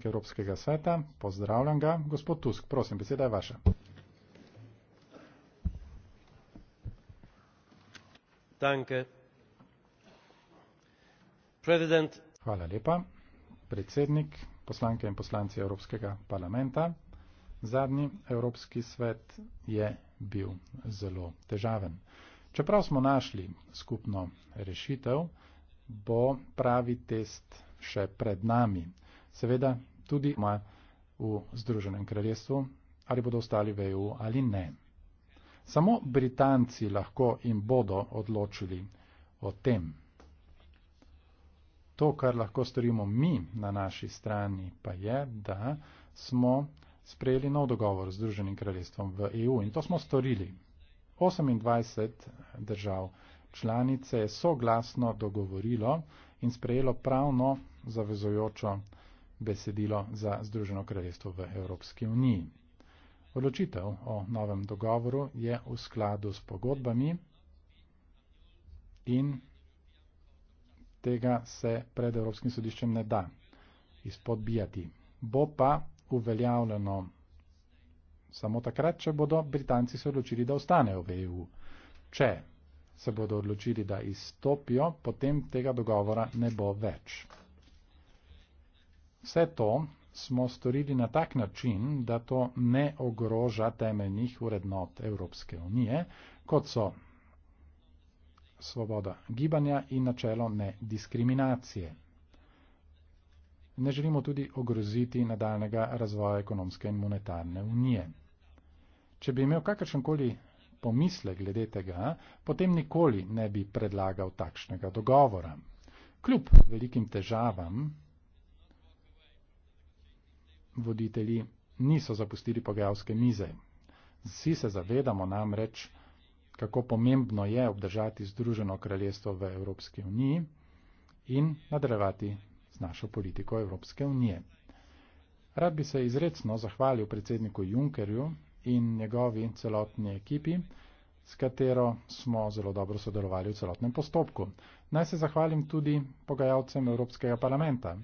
predsednik Evropskega sveta. Pozdravljam ga. Gospod Tusk, prosim, beseda je vaša. Hvala lepa. Predsednik, poslanke in poslanci Evropskega parlamenta. Zadnji Evropski svet je bil zelo težaven. Čeprav smo našli skupno rešitev, bo pravi test še pred nami. Seveda tudi ima v Združenem kraljestvu, ali bodo ostali v EU ali ne. Samo Britanci lahko in bodo odločili o tem. To, kar lahko storimo mi na naši strani, pa je, da smo sprejeli nov dogovor z Združenim kraljestvom v EU in to smo storili. 28 držav članice je soglasno dogovorilo in sprejelo pravno zavezojočo besedilo za Združeno kraljestvo v Evropski uniji. Odločitev o novem dogovoru je v skladu s pogodbami in tega se pred Evropskim sodiščem ne da izpodbijati. Bo pa uveljavljeno samo takrat, če bodo Britanci se odločili, da ostanejo v EU. Če se bodo odločili, da izstopijo, potem tega dogovora ne bo več. Vse to smo storili na tak način, da to ne ogroža temeljnih vrednot Evropske unije, kot so svoboda gibanja in načelo nediskriminacije. Ne želimo tudi ogroziti nadaljnega razvoja ekonomske in monetarne unije. Če bi imel kakršenkoli pomisle glede tega, potem nikoli ne bi predlagal takšnega dogovora. Kljub velikim težavam, voditelji niso zapustili pogajalske mize. Vsi se zavedamo namreč, kako pomembno je obdržati Združeno kraljestvo v Evropski uniji in nadaljevati z našo politiko Evropske unije. Rad bi se izredno zahvalil predsedniku Junckerju in njegovi celotni ekipi, s katero smo zelo dobro sodelovali v celotnem postopku. Naj se zahvalim tudi pogajalcem Evropskega parlamenta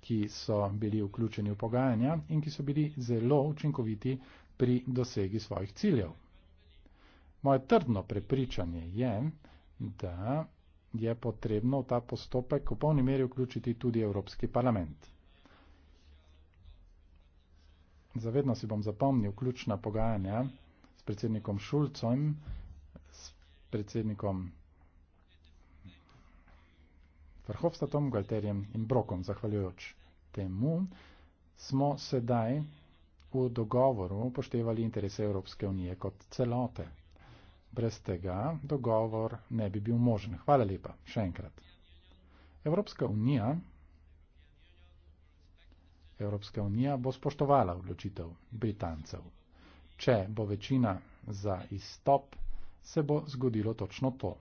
ki so bili vključeni v pogajanja in ki so bili zelo učinkoviti pri dosegi svojih ciljev. Moje trdno prepričanje je, da je potrebno v ta postopek v polni meri vključiti tudi Evropski parlament. Zavedno si bom zapomnil ključna pogajanja s predsednikom Šulcem, s predsednikom Verhofstadtom, Galterjem in Brokom. Zahvaljujoč temu smo sedaj v dogovoru upoštevali interese Evropske unije kot celote. Brez tega dogovor ne bi bil možen. Hvala lepa. Še enkrat. Evropska unija, Evropska unija bo spoštovala odločitev Britancev. Če bo večina za izstop, se bo zgodilo točno to.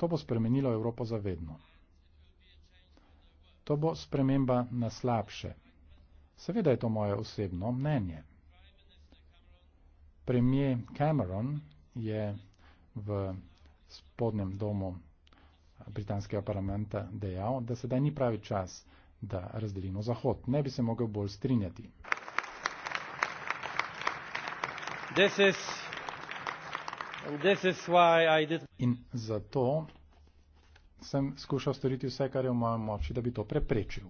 To bo spremenilo Evropo za vedno. To bo sprememba na slabše. Seveda je to moje osebno mnenje. Premijer Cameron je v spodnjem domu britanskega parlamenta dejal, da sedaj ni pravi čas, da razdelimo Zahod. Ne bi se mogel bolj strinjati. In zato sem skušal storiti vse, kar je v mojem moči, da bi to preprečil.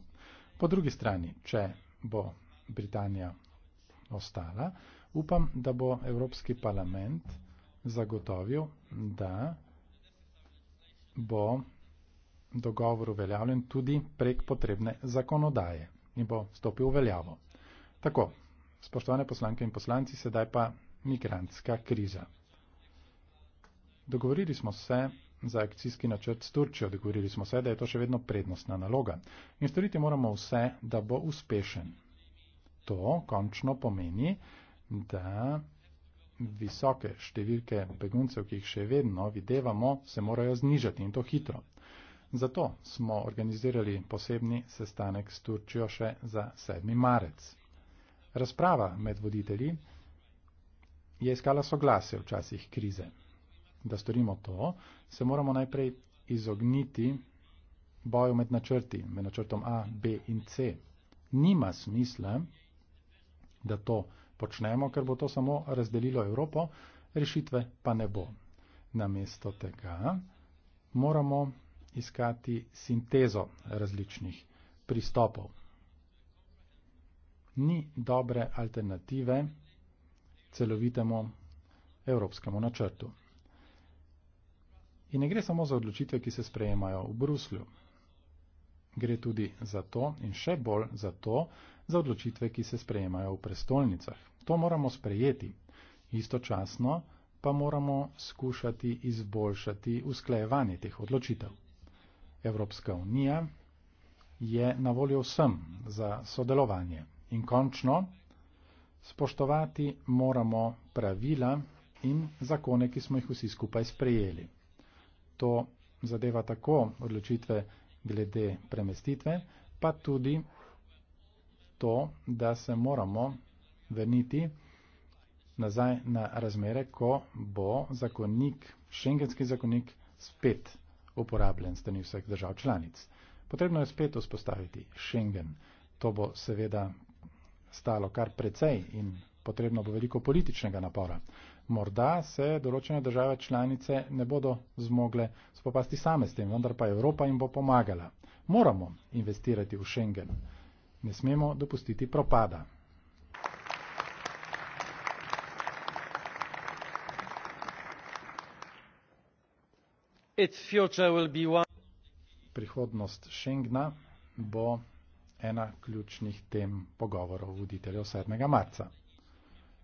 Po drugi strani, če bo Britanija ostala, upam, da bo Evropski parlament zagotovil, da bo dogovor uveljavljen tudi prek potrebne zakonodaje in bo stopil v veljavo. Tako, spoštovane poslanke in poslanci, sedaj pa migrantska kriza. Dogovorili smo se za akcijski načrt s Turčijo, dogovorili smo se, da je to še vedno prednostna naloga. In storiti moramo vse, da bo uspešen. To končno pomeni, da visoke številke beguncev, ki jih še vedno videvamo, se morajo znižati in to hitro. Zato smo organizirali posebni sestanek s Turčijo še za 7. marec. Razprava med voditelji je iskala soglase v časih krize da storimo to, se moramo najprej izogniti boju med načrti, med načrtom A, B in C. Nima smisla, da to počnemo, ker bo to samo razdelilo Evropo, rešitve pa ne bo. Namesto tega moramo iskati sintezo različnih pristopov. Ni dobre alternative celovitemu evropskemu načrtu. In ne gre samo za odločitve, ki se sprejemajo v Bruslju. Gre tudi za to in še bolj za to, za odločitve, ki se sprejemajo v prestolnicah. To moramo sprejeti. Istočasno pa moramo skušati izboljšati usklajevanje teh odločitev. Evropska unija je na voljo vsem za sodelovanje. In končno, spoštovati moramo pravila in zakone, ki smo jih vsi skupaj sprejeli to zadeva tako odločitve glede premestitve, pa tudi to, da se moramo vrniti nazaj na razmere, ko bo zakonnik, šengenski zakonnik spet uporabljen strani vseh držav članic. Potrebno je spet vzpostaviti šengen. To bo seveda stalo kar precej in potrebno bo veliko političnega napora morda se določene države članice ne bodo zmogle spopasti same s tem, vendar pa Evropa jim bo pomagala. Moramo investirati v Schengen. Ne smemo dopustiti propada. Prihodnost Schengna bo ena ključnih tem pogovorov voditeljev 7. marca.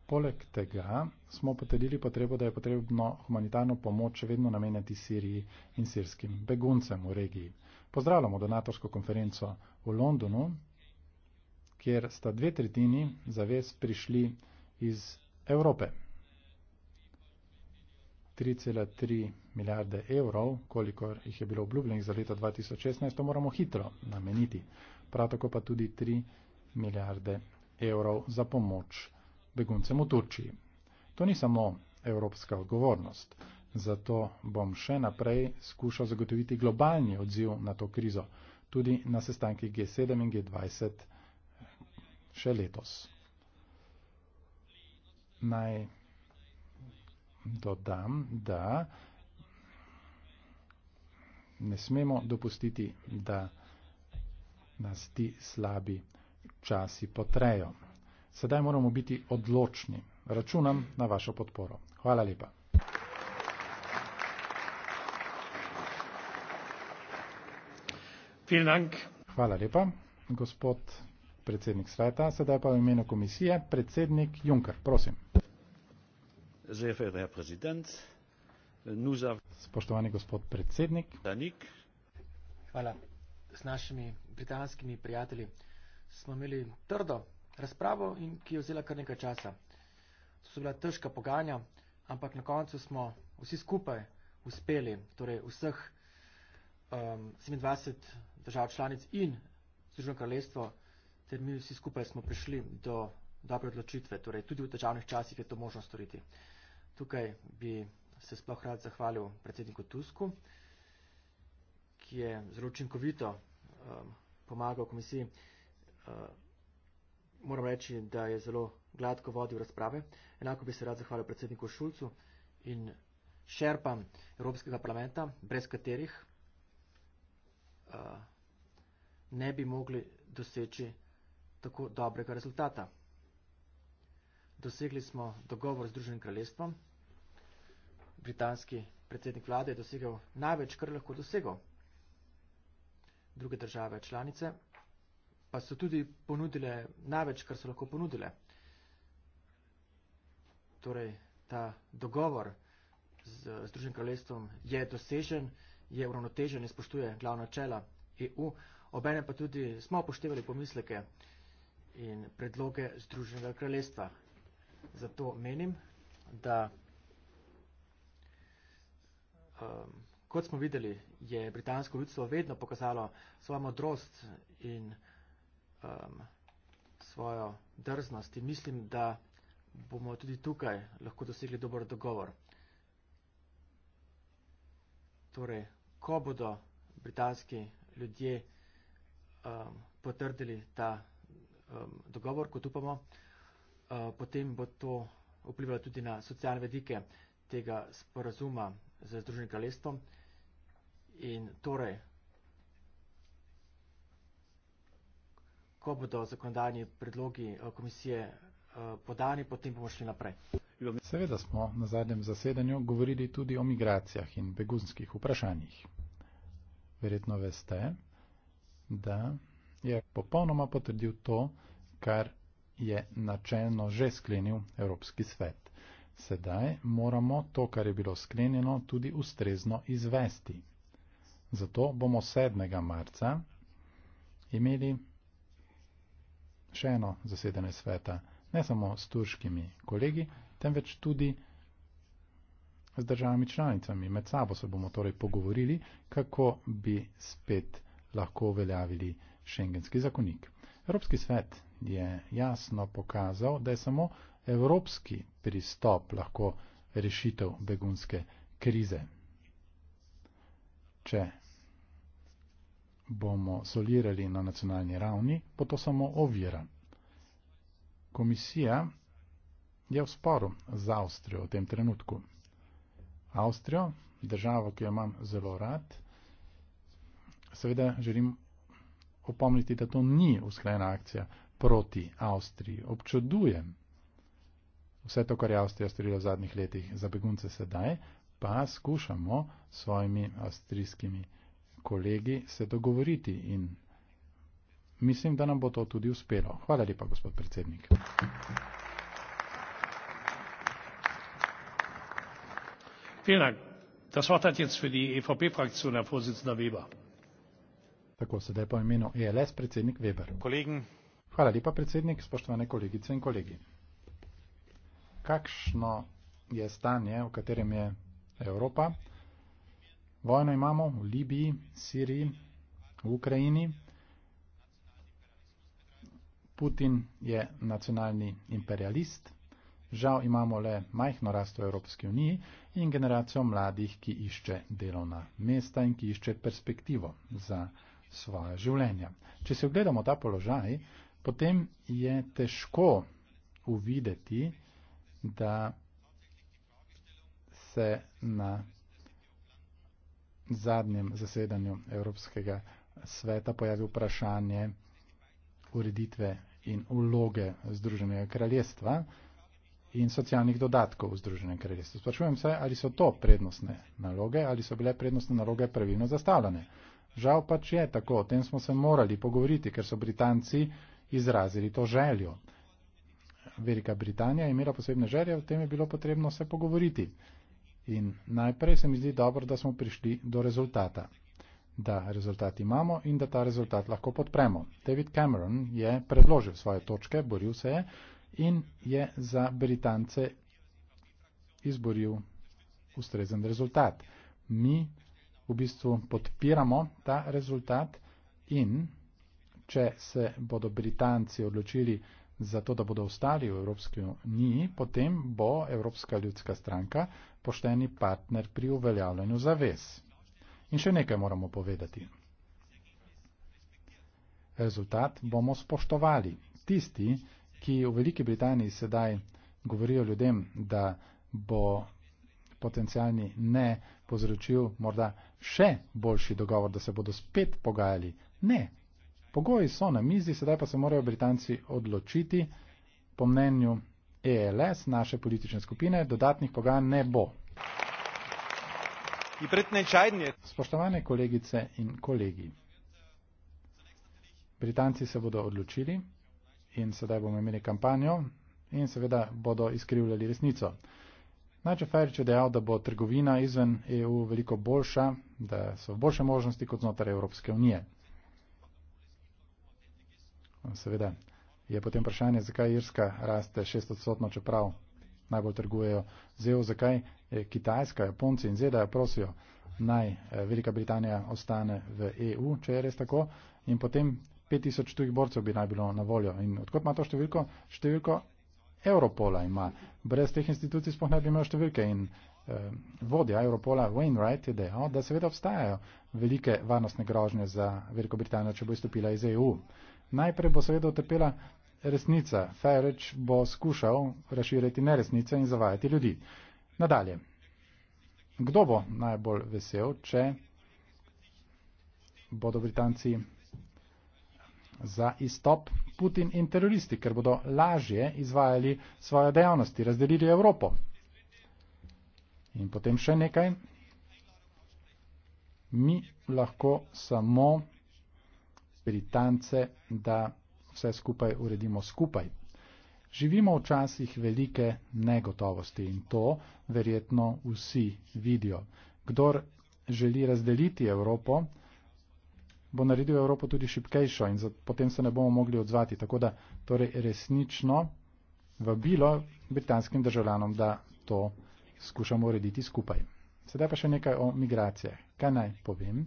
Poleg tega smo potrdili potrebo, da je potrebno humanitarno pomoč še vedno namenjati Siriji in sirskim beguncem v regiji. Pozdravljamo donatorsko konferenco v Londonu, kjer sta dve tretjini zavez prišli iz Evrope. 3,3 milijarde evrov, kolikor jih je bilo obljubljenih za leto 2016, to moramo hitro nameniti. Prav tako pa tudi 3 milijarde evrov za pomoč beguncem v Turčiji. To ni samo evropska odgovornost, zato bom še naprej skušal zagotoviti globalni odziv na to krizo, tudi na sestankih G7 in G20 še letos. Naj dodam, da ne smemo dopustiti, da nas ti slabi časi potrejo. Sedaj moramo biti odločni. Računam na vašo podporo. Hvala lepa. Hvala lepa, gospod predsednik sveta. Sedaj pa v imenu komisije predsednik Juncker, prosim. Spoštovani gospod predsednik. Danik. Hvala. S našimi britanskimi prijatelji smo imeli trdo razpravo in ki je vzela kar nekaj časa. To so bila težka poganja, ampak na koncu smo vsi skupaj uspeli, torej vseh um, 27 držav članic in Združeno kraljestvo, ter mi vsi skupaj smo prišli do dobre odločitve, torej tudi v državnih časih je to možno storiti. Tukaj bi se sploh rad zahvalil predsedniku Tusku, ki je zelo učinkovito um, pomagal komisiji. Um, moram reči, da je zelo gladko vodil razprave. Enako bi se rad zahvalil predsedniku Šulcu in šerpam Evropskega parlamenta, brez katerih uh, ne bi mogli doseči tako dobrega rezultata. Dosegli smo dogovor z Združenim kraljestvom. Britanski predsednik vlade je dosegel največ, kar lahko dosegel. Druge države članice pa so tudi ponudile največ, kar so lahko ponudile. Torej, ta dogovor z Združenim kraljestvom je dosežen, je uravnotežen in spoštuje glavna čela EU. Obene pa tudi smo upoštevali pomisleke in predloge Združenega kraljestva. Zato menim, da um, kot smo videli, je britansko ljudstvo vedno pokazalo svojo modrost in um, svojo drznost in mislim, da bomo tudi tukaj lahko dosegli dober dogovor. Torej, ko bodo britanski ljudje um, potrdili ta um, dogovor, kot upamo, uh, potem bo to vplivalo tudi na socialne vedike tega sporazuma z Združenim kraljestvom. In torej, ko bodo zakonodajni predlogi eh, komisije eh, podani, potem bomo šli naprej. Seveda smo na zadnjem zasedanju govorili tudi o migracijah in begunskih vprašanjih. Verjetno veste, da je popolnoma potrdil to, kar je načelno že sklenil Evropski svet. Sedaj moramo to, kar je bilo sklenjeno, tudi ustrezno izvesti. Zato bomo 7. marca imeli še eno zasedanje sveta, ne samo s turškimi kolegi, temveč tudi z državami članicami. Med sabo se bomo torej pogovorili, kako bi spet lahko uveljavili šengenski zakonik. Evropski svet je jasno pokazal, da je samo evropski pristop lahko rešitev begunske krize. Če bomo solirali na nacionalni ravni, bo to samo ovira. Komisija je v sporu z Avstrijo v tem trenutku. Avstrijo, državo, ki jo imam zelo rad, seveda želim opomniti, da to ni usklajena akcija proti Avstriji. Občudujem vse to, kar je Avstrija storila v zadnjih letih za begunce sedaj, pa skušamo s svojimi avstrijskimi kolegi se dogovoriti in mislim, da nam bo to tudi uspelo. Hvala lepa, gospod predsednik. Vielen Dank. Das Wort hat jetzt für die EVP-Fraktion Herr Vorsitzender Weber. Tako se po imenu ELS predsednik Weber. Kollegen. Hvala lepa, predsednik, spoštovane kolegice in kolegi. Kakšno je stanje, v katerem je Evropa? Vojno imamo v Libiji, Siriji, v Ukrajini. Putin je nacionalni imperialist. Žal imamo le majhno rast v Evropski uniji in generacijo mladih, ki išče delovna mesta in ki išče perspektivo za svoje življenja. Če se ogledamo ta položaj, potem je težko uvideti, da se na zadnjem zasedanju Evropskega sveta pojavil vprašanje ureditve in uloge Združenega kraljestva in socialnih dodatkov v Združenem kraljestvu. Sprašujem se, ali so to prednostne naloge, ali so bile prednostne naloge pravilno zastavljene. Žal pač je tako, o tem smo se morali pogovoriti, ker so Britanci izrazili to željo. Velika Britanija je imela posebne želje, o tem je bilo potrebno se pogovoriti. In najprej se mi zdi dobro, da smo prišli do rezultata. Da rezultat imamo in da ta rezultat lahko podpremo. David Cameron je predložil svoje točke, boril se je in je za Britance izboril ustrezen rezultat. Mi v bistvu podpiramo ta rezultat in če se bodo Britanci odločili za to, da bodo ostali v Evropski uniji, potem bo Evropska ljudska stranka pošteni partner pri uveljavljanju zavez. In še nekaj moramo povedati. Rezultat bomo spoštovali. Tisti, ki v Veliki Britaniji sedaj govorijo ljudem, da bo potencijalni ne povzročil morda še boljši dogovor, da se bodo spet pogajali. Ne. Pogoji so na mizi, sedaj pa se morajo Britanci odločiti po mnenju ELS, naše politične skupine, dodatnih pogajanj ne bo. Spoštovane kolegice in kolegi, Britanci se bodo odločili in sedaj bomo imeli kampanjo in seveda bodo izkrivljali resnico. Najče Ferič je dejal, da bo trgovina izven EU veliko boljša, da so boljše možnosti kot znotraj Evropske unije. Seveda je potem vprašanje, zakaj Irska raste šest odstotno, čeprav najbolj trgujejo ZEU, zakaj eh, Kitajska, Japonci in ZDA prosijo naj eh, Velika Britanija ostane v EU, če je res tako, in potem 5000 tujih borcev bi naj bilo na voljo. In odkot ima to številko? Številko Europola ima. Brez teh institucij sploh ne bi imel številke. In eh, vodja Europola, Wainwright, je dejal, da seveda obstajajo velike varnostne grožnje za Veliko Britanijo, če bo izstopila iz EU. Najprej bo seveda utrpela resnica. Fajreč bo skušal raširiti neresnice in zavajati ljudi. Nadalje. Kdo bo najbolj vesel, če bodo Britanci za izstop Putin in teroristi, ker bodo lažje izvajali svoje dejavnosti, razdelili Evropo. In potem še nekaj. Mi lahko samo britance, da vse skupaj uredimo skupaj. Živimo v časih velike negotovosti in to verjetno vsi vidijo. Kdor želi razdeliti Evropo, bo naredil Evropo tudi šipkejšo in potem se ne bomo mogli odzvati. Tako da torej resnično vabilo britanskim državljanom, da to skušamo urediti skupaj. Sedaj pa še nekaj o migracijah. Kaj naj povem?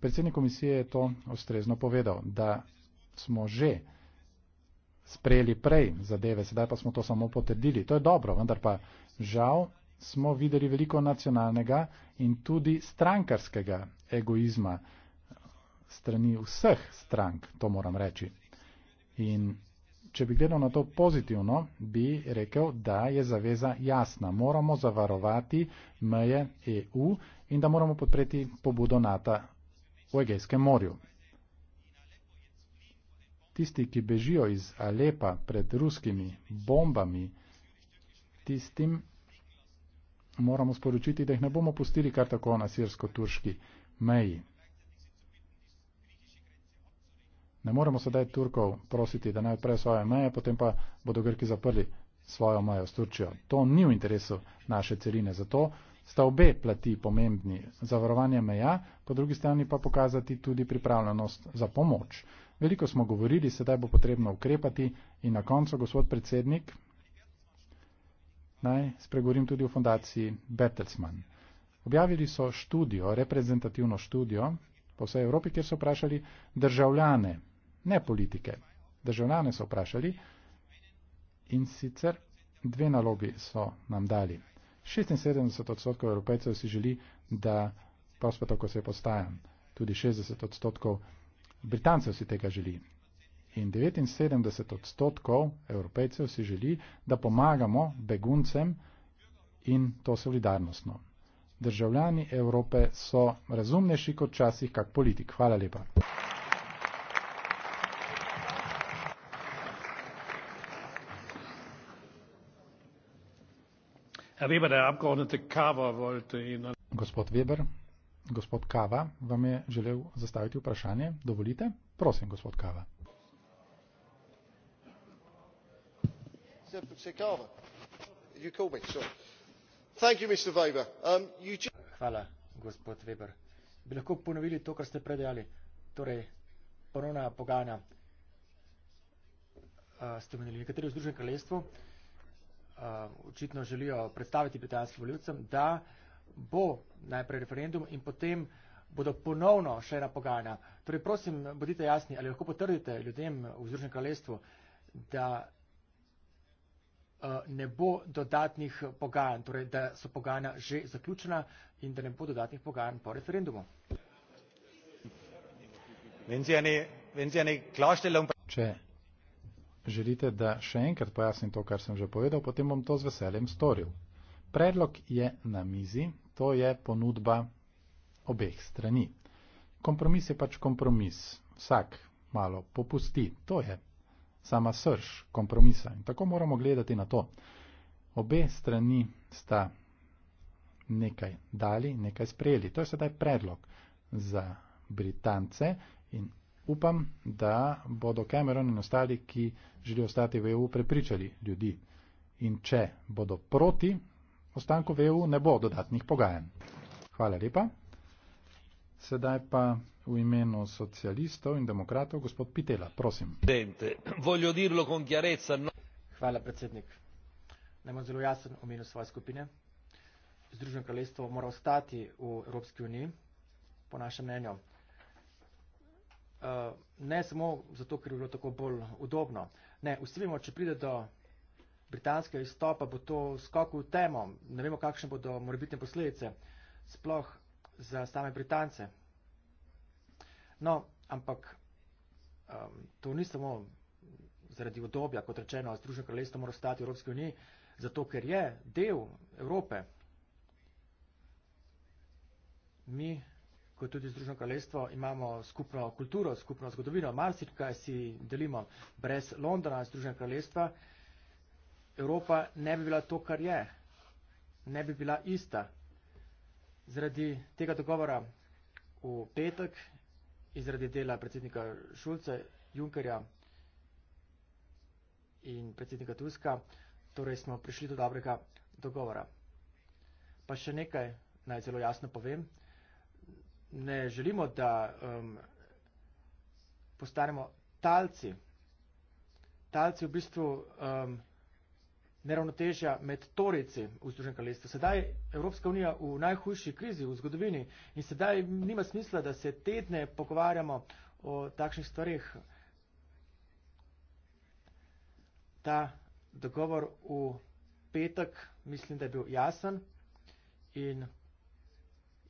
Predsednik komisije je to ustrezno povedal, da smo že sprejeli prej zadeve, sedaj pa smo to samo potrdili. To je dobro, vendar pa žal smo videli veliko nacionalnega in tudi strankarskega egoizma strani vseh strank, to moram reči. In če bi gledal na to pozitivno, bi rekel, da je zaveza jasna. Moramo zavarovati meje EU in da moramo podpreti pobudo NATO v Egejskem morju. Tisti, ki bežijo iz Alepa pred ruskimi bombami, tistim moramo sporočiti, da jih ne bomo pustili kar tako na sirsko-turški meji. Ne moremo sedaj Turkov prositi, da naj odprejo svoje meje, potem pa bodo Grki zaprli svojo mejo s Turčijo. To ni v interesu naše celine. Zato sta obe plati pomembni, zavarovanje meja, po drugi strani pa pokazati tudi pripravljenost za pomoč. Veliko smo govorili, sedaj bo potrebno ukrepati in na koncu, gospod predsednik, naj spregovorim tudi o fundaciji Bertelsmann. Objavili so študijo, reprezentativno študijo po vsej Evropi, kjer so vprašali državljane, ne politike. Državljane so vprašali in sicer dve nalogi so nam dali. 76 odstotkov evropejcev si želi, da prospe to, ko se postaja. Tudi 60 odstotkov britancev si tega želi. In 79 odstotkov evropejcev si želi, da pomagamo beguncem in to solidarnostno. Državljani Evrope so razumnejši kot časih, kak politik. Hvala lepa. Gospod Weber, gospod Kava vam je želel zastaviti vprašanje. Dovolite? Prosim, gospod Kava. Hvala, gospod Weber. Bi lahko ponovili to, kar ste predajali? Torej, ponovna pogajanja uh, ste menili nekateri v Združenem kraljestvu. Uh, Eh, očitno želijo predstaviti britanskim voljivcem, da bo najprej referendum in potem bodo ponovno še ena pogajanja. Torej, prosim, bodite jasni, ali lahko potrdite ljudem v Združenem kraljestvu, da eh, ne bo dodatnih pogajanj, torej da so pogajanja že zaključena in da ne bo dodatnih pogajanj po referendumu. Če želite, da še enkrat pojasnim to, kar sem že povedal, potem bom to z veseljem storil. Predlog je na mizi, to je ponudba obeh strani. Kompromis je pač kompromis. Vsak malo popusti, to je sama srž kompromisa in tako moramo gledati na to. Obe strani sta nekaj dali, nekaj sprejeli. To je sedaj predlog za Britance in upam, da bodo Cameron in ostali, ki želijo ostati v EU, prepričali ljudi. In če bodo proti ostanku v EU, ne bo dodatnih pogajanj. Hvala lepa. Sedaj pa v imenu socialistov in demokratov, gospod Pitela, prosim. No- Hvala, predsednik. Naj bom zelo jasen v imenu svoje skupine. Združeno kraljestvo mora ostati v Evropski uniji, po našem mnenju. Eh, ne samo zato, ker je bilo tako bolj udobno. Ne, ustavimo, če pride do britanskega izstopa, bo to skok v temo. Ne vemo, kakšne bodo morebitne posledice, sploh za same Britance. No, ampak um, to ni samo zaradi odobja, kot rečeno, Združeno kraljestvo mora ostati v Evropski uniji, zato ker je del Evrope. Mi kot tudi Združeno kraljestvo imamo skupno kulturo, skupno zgodovino, marsikaj si delimo brez Londona, Združenega kraljestva, Evropa ne bi bila to, kar je, ne bi bila ista. Zaradi tega dogovora v petek in zaradi dela predsednika Šulce, Junkerja in predsednika Tuska, torej smo prišli do dobrega dogovora. Pa še nekaj naj zelo jasno povem ne želimo, da um, postanemo talci. Talci v bistvu um, neravnotežja med torici v Združenem kraljestvu. Sedaj je Evropska unija v najhujši krizi v zgodovini in sedaj nima smisla, da se tedne pogovarjamo o takšnih stvarih. Ta dogovor v petek mislim, da je bil jasen in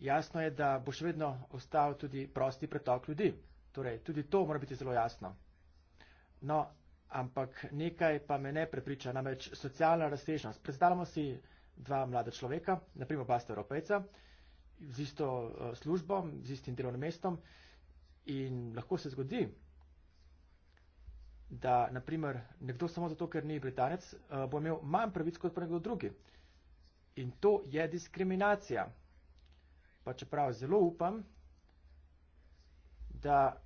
Jasno je, da bo še vedno ostal tudi prosti pretok ljudi. Torej, tudi to mora biti zelo jasno. No, ampak nekaj pa me ne prepriča, namreč socialna razsežnost. Predstavljamo si dva mlada človeka, naprimer oba sta evropejca, z isto eh, službo, z istim delovnim mestom in lahko se zgodi, da naprimer nekdo samo zato, ker ni britanec, eh, bo imel manj pravic kot pa nekdo drugi. In to je diskriminacija pa čeprav zelo upam, da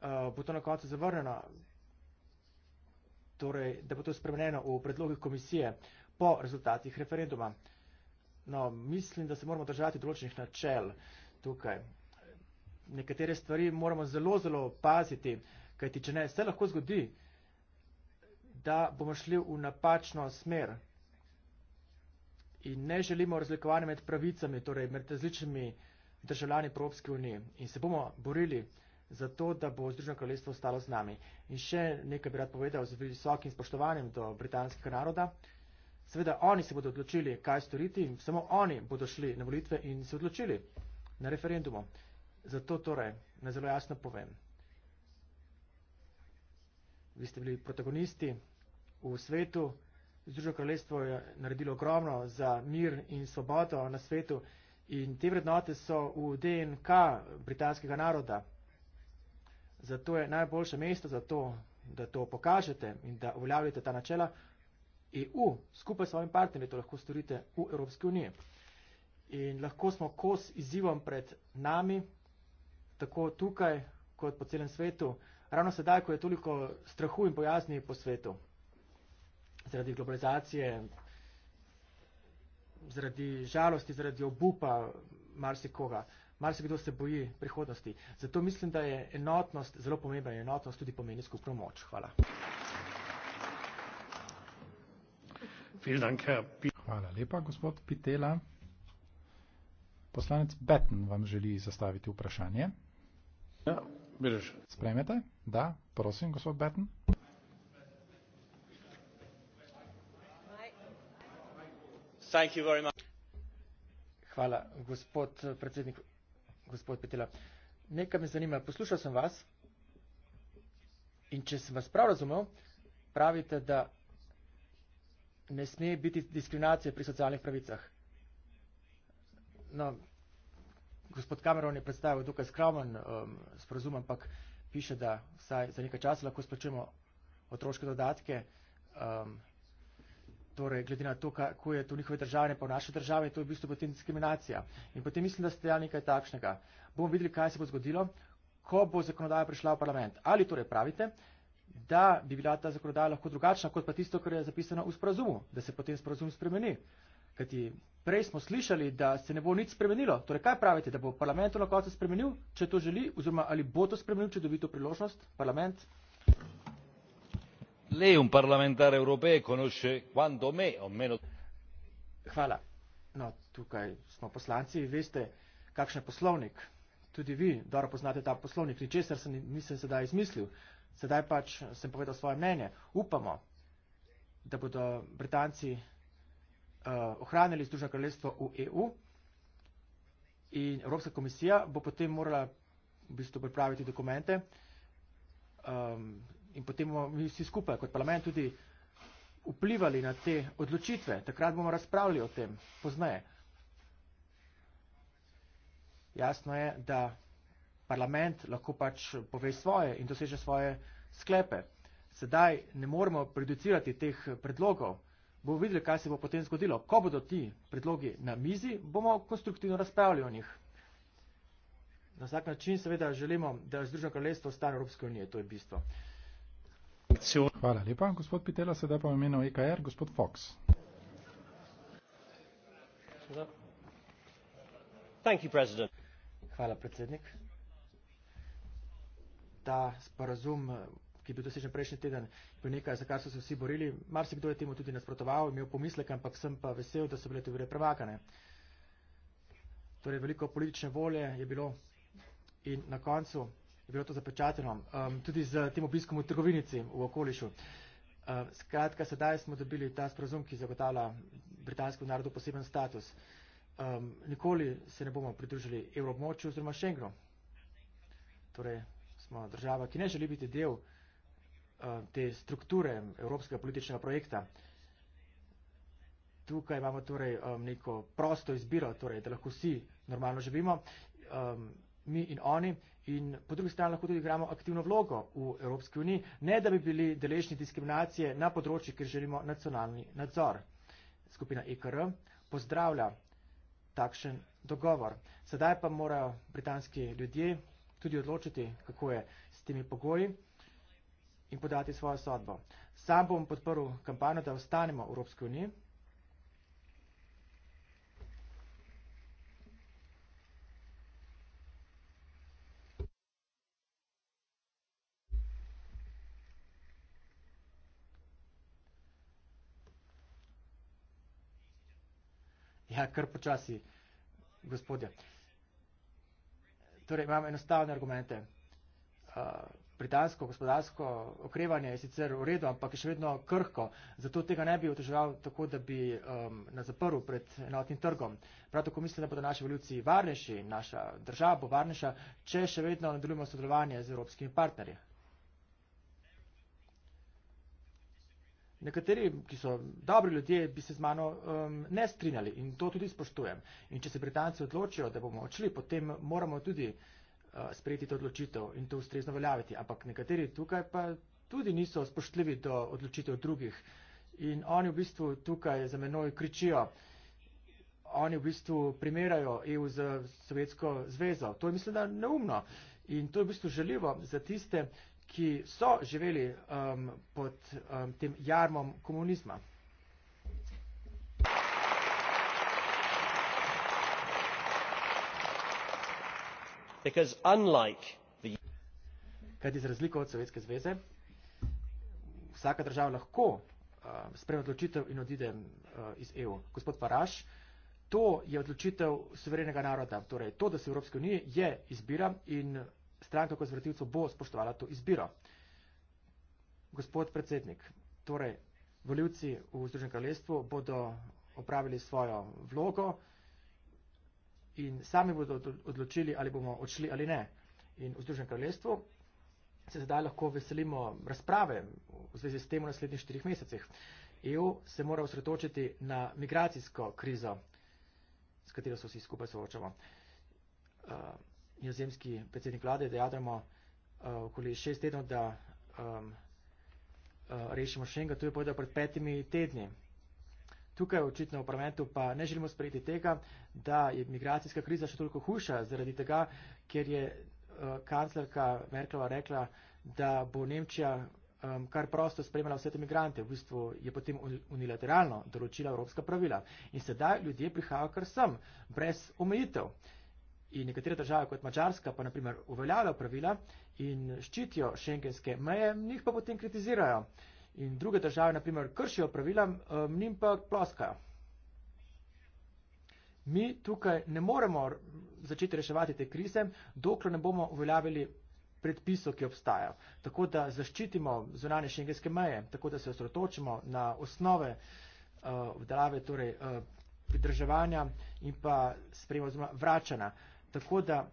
uh, bo to na koncu zavrnjeno, torej, da bo to spremenjeno v predlogih komisije po rezultatih referenduma. No, mislim, da se moramo držati določenih načel tukaj. Nekatere stvari moramo zelo, zelo paziti, kajti če ne, se lahko zgodi, da bomo šli v napačno smer in ne želimo razlikovanja med pravicami, torej med različnimi državljani Evropske unije. In se bomo borili za to, da bo Združeno kraljestvo ostalo z nami. In še nekaj bi rad povedal z visokim spoštovanjem do britanskega naroda. Seveda oni se bodo odločili, kaj storiti, samo oni bodo šli na volitve in se odločili na referendumu. Zato torej, naj zelo jasno povem. Vi ste bili protagonisti v svetu, Združeno kraljestvo je naredilo ogromno za mir in svobodo na svetu in te vrednote so v DNK britanskega naroda. Zato je najboljše mesto za to, da to pokažete in da uveljavljate ta načela EU skupaj s svojim partnerjem, to lahko storite v Evropski uniji. In lahko smo kos izzivom pred nami, tako tukaj kot po celem svetu, ravno sedaj, ko je toliko strahu in pojasni po svetu zaradi globalizacije, zaradi žalosti, zaradi obupa marsikoga. Marsikdo se boji prihodnosti. Zato mislim, da je enotnost zelo pomembna in enotnost tudi pomeni skupno moč. Hvala. Hvala lepa, gospod Pitela. Poslanec Betten vam želi zastaviti vprašanje. Ja, Sprejmete? Da, prosim, gospod Betten. Hvala, gospod predsednik, gospod Petela. Nekaj me zanima, poslušal sem vas in če sem vas prav razumel, pravite, da ne sme biti diskriminacije pri socialnih pravicah. No, gospod Cameron je predstavil dokaj skromen um, sporozum, ampak piše, da vsaj za nekaj časa lahko splačujemo otroške dodatke. Um, torej glede na to, kako je to njihove države, ne pa v naše države, to je v bistvu potem diskriminacija. In potem mislim, da ste ja nekaj takšnega. Bomo videli, kaj se bo zgodilo, ko bo zakonodaja prišla v parlament. Ali torej pravite, da bi bila ta zakonodaja lahko drugačna, kot pa tisto, kar je zapisano v sporazumu, da se potem sporazum spremeni. Kajti prej smo slišali, da se ne bo nič spremenilo. Torej, kaj pravite, da bo parlament na koncu spremenil, če to želi, oziroma ali bo to spremenil, če dobi to priložnost, parlament? lei un parlamentare europeo e conosce quanto me o meno Hvala. No, tukaj smo poslanci, veste, kakšen je poslovnik. Tudi vi dobro poznate ta poslovnik. Ničesar se nisem sedaj izmislil. Sedaj pač sem povedal svoje mnenje. Upamo, da bodo Britanci uh, ohranili Združeno kraljestvo v EU in Evropska komisija bo potem morala v bistvu pripraviti dokumente um, in potem bomo mi vsi skupaj kot parlament tudi vplivali na te odločitve. Takrat bomo razpravljali o tem pozneje. Jasno je, da parlament lahko pač pove svoje in doseže svoje sklepe. Sedaj ne moremo producirati teh predlogov. Bomo videli, kaj se bo potem zgodilo. Ko bodo ti predlogi na mizi, bomo konstruktivno razpravljali o njih. Na vsak način seveda želimo, da Združeno kraljestvo ostane Evropske unije. To je bistvo ambicioznost. Hvala lepa. Gospod Pitela, sedaj pa v imenu EKR, gospod Fox. Hvala, predsednik. Ta sporazum, ki je bil dosežen prejšnji teden, je bil nekaj, za kar so se vsi borili. Marsikdo je temu tudi nasprotoval, imel pomislek, ampak sem pa vesel, da so bile te vire prevakane. Torej, veliko politične volje je bilo in na koncu je bilo to zapečateno, um, tudi z tem obiskom v trgovinici v okolišu. Um, skratka, sedaj smo dobili ta sprazum, ki zagotavlja britansko narodu poseben status. Um, nikoli se ne bomo pridružili evroobmočju oziroma Schengenu. Torej smo država, ki ne želi biti del um, te strukture evropskega političnega projekta. Tukaj imamo torej um, neko prosto izbiro, torej, da lahko vsi normalno živimo. Um, mi in oni in po drugi strani lahko tudi igramo aktivno vlogo v Evropski uniji, ne da bi bili deležni diskriminacije na področju, ker želimo nacionalni nadzor. Skupina IKR e pozdravlja takšen dogovor. Sedaj pa morajo britanski ljudje tudi odločiti, kako je s temi pogoji in podati svojo sodbo. Sam bom podporil kampanjo, da ostanemo v Evropski uniji. Ja, kar počasi, gospodje. Torej, imam enostavne argumente. Uh, britansko gospodarsko okrevanje je sicer v redu, ampak je še vedno krhko, zato tega ne bi oteževal tako, da bi um, na zaprl pred enotnim trgom. Prav tako mislim, da bodo naši voljivci varnejši, naša država bo varnejša, če še vedno nadaljujemo sodelovanje z evropskimi partnerji. Nekateri, ki so dobri ljudje, bi se z mano um, ne strinjali in to tudi spoštujem. In če se Britanci odločijo, da bomo odšli, potem moramo tudi uh, sprejeti to odločitev in to ustrezno veljaviti. Ampak nekateri tukaj pa tudi niso spoštljivi do odločitev drugih in oni v bistvu tukaj za menoj kričijo. Oni v bistvu primerjajo EU z Sovjetsko zvezo. To je mislim, da neumno in to je v bistvu želivo za tiste, ki so živeli um, pod um, tem jarmom komunizma. Kaj je z razliko od Sovjetske zveze? Vsaka država lahko uh, sprejme odločitev in odide uh, iz EU. Gospod Faraš, to je odločitev suverenega naroda. Torej, to, da se v Evropski uniji, je izbira in stranka konzervativcev bo spoštovala to izbiro. Gospod predsednik, torej voljivci v Združenem kraljestvu bodo opravili svojo vlogo in sami bodo odločili, ali bomo odšli ali ne. In v Združenem kraljestvu se zdaj lahko veselimo razprave v zvezi s tem v naslednjih štirih mesecih. EU se mora osredotočiti na migracijsko krizo, s katero se vsi skupaj soočamo. Uh, nizozemski predsednik vlade, da jadramo uh, okoli šest tednov, da um, uh, rešimo šenga, to je povedal pred petimi tedni. Tukaj očitno v parlamentu pa ne želimo sprejeti tega, da je migracijska kriza še toliko huša zaradi tega, ker je uh, kanclerka Merklova rekla, da bo Nemčija um, kar prosto spremljala vse te migrante. V bistvu je potem unilateralno določila evropska pravila. In sedaj ljudje prihajajo kar sem, brez omejitev. Uh, in nekatere države kot Mačarska pa naprimer uveljavljajo pravila in ščitijo šengenske meje, njih pa potem kritizirajo. In druge države naprimer kršijo pravila, um, njim pa ploskajo. Mi tukaj ne moremo začeti reševati te krize, dokler ne bomo uveljavili predpisov, ki obstajajo. Tako da zaščitimo zunanje šengenske meje, tako da se osredotočimo na osnove uh, vdelave, torej uh, pridrževanja in pa sprejemo vračanja. Uh, tako da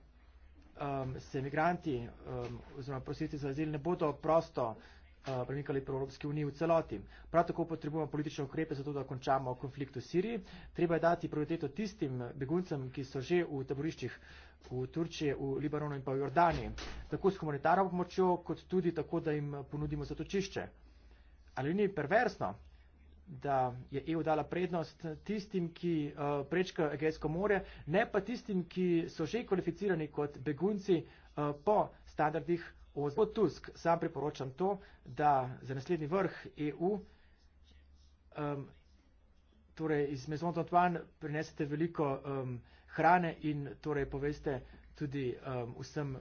um, se imigranti um, oziroma prosilci za azil ne bodo prosto uh, premikali po Evropski uniji v celoti. Prav tako potrebujemo politične ukrepe za to, da končamo konflikt v Siriji. Treba je dati prioriteto tistim beguncem, ki so že v taboriščih v Turčiji, v Libanonu in pa v Jordaniji, tako s humanitarno pomočjo, kot tudi tako, da jim ponudimo zatočišče. Ali ni perversno? da je EU dala prednost tistim, ki eh, prečkajo Egejsko more, ne pa tistim, ki so že kvalificirani kot begunci eh, po standardih OZN. Kot Tusk sam priporočam to, da za naslednji vrh EU, torej iz Maison d'Antoine, prinesete veliko hrane in torej poveste tudi vsem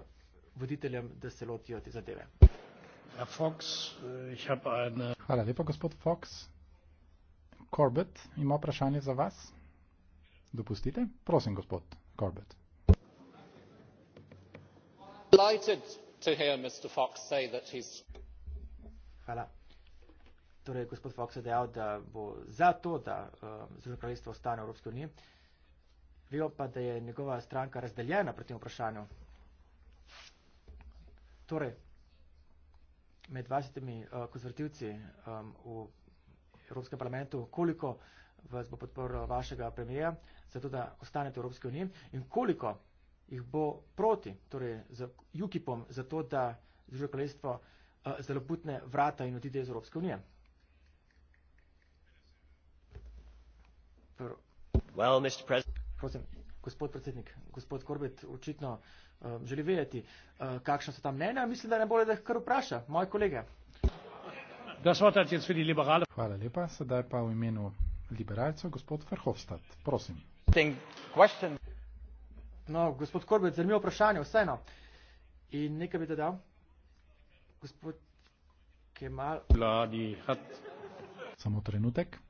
voditeljem, da se lotijo te zadeve. Eh, Hvala lepa, gospod Fox. Corbett ima vprašanje za vas. Dopustite, prosim, gospod Corbett. Hvala. Torej, gospod Fox je dejal, da bo za to, da uh, Združeno kraljestvo ostane v Evropski uniji. Vijo pa, da je njegova stranka razdeljena pri tem vprašanju. Torej, med 20 uh, konzervativci um, v Evropskem parlamentu, koliko vas bo podporo vašega premijeja, zato da ostanete v Evropski uniji in koliko jih bo proti, torej z UKIP-om, zato da Združeno kraljestvo eh, zelo putne vrata in odide iz Evropske unije. Pr well, Prosim, gospod predsednik, gospod Korbet, očitno uh, želi vedeti, uh, kakšna so ta mnenja. Mislim, da ne bolje, da jih kar vpraša, moje kolege. Hvala lepa. Sedaj pa v imenu liberalcev gospod Verhofstadt. Prosim. No, gospod Korbet, zanimivo vprašanje, vseeno. In nekaj bi dodal. Gospod Kemal. Vladi Hat. Samo trenutek.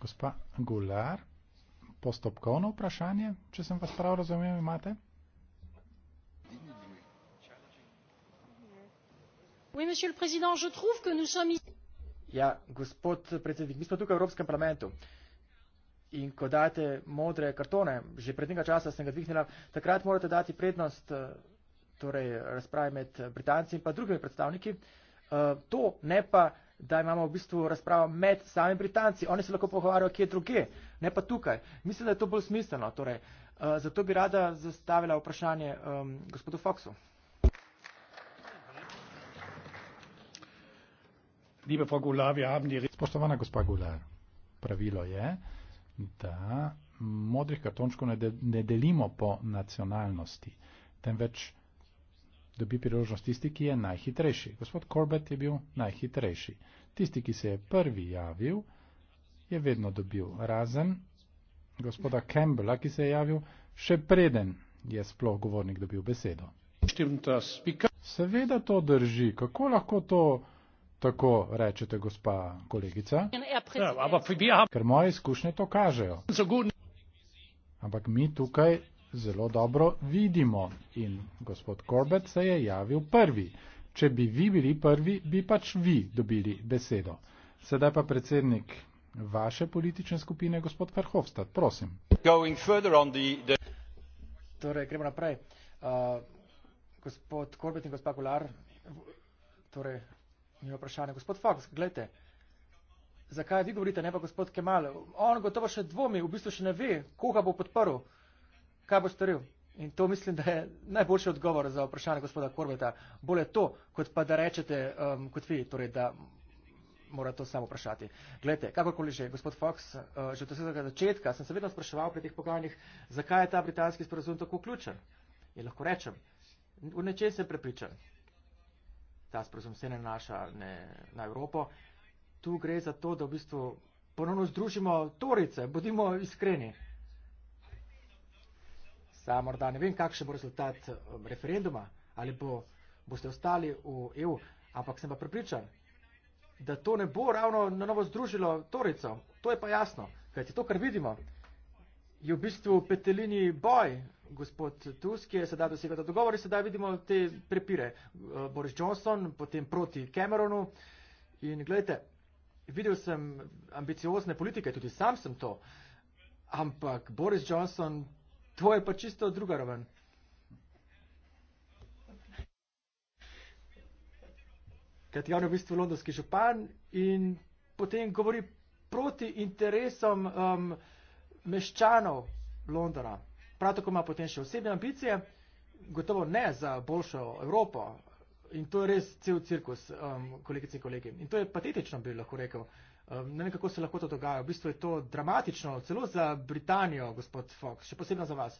Gospa Gular, postopkovno vprašanje, če sem vas prav razumel, imate? Ja, gospod predsednik, mi smo tukaj v Evropskem parlamentu in ko date modre kartone, že pred nekaj časa sem ga dvignila, takrat morate dati prednost eh, torej, razpravi med Britanci in pa drugimi predstavniki. Eh, to ne pa, da imamo v bistvu razpravo med samimi Britanci, oni se lahko pogovarjajo kje druge, ne pa tukaj. Mislim, da je to bolj smiselno. Torej, eh, zato bi rada zastavila vprašanje um, gospodu Foxu. Liebe Frau Goulart, wir haben die Spoštovana gospa Goulart, pravilo je, da modrih kartončkov ne, de, ne delimo po nacionalnosti, temveč dobi priložnost tisti, ki je najhitrejši. Gospod Corbett je bil najhitrejši. Tisti, ki se je prvi javil, je vedno dobil razen gospoda Campbella, ki se je javil še preden je sploh govornik dobil besedo. Seveda to drži. Kako lahko to Tako rečete, gospa kolegica. Ja, ja, ja. Ker moje izkušnje to kažejo. Ampak mi tukaj zelo dobro vidimo in gospod Corbett se je javil prvi. Če bi vi bili prvi, bi pač vi dobili besedo. Sedaj pa predsednik vaše politične skupine, gospod Verhofstadt, prosim. The, the... Torej, gremo naprej. Uh, gospod Corbett in gospa Kolar, torej, Ni vprašanje, gospod Foks, gledajte, zakaj vi govorite, ne pa gospod Kemal? On gotovo še dvomi, v bistvu še ne ve, koga bo podporil, kaj bo storil. In to mislim, da je najboljši odgovor za vprašanje gospoda Korbeta. Bolje to, kot pa da rečete, um, kot vi, torej, da mora to samo vprašati. Glejte, kakorkoli že, gospod Fox, uh, že od vsega začetka sem se vedno spraševal pri teh pogajanjih, zakaj je ta britanski sporozum tako ključen. In lahko rečem, v nečem sem prepričan ta sporozum se nanaša ne, na Evropo. Tu gre za to, da v bistvu ponovno združimo torice, bodimo iskreni. Samo morda ne vem, kakšen bo rezultat um, referenduma, ali bo, boste ostali v EU, ampak sem pa pripričan, da to ne bo ravno na novo združilo torico. To je pa jasno, kajti to, kar vidimo, je v bistvu petelini boj. Gospod Tusk je sedaj dosegel ta dogovor in sedaj vidimo te prepire. Eh, Boris Johnson, potem proti Cameronu. In gledajte, videl sem ambiciozne politike, tudi sam sem to. Ampak Boris Johnson, to je pa čisto druga raven. Kaj je v bistvu londonski župan in potem govori proti interesom. Um, meščanov Londona. Prav tako ima potem še osebne ambicije, gotovo ne za boljšo Evropo. In to je res cel cirkus, um, kolegice in kolegi. In to je patetično, bi lahko rekel. Um, ne vem, kako se lahko to dogaja. V bistvu je to dramatično, celo za Britanijo, gospod Fox, še posebno za vas.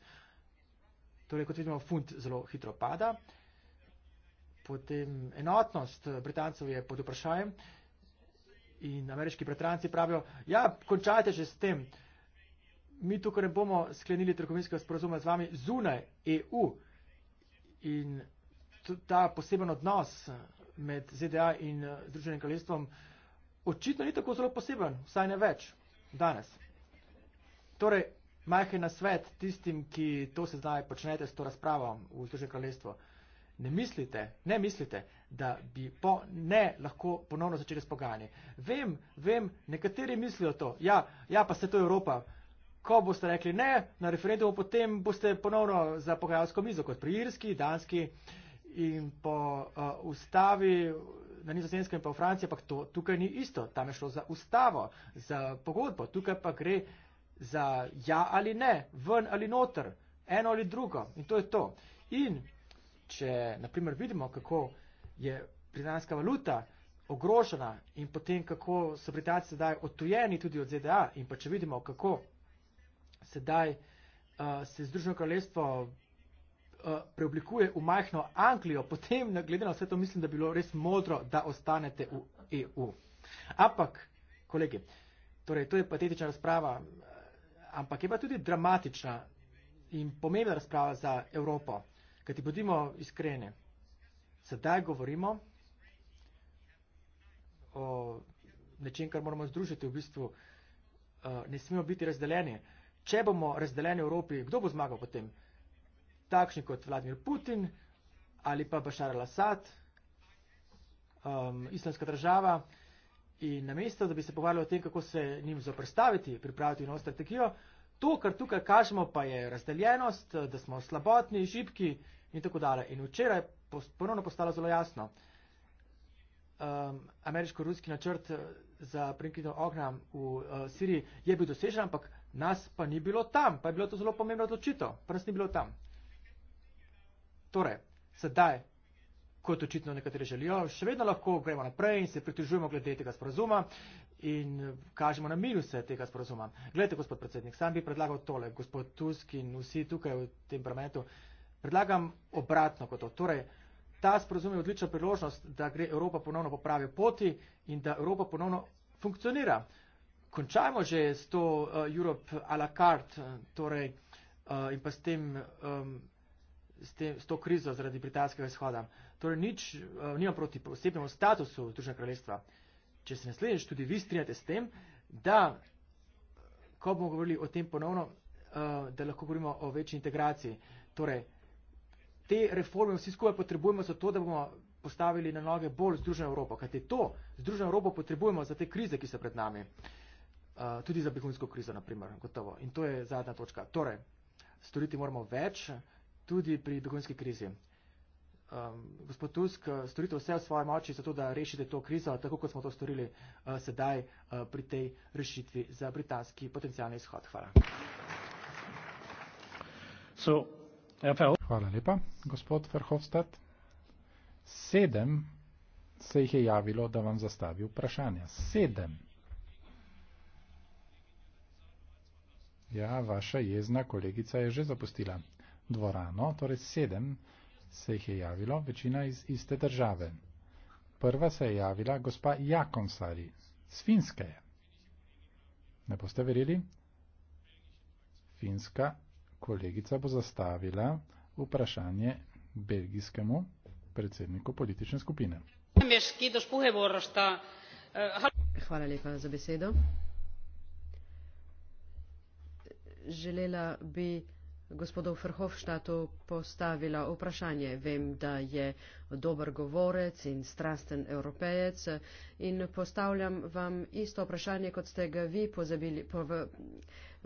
Torej, kot vidimo, funt zelo hitro pada. Potem enotnost Britancev je pod vprašanjem. In ameriški bratranci pravijo, ja, končajte že s tem. Uh, mi tukaj ne bomo sklenili trgovinskega sporazuma z vami zunaj EU in ta poseben odnos med ZDA in Združenim kraljestvom očitno ni tako zelo poseben, vsaj ne več danes. Torej, majhen nasvet tistim, ki to se zdaj počnete s to razpravo v Združenem kraljestvu. Ne mislite, ne mislite, da bi po ne lahko ponovno začeli s pogajanji. Vem, vem, nekateri mislijo to. Ja, ja, pa se to Evropa ko boste rekli ne na referendumu, potem boste ponovno za pogajalsko mizo, kot pri Irski, Danski in po uh, ustavi na nizozemskem in pa v Franciji, ampak to tukaj ni isto. Tam je šlo za ustavo, za pogodbo, tukaj pa gre za ja ali ne, ven ali noter, eno ali drugo in to je to. In če naprimer vidimo, kako je britanska valuta ogrožena in potem kako so Britanci sedaj odtujeni tudi od ZDA in pa če vidimo, kako sedaj uh, se Združeno kraljestvo uh, preoblikuje v majhno Anglijo, potem, glede na vse to, mislim, da bi bilo res modro, da ostanete v EU. Ampak, kolegi, torej, to je patetična razprava, eh, ampak je pa tudi dramatična in pomembna razprava za Evropo, kaj ti bodimo iskreni. Sedaj govorimo o nečem, kar moramo združiti, v bistvu uh, ne smemo biti razdeljeni. Uh, če bomo razdeljeni v Evropi, kdo bo zmagal potem? Takšni kot Vladimir Putin ali pa Bašar al-Assad, um, islamska država. In namesto, da bi se pogovarjali o tem, kako se njim zoprstaviti, pripraviti novo strategijo, to, kar tukaj kažemo, pa je razdeljenost, da smo slabotni, šibki in tako dalje. In včeraj je ponovno postalo zelo jasno. Um, ameriško-ruski načrt eh, za prekinitev ognja v uh, Siriji je bil dosežen, ampak Nas pa ni bilo tam, pa je bilo to zelo pomembno odločitev, pa nas ni bilo tam. Torej, sedaj, kot očitno nekateri želijo, še vedno lahko gremo naprej in se pritožujemo glede tega sporozuma in kažemo na minuse tega sporozuma. Glede, gospod predsednik, sam bi predlagal tole, gospod Tusk in vsi tukaj v tem parlamentu, predlagam obratno kot to. Torej, ta sporozum je odlična priložnost, da gre Evropa ponovno popravi poti in da Evropa ponovno funkcionira končajmo že s to uh, Europe à la carte eh, torej, uh, in pa s, tem, um, s, tem, s to krizo zaradi britanskega izhoda. Torej, nič uh, nima proti posebnemu statusu Združenega kraljestva. Če se naslednjič tudi vi strinjate s tem, da, ko bomo govorili o tem ponovno, uh, da lahko govorimo o večji integraciji. Torej, te reforme vsi skupaj potrebujemo zato, da bomo postavili na noge bolj združeno Evropo, kajte to združeno Evropo potrebujemo za te krize, ki so pred nami. Uh, Eh, tudi za begunsko krizo, naprimer, gotovo. In to je zadnja točka. Torej, storiti moramo več, tudi pri begunski krizi. Um, gospod Tusk, storite vse v svoje moči za to, da rešite to krizo, tako kot smo to storili uh, sedaj uh, pri tej rešitvi za britanski potencijalni izhod. Hvala. So, ja, Hvala lepa, gospod Verhofstadt. Sedem se jih je javilo, da vam zastavi vprašanja. Sedem. Ja, vaša jezna kolegica je že zapustila dvorano, torej sedem se jih je javilo, večina iz iste države. Prva se je javila gospa Jakonsari, z Finske. Ne boste verili? Finska kolegica bo zastavila vprašanje belgijskemu predsedniku politične skupine. Hvala lepa za besedo. Želela bi gospodu Frhofštatu postavila vprašanje. Vem, da je dober govorec in strasten evropejec in postavljam vam isto vprašanje, kot ste ga vi pozabili, pov,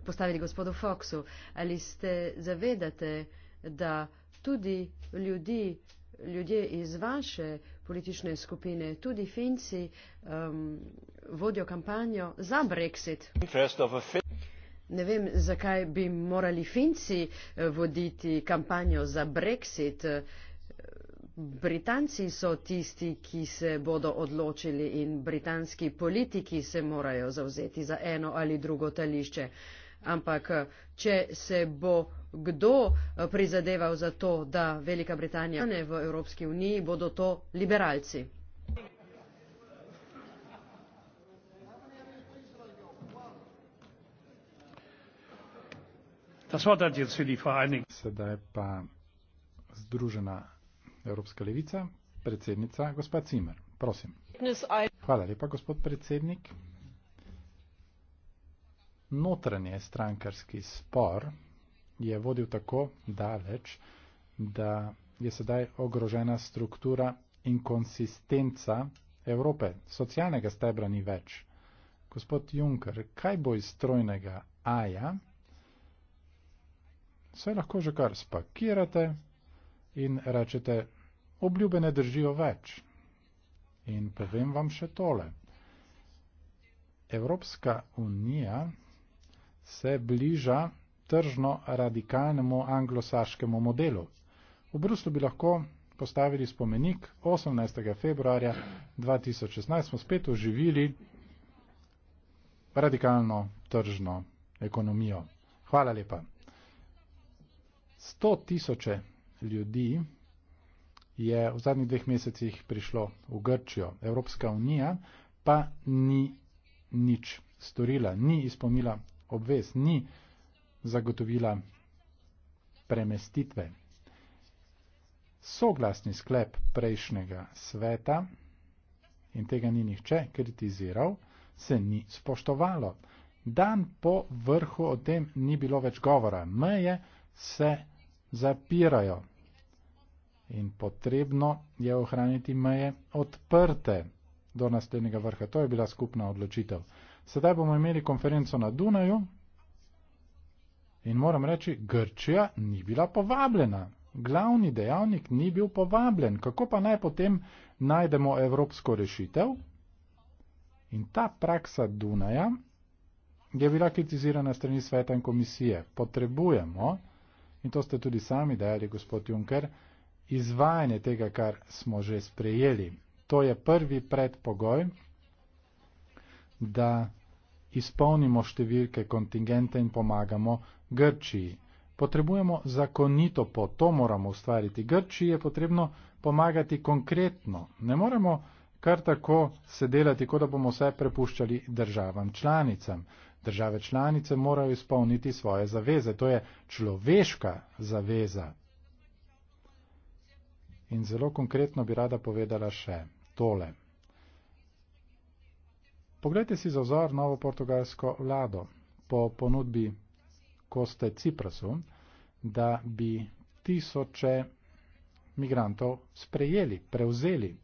postavili gospodu Foxu. Ali ste zavedate, da tudi ljudi, ljudje iz vaše politične skupine, tudi Finci, um, vodijo kampanjo za Brexit? Ne vem, zakaj bi morali Finci eh, voditi kampanjo za Brexit. Eh, Britanci so tisti, ki se bodo odločili in britanski politiki se morajo zauzeti za eno ali drugo tališče. Ampak, eh, če se bo kdo prizadeval za to, da Velika Britanija ne v Evropski uniji, bodo to liberalci. Sedaj pa Združena Evropska levica, predsednica gospod Cimer. Prosim. Hvala lepa, gospod predsednik. Notranje strankarski spor je vodil tako daleč, da je sedaj ogrožena struktura in konsistenca Evrope. Socialnega stebra ni več. Gospod Juncker, kaj bo iz strojnega aja? se lahko že kar spakirate in rečete, obljube ne držijo več. In povem vam še tole. Evropska unija se bliža tržno radikalnemu anglosaškemu modelu. V Bruslu bi lahko postavili spomenik 18. februarja 2016 smo spet oživili radikalno tržno ekonomijo. Hvala lepa. 100 tisoče ljudi je v zadnjih dveh mesecih prišlo v Grčijo. Evropska unija pa ni nič storila, ni izpolnila obvez, ni zagotovila premestitve. Soglasni sklep prejšnjega sveta in tega ni nihče kritiziral, se ni spoštovalo. Dan po vrhu o tem ni bilo več govora. Meje se zapirajo. In potrebno je ohraniti meje odprte do naslednjega vrha. To je bila skupna odločitev. Sedaj bomo imeli konferenco na Dunaju in moram reči, Grčija ni bila povabljena. Glavni dejavnik ni bil povabljen. Kako pa naj potem najdemo evropsko rešitev? In ta praksa Dunaja je bila kritizirana strani sveta in komisije. Potrebujemo, in to ste tudi sami dejali, gospod Juncker, izvajanje tega, kar smo že sprejeli. To je prvi predpogoj, da izpolnimo številke kontingente in pomagamo Grčiji. Potrebujemo zakonito pot, to moramo ustvariti. Grčiji je potrebno pomagati konkretno. Ne moremo kar tako se delati, kot da bomo vse prepuščali državam članicam. Države članice morajo izpolniti svoje zaveze. To je človeška zaveza. In zelo konkretno bi rada povedala še tole. Poglejte si za vzor novo portugalsko vlado po ponudbi Koste Ciprasu, da bi tisoče migrantov sprejeli, prevzeli.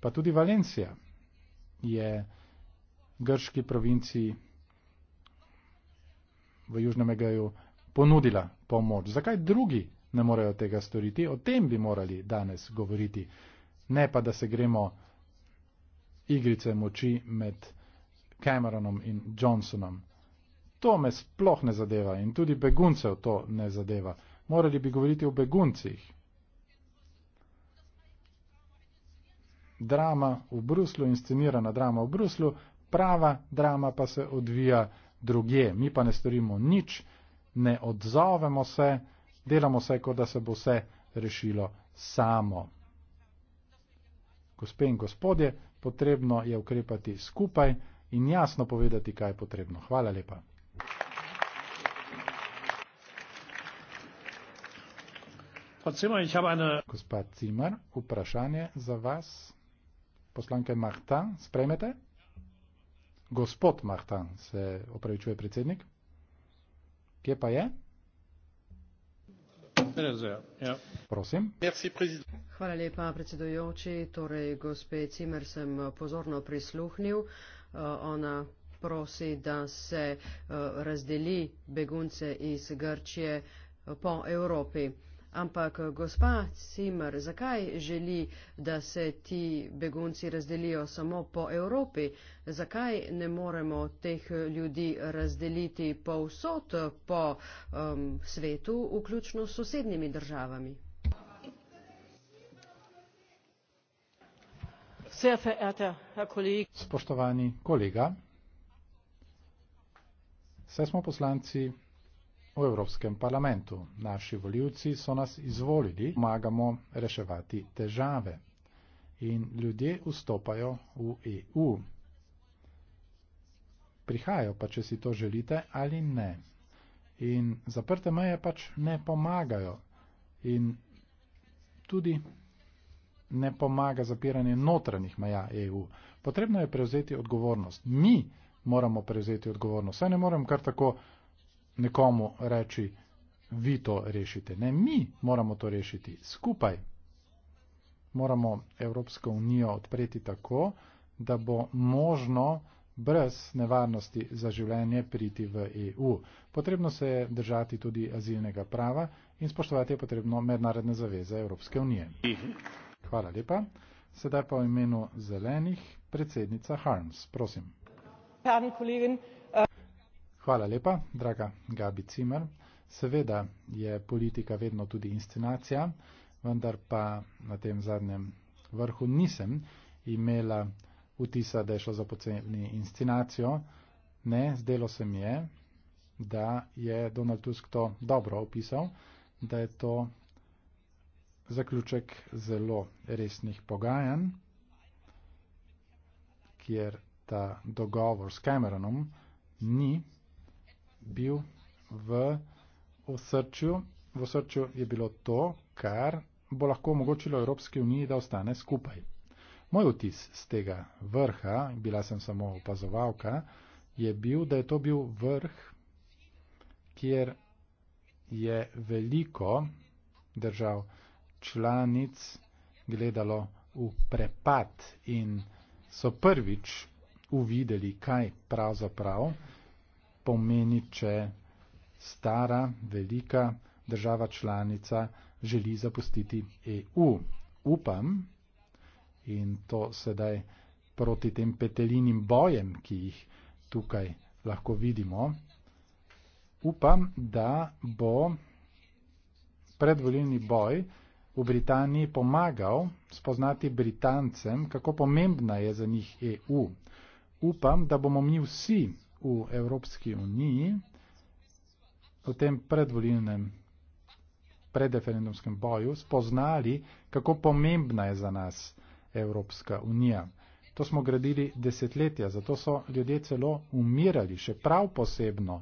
Pa tudi Valencija je grški provinciji v Južnem Egeju ponudila pomoč. Zakaj drugi ne morejo tega storiti? O tem bi morali danes govoriti. Ne pa, da se gremo igrice moči med Cameronom in Johnsonom. To me sploh ne zadeva in tudi beguncev to ne zadeva. Morali bi govoriti o beguncih. Drama v Bruslu, inscenirana drama v Bruslu, prava drama pa se odvija drugje, mi pa ne storimo nič, ne odzovemo se, delamo vse, kot da se bo vse rešilo samo. Gospe in gospodje, potrebno je ukrepati skupaj in jasno povedati, kaj je potrebno. Hvala lepa. Zimmer, eine... Gospa Cimer, vprašanje za vas. Poslanke Mahta, spremete? gospod Martin, se opravičuje predsednik. Kje pa je? Hvala lepa, predsedujoči. Torej, gospe Cimer sem eh, pozorno prisluhnil. Eh, ona prosi, da se eh, razdeli begunce iz Grčije po Evropi. Ampak, gospa Cimer, zakaj želi, da se ti begunci razdelijo samo po Evropi? Zakaj ne moremo teh ljudi razdeliti povsod po um, svetu, vključno s sosednjimi državami? Spoštovani kolega, vse smo poslanci v Evropskem parlamentu. Naši voljivci so nas izvolili, pomagamo reševati težave in ljudje vstopajo v EU. Prihajajo pa, če si to želite ali ne. In zaprte meje pač ne pomagajo. In tudi ne pomaga zapiranje notranjih meja EU. Potrebno je prevzeti odgovornost. Mi moramo prevzeti odgovornost. Saj ne morem kar tako nekomu reči, vi to rešite. Ne, mi moramo to rešiti skupaj. Moramo Evropsko unijo odpreti tako, da bo možno brez nevarnosti za življenje priti v EU. Potrebno se je držati tudi azilnega prava in spoštovati je potrebno mednarodne zaveze Evropske unije. Hvala lepa. Sedaj pa v imenu zelenih predsednica Harms. Prosim. Pardon, Hvala lepa, draga Gabi Cimer. Seveda je politika vedno tudi inscenacija, vendar pa na tem zadnjem vrhu nisem imela vtisa, da je šlo za poceni inscenacijo. Ne, zdelo se mi je, da je Donald Tusk to dobro opisal, da je to zaključek zelo resnih pogajanj, kjer ta dogovor s Cameronom ni bil v osrčju. V osrčju je bilo to, kar bo lahko omogočilo Evropski uniji, da ostane skupaj. Moj vtis z tega vrha, bila sem samo opazovalka, je bil, da je to bil vrh, kjer je veliko držav članic gledalo v prepad in so prvič uvideli, kaj pravzaprav prav pomeni, če stara, velika država članica želi zapustiti EU. Upam in to sedaj proti tem petelinim bojem, ki jih tukaj lahko vidimo, upam, da bo predvoljeni boj v Britaniji pomagal spoznati Britancem, kako pomembna je za njih EU. Upam, da bomo mi vsi v Evropski uniji v tem predvolilnem predreferendumskem boju spoznali, kako pomembna je za nas Evropska unija. To smo gradili desetletja, zato so ljudje celo umirali, še prav posebno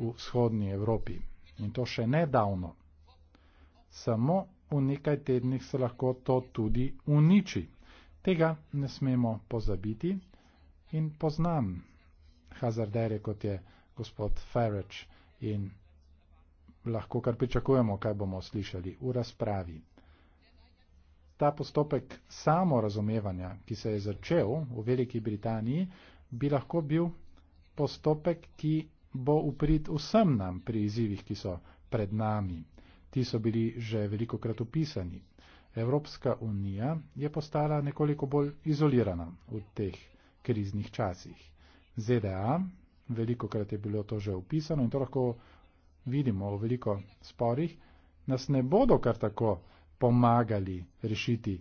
v vzhodnji Evropi. In to še nedavno. Samo v nekaj tednih se lahko to tudi uniči. Tega ne smemo pozabiti in poznam hazardere, kot je gospod Farage in lahko kar pričakujemo, kaj bomo slišali v razpravi. Ta postopek samorazumevanja, ki se je začel v Veliki Britaniji, bi lahko bil postopek, ki bo uprit vsem nam pri izzivih, ki so pred nami. Ti so bili že veliko krat opisani. Evropska unija je postala nekoliko bolj izolirana v teh kriznih časih. ZDA. Veliko krat je bilo to že upisano in to lahko vidimo v veliko sporih. Nas ne bodo kar tako pomagali rešiti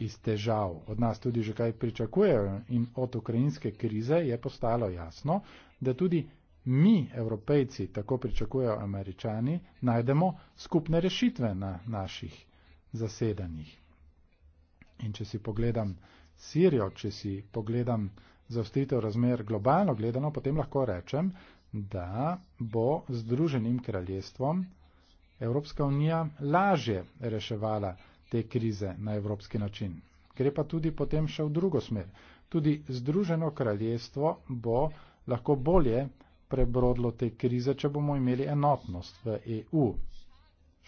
iz težav. Od nas tudi že kaj pričakujejo in od ukrajinske krize je postalo jasno, da tudi mi, evropejci, tako pričakujejo američani, najdemo skupne rešitve na naših zasedanjih. In če si pogledam Sirijo, če si pogledam zaostritev razmer globalno gledano, potem lahko rečem, da bo združenim kraljestvom Evropska unija lažje reševala te krize na evropski način. Gre pa tudi potem še v drugo smer. Tudi združeno kraljestvo bo lahko bolje prebrodlo te krize, če bomo imeli enotnost v EU.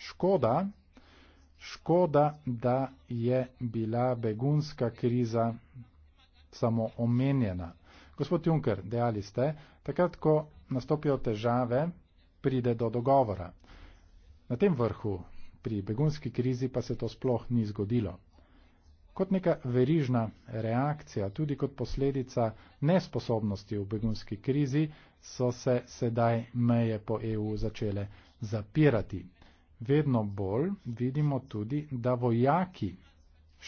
Škoda, škoda, da je bila begunska kriza samo omenjena. Gospod Juncker, dejali ste, takrat, ko nastopijo težave, pride do dogovora. Na tem vrhu, pri begunski krizi, pa se to sploh ni zgodilo. Kot neka verižna reakcija, tudi kot posledica nesposobnosti v begunski krizi, so se sedaj meje po EU začele zapirati. Vedno bolj vidimo tudi, da vojaki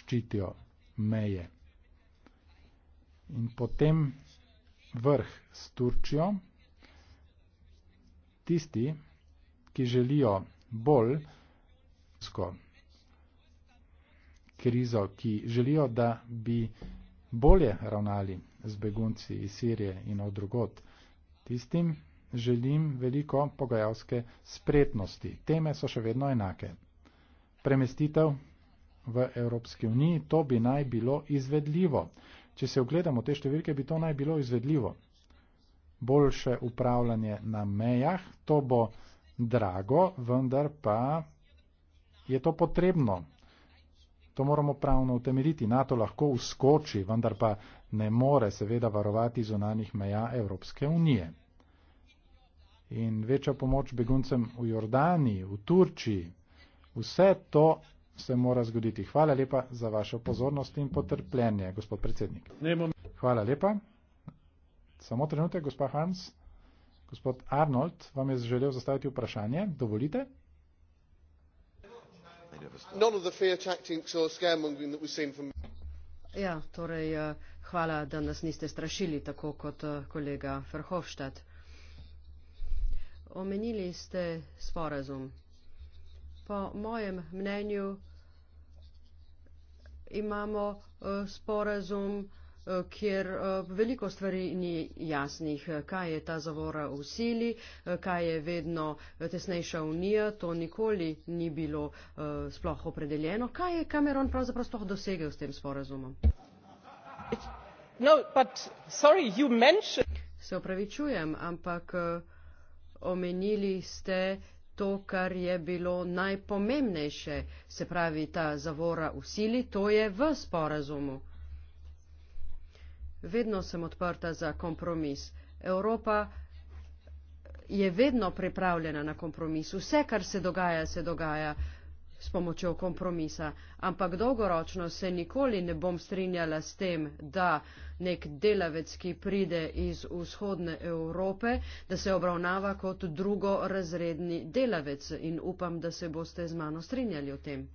ščitijo meje in potem vrh s Turčijo. Tisti, ki želijo bolj krizo, ki želijo, da bi bolje ravnali z begunci iz Sirije in od drugot, tistim želim veliko pogajalske spretnosti. Teme so še vedno enake. Premestitev v Evropski uniji, to bi naj bilo izvedljivo. Če se ogledamo te številke, bi to naj bilo izvedljivo. Boljše upravljanje na mejah, to bo drago, vendar pa je to potrebno. To moramo pravno utemeljiti. NATO lahko uskoči, vendar pa ne more seveda varovati zunanih meja Evropske unije. In večja pomoč beguncem v Jordani, v Turčiji, vse to se mora zgoditi. Hvala lepa za vašo pozornost in potrpljenje, gospod predsednik. Hvala lepa. Samo trenutek, gospod Hans. Gospod Arnold vam je želel zastaviti vprašanje. Dovolite? Ja, torej, eh, hvala, da nas niste strašili, tako kot eh, kolega Verhofstadt. Omenili ste sporazum po mojem mnenju imamo eh, sporazum, eh, kjer eh, veliko stvari ni jasnih, kaj je ta zavora v sili, kaj je vedno tesnejša unija, to nikoli ni bilo sploh opredeljeno. Kaj je Cameron pravzaprav sploh dosegel s tem sporazumom? No, but, sorry, mentioned... Se opravičujem, ampak omenili ste to, kar je bilo najpomembnejše, se pravi ta zavora v sili, to je v sporazumu. Vedno sem odprta za kompromis. Evropa je vedno pripravljena na kompromis. Vse, kar se dogaja, se dogaja s pomočjo kompromisa. Ampak dolgoročno se nikoli ne bom strinjala s tem, da nek delavec, ki pride iz vzhodne Evrope, da se obravnava kot drugorazredni delavec. In upam, da se boste z mano strinjali o tem.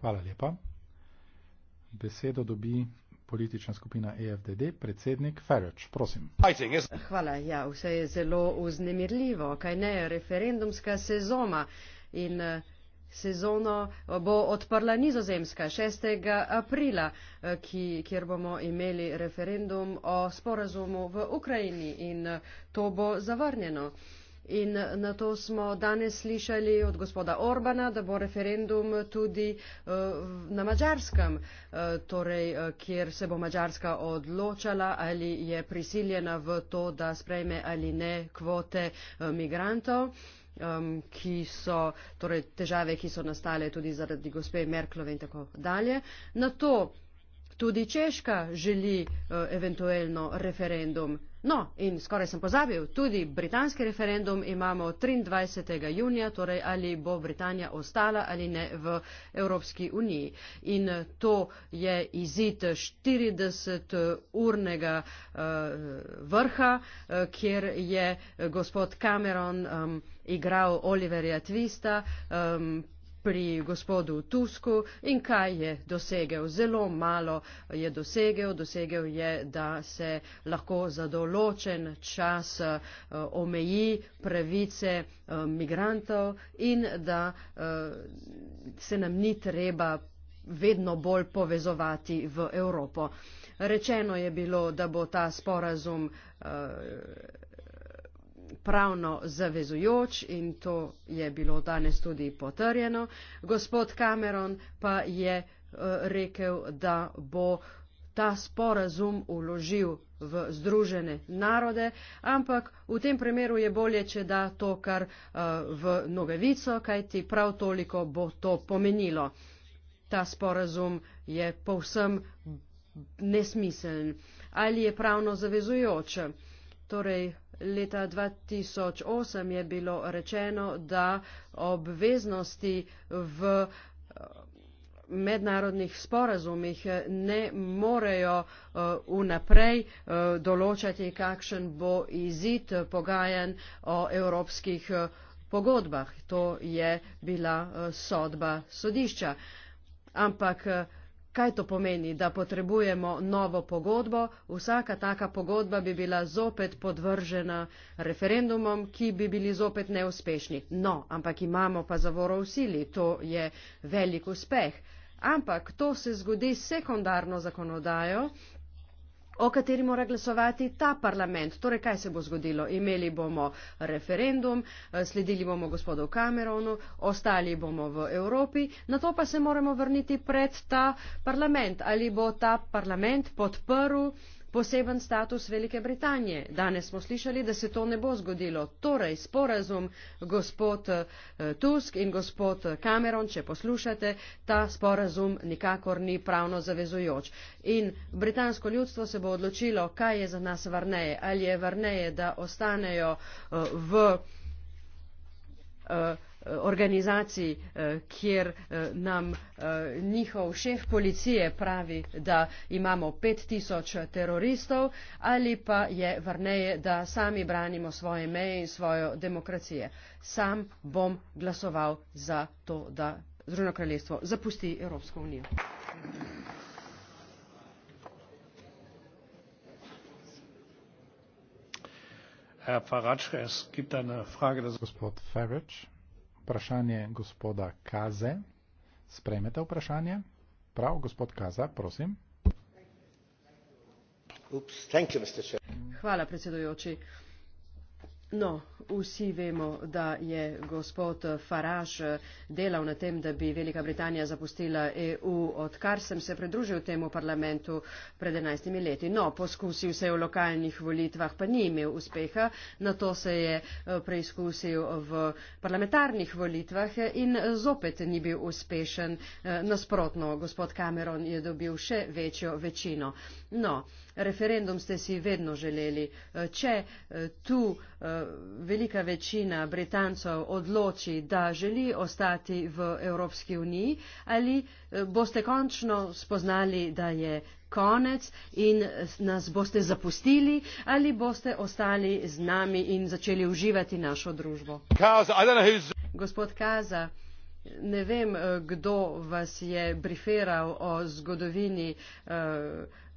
Hvala lepa. Besedo dobi politična skupina EFDD, predsednik Ferrač. Prosim. Hvala. Ja, vse je zelo uznemirljivo, kaj ne referendumska sezona. In eh, sezono bo odprla nizozemska 6. aprila, eh, ki, kjer bomo imeli referendum o sporazumu v Ukrajini in eh, to bo zavrnjeno. In na to smo danes slišali od gospoda Orbana, da bo referendum tudi eh, na Mačarskem, eh, torej, eh, kjer se bo Mačarska odločala ali je prisiljena v to, da sprejme ali ne kvote migrantov. Um, ki so torej, težave, ki so nastale tudi zaradi gospe Merklove in tako dalje. Na to Tudi Češka želi uh, eh, eventualno referendum. No, in skoraj sem pozabil, tudi britanski referendum imamo 23. junija, torej ali bo Britanija ostala ali ne v Evropski uniji. In eh, to je izid 40-urnega uh, eh, vrha, uh, kjer je gospod Cameron um, igral Oliverja Twista, um, pri gospodu Tusku in kaj je dosegel. Zelo malo je dosegel. Dosegel je, da se lahko za določen čas eh, omeji pravice eh, migrantov in da eh, se nam ni treba vedno bolj povezovati v Evropo. Rečeno je bilo, da bo ta sporazum pravno zavezujoč in to je bilo danes tudi potrjeno. Gospod Cameron pa je eh, rekel, da bo ta sporazum uložil v Združene narode, ampak v tem primeru je bolje, če da to kar eh, v nogavico, kajti prav toliko bo to pomenilo. Ta sporazum je povsem nesmiseln. Ali je pravno zavezujoč? Torej, leta 2008 je bilo rečeno, da obveznosti v eh, mednarodnih sporazumih ne morejo eh, vnaprej eh, določati, kakšen bo izid pogajan o evropskih pogodbah. To je bila sodba sodišča. Ampak Kaj to pomeni, da potrebujemo novo pogodbo? Vsaka taka pogodba bi bila zopet podvržena referendumom, ki bi bili zopet neuspešni. No, ampak imamo pa zavoro v sili, to je velik uspeh. Ampak to se zgodi sekundarno zakonodajo, o kateri mora glasovati ta parlament. Torej, kaj se bo zgodilo? Imeli bomo referendum, eh, sledili bomo gospodu Cameronu, ostali bomo v Evropi, na to pa se moramo vrniti pred ta parlament. Ali bo ta parlament podprl uh, poseben status Velike Britanije. Danes smo slišali, da se to ne bo zgodilo. Torej, sporazum gospod eh, Tusk in gospod eh, Cameron, če poslušate, ta sporazum nikakor ni pravno zavezujoč. In britansko ljudstvo se bo odločilo, kaj je za nas varneje. Ali je varneje, da ostanejo eh, v. Uh, Eh, organizacij, eh, kjer eh, nam njihov šef policije pravi, da imamo 5000 teroristov ali pa je vrneje, da sami branimo svoje meje in svojo demokracijo. Sam bom glasoval za to, da Združeno kraljestvo zapusti Evropsko unijo. Gospod Farage vprašanje gospoda Kaze. Spremete vprašanje? Prav, gospod Kaza, prosim. Oops, you, Hvala, predsedujoči. Uh, No, vsi vemo, da je gospod Faraž eh, delal na tem, da bi Velika Britanija zapustila EU, odkar sem se pridružil temu parlamentu pred 11 leti. No, poskusil se je v lokalnih volitvah, pa ni imel uspeha, na to se je eh, preizkusil v parlamentarnih volitvah eh, in zopet ni bil uspešen. Nasprotno, gospod Cameron je dobil še večjo večino. No, Referendum ste si vedno želeli. Eh, Če eh, tu eh, velika večina Britancov odloči, da želi ostati v Evropski uniji, ali boste končno spoznali, da je konec in nas boste zapustili, ali boste ostali z nami in začeli uživati našo družbo? Gospod Kaza. Ne vem, kdo vas je briferal o zgodovini uh,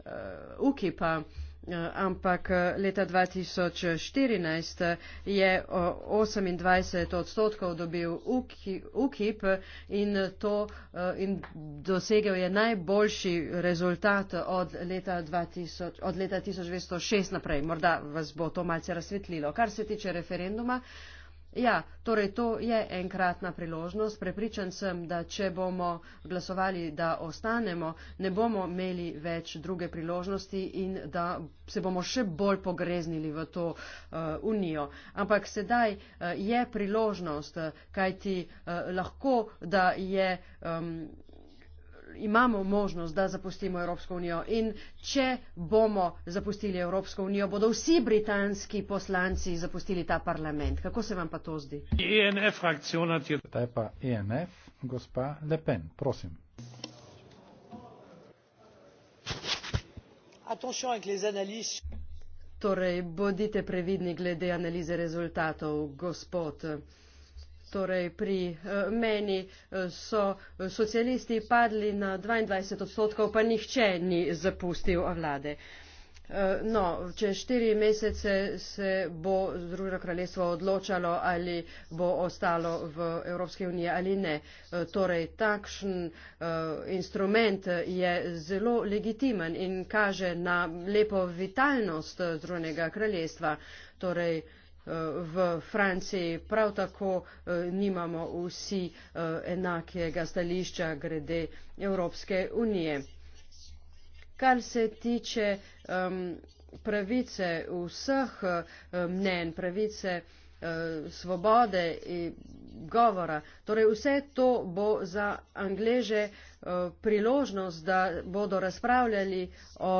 uh, UKIP-a. Eh, ampak eh, leta 2014 je 28 odstotkov dobil UKIP in, to, in dosegel je najboljši rezultat od leta, 2000, od leta 1906 naprej. Morda vas bo to malce razsvetlilo. Kar se tiče referenduma, Ja, torej to je enkratna priložnost. Prepričan sem, da če bomo glasovali, da ostanemo, ne bomo imeli več druge priložnosti in da se bomo še bolj pogreznili v to uh, unijo. Ampak sedaj uh, je priložnost, uh, kajti uh, lahko, da je. Um, imamo možnost, da zapustimo Evropsko unijo in če bomo zapustili Evropsko unijo, bodo vsi britanski poslanci zapustili ta parlament. Kako se vam pa to zdi? ENF frakcija. Ta je pa ENF, gospa Le Pen, prosim. Torej, bodite previdni glede analize rezultatov, gospod. Torej, pri eh, meni eh, so eh, socialisti padli na 22 odstotkov, pa nihče ni zapustil vlade. No, čez štiri mesece se bo Združeno kraljestvo odločalo, ali bo ostalo v Evropski uniji ali ne. Torej, takšen instrument je zelo legitimen in kaže na lepo vitalnost Združenega kraljestva. Torej, v Franciji prav tako eh, nimamo vsi eh, enakega stališča grede Evropske unije. Kar se tiče um, pravice vseh eh, mnen, pravice svobode in govora. Torej vse to bo za Angleže priložnost, da bodo razpravljali o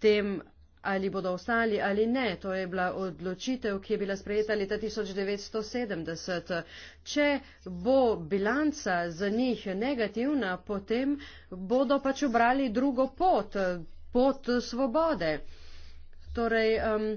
tem ali bodo ostali ali ne. To je bila odločitev, ki je bila sprejeta leta 1970. Če bo bilanca za njih negativna, potem bodo pač obrali drugo pot, pot svobode. Torej, um,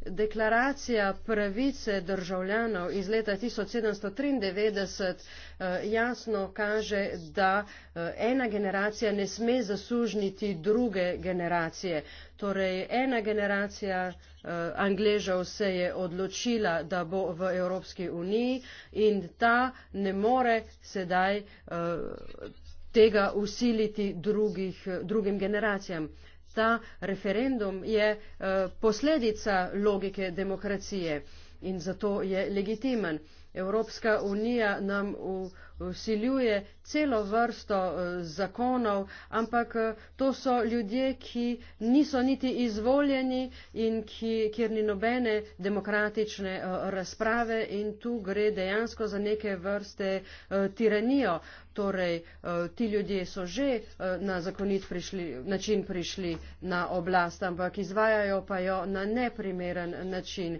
deklaracija pravice državljanov iz leta 1793 uh, eh, jasno kaže, da uh, ena generacija ne sme zaslužiti druge generacije. Torej, ena generacija uh, Angležev se je odločila, da bo v Evropski uniji in ta ne more sedaj uh, tega usiliti drugih, drugim generacijam. Ta referendum je uh, posledica logike demokracije in zato je legitimen. Evropska unija nam v. Uh, vsiljuje celo vrsto eh, zakonov, ampak eh, to so ljudje, ki niso niti izvoljeni in ki, kjer ni nobene demokratične eh, razprave in tu gre dejansko za neke vrste tiranijo. Torej, ti ljudje so že na zakonit prišli, način prišli na oblast, ampak izvajajo pa jo na neprimeren način.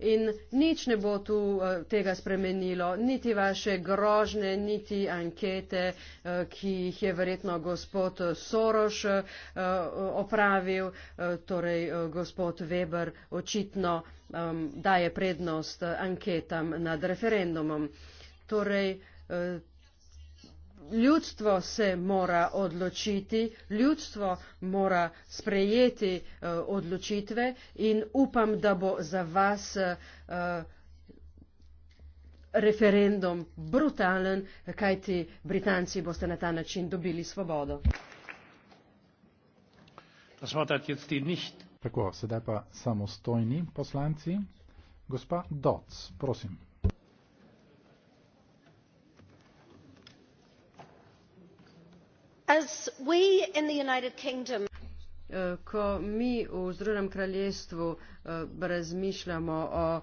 In nič ne bo tu eh, tega spremenilo, niti vaše grožne, niti ankete, eh, ki jih je verjetno gospod Soroš eh, opravil, torej gospod Weber očitno ehm, daje prednost anketam nad referendumom. Torej, ljudstvo se mora odločiti, ljudstvo mora sprejeti uh, odločitve in upam, da bo za vas uh, referendum brutalen, kajti Britanci boste na ta način dobili svobodo. Tako, sedaj pa samostojni poslanci. Gospa Doc, prosim. Eh, ko mi v Združenem kraljestvu eh, razmišljamo o eh,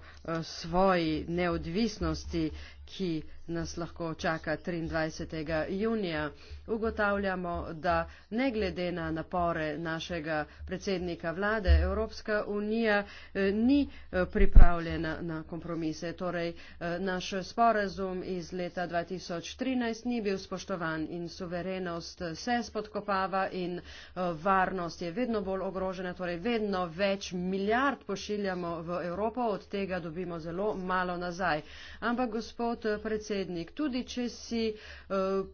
svoji neodvisnosti, ki nas lahko čaka 23. junija. Ugotavljamo, da ne glede na napore našega predsednika vlade, Evropska unija eh, ni eh, pripravljena na kompromise. Torej, eh, naš sporazum iz leta 2013 ni bil spoštovan in suverenost se spodkopava in varnost je vedno bolj ogrožena. Torej, vedno več milijard pošiljamo v Evropo, od tega dobimo zelo malo nazaj. Ampak, gospod predsednik, predsednik, tudi če si. Uh,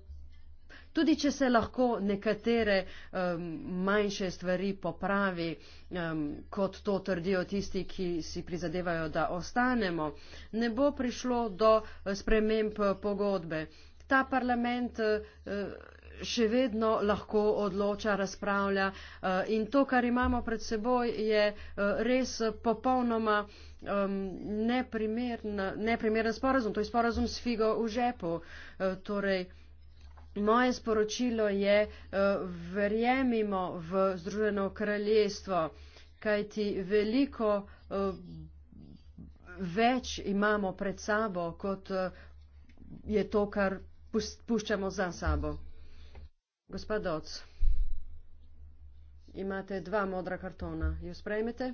Tudi, če se lahko nekatere um, manjše stvari popravi, um, kot to trdijo tisti, ki si prizadevajo, da ostanemo, ne bo prišlo do sprememb pogodbe. Ta parlament uh, še vedno lahko odloča, razpravlja eh, in to, kar imamo pred seboj, je eh, res popolnoma neprimeren sporazum. To je sporazum s figo v žepu. Eh, torej, moje sporočilo je, verjemimo v Združeno kraljestvo, kajti veliko več imamo pred sabo, kot je to, kar puščamo za sabo. Gospa Doc, imate dva modra kartona. Jo sprejmete?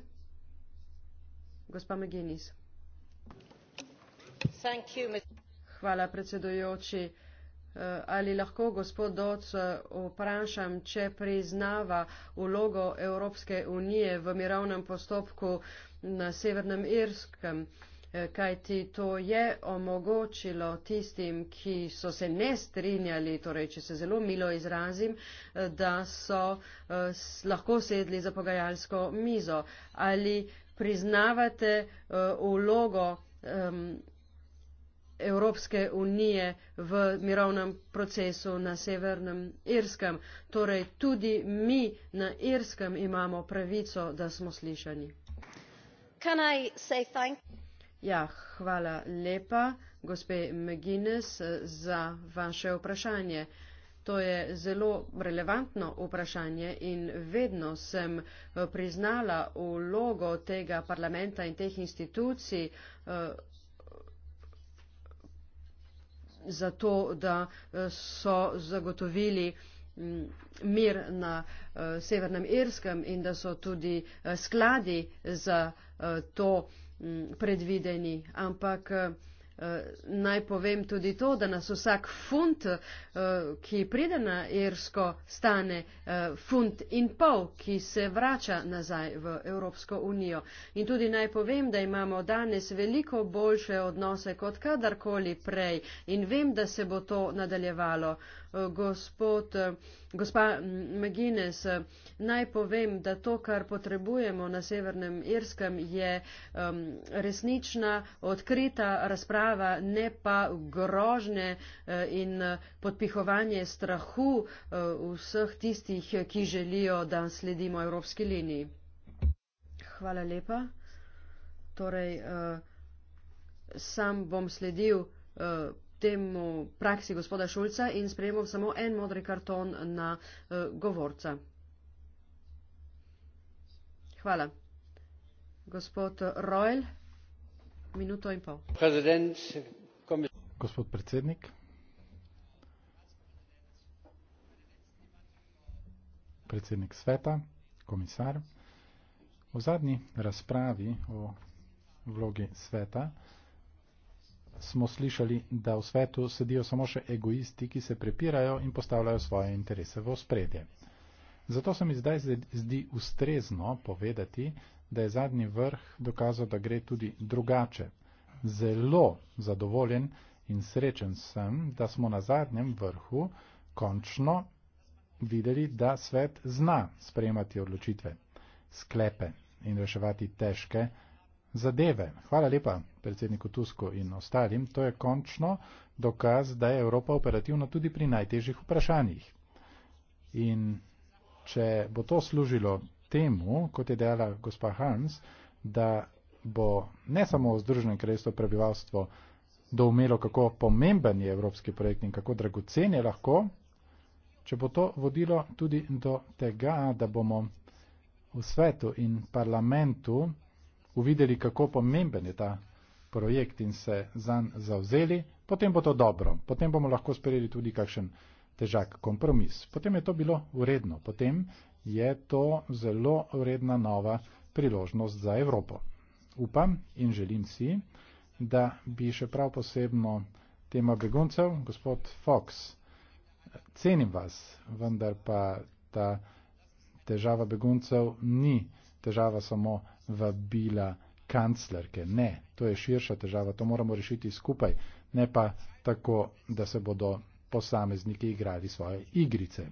Gospa McGinnis. Hvala, predsedujoči. Eh, ali lahko gospod Doc eh, vprašam, če priznava vlogo Evropske unije v mirovnem postopku na Severnem Irskem? Eh, kaj ti to je omogočilo tistim, ki so se ne strinjali, torej, če se zelo milo izrazim, eh, da so eh, lahko sedli za pogajalsko mizo. Ali priznavate vlogo Evropske unije v mirovnem procesu na Severnem Irskem. Torej, tudi mi na Irskem imamo pravico, da smo slišani. Ja, hvala lepa, gospe McGuinness, za vaše vprašanje. To je zelo relevantno vprašanje in vedno sem eh, priznala vlogo tega parlamenta in teh institucij eh, za to, da eh, so zagotovili mm, mir na Severnem Irskem in da so tudi skladi za to Mm, predvideni, ampak eh, eh, naj povem tudi to, da nas vsak funt, eh, ki pride na Irsko, stane funt in pol, ki se vrača nazaj v Evropsko unijo. In tudi naj povem, da imamo danes veliko boljše odnose kot kadarkoli prej in vem, da se bo to nadaljevalo gospod, gospa McGuinness, naj povem, da to, kar potrebujemo na Severnem Irskem, je um, resnična, odkrita razprava, ne pa grožne eh, in podpihovanje strahu eh, vseh tistih, ki želijo, da sledimo evropski liniji. Hvala lepa. Torej, uh, sam bom sledil uh, temu praksi gospoda Šulca in sprejemal samo en modri karton na eh, govorca. Hvala. Gospod Rojl, minuto in pol. Gospod predsednik. Predsednik sveta, komisar. V zadnji razpravi o vlogi sveta smo slišali, da v svetu sedijo samo še egoisti, ki se prepirajo in postavljajo svoje interese v ospredje. Zato se mi zdaj zdi ustrezno povedati, da je zadnji vrh dokazal, da gre tudi drugače. Zelo zadovoljen in srečen sem, da smo na zadnjem vrhu končno videli, da svet zna sprejemati odločitve, sklepe in reševati težke odločitve zadeve. Hvala lepa predsedniku Tusku in ostalim. To je končno dokaz, da je Evropa operativna tudi pri najtežjih vprašanjih. In če bo to služilo temu, kot je dejala gospa Hans, da bo ne samo vzdržen kresto prebivalstvo doumelo, kako pomemben je evropski projekt in kako dragocen je lahko, če bo to vodilo tudi do tega, da bomo v svetu in parlamentu uvideli, kako pomemben je ta projekt in se zanj zavzeli, potem bo to dobro. Potem bomo lahko sprejeli tudi kakšen težak kompromis. Potem je to bilo uredno. Potem je to zelo uredna nova priložnost za Evropo. Upam in želim si, da bi še prav posebno tema beguncev, gospod Fox, cenim vas, vendar pa ta težava beguncev ni težava samo vabila kanclerke. Ne, to je širša težava, to moramo rešiti skupaj, ne pa tako, da se bodo posamezniki igrali svoje igrice.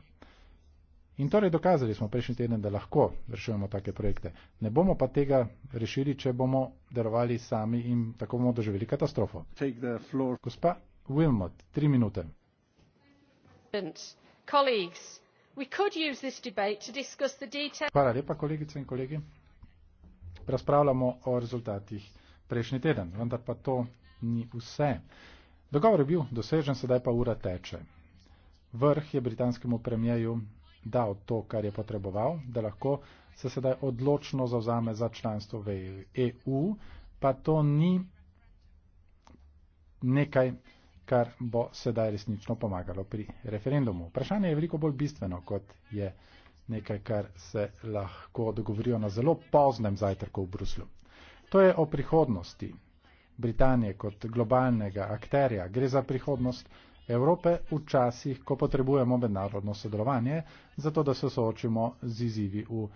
In torej dokazali smo prejšnji teden, da lahko rešujemo take projekte. Ne bomo pa tega rešili, če bomo darovali sami in tako bomo doživeli katastrofo. Gospa Wilmot, tri minute. Hvala lepa, kolegice in kolegi razpravljamo o rezultatih prejšnji teden. Vendar pa to ni vse. Dogovor je bil dosežen, sedaj pa ura teče. Vrh je britanskemu premijeju dal to, kar je potreboval, da lahko se sedaj odločno zavzame za članstvo v EU, pa to ni nekaj, kar bo sedaj resnično pomagalo pri referendumu. Vprašanje je veliko bolj bistveno, kot je nekaj, kar se lahko dogovorijo na zelo poznem zajtrku v Bruslju. To je o prihodnosti Britanije kot globalnega akterja. Gre za prihodnost Evrope v časih, ko potrebujemo mednarodno sodelovanje, zato da se soočimo z izzivi v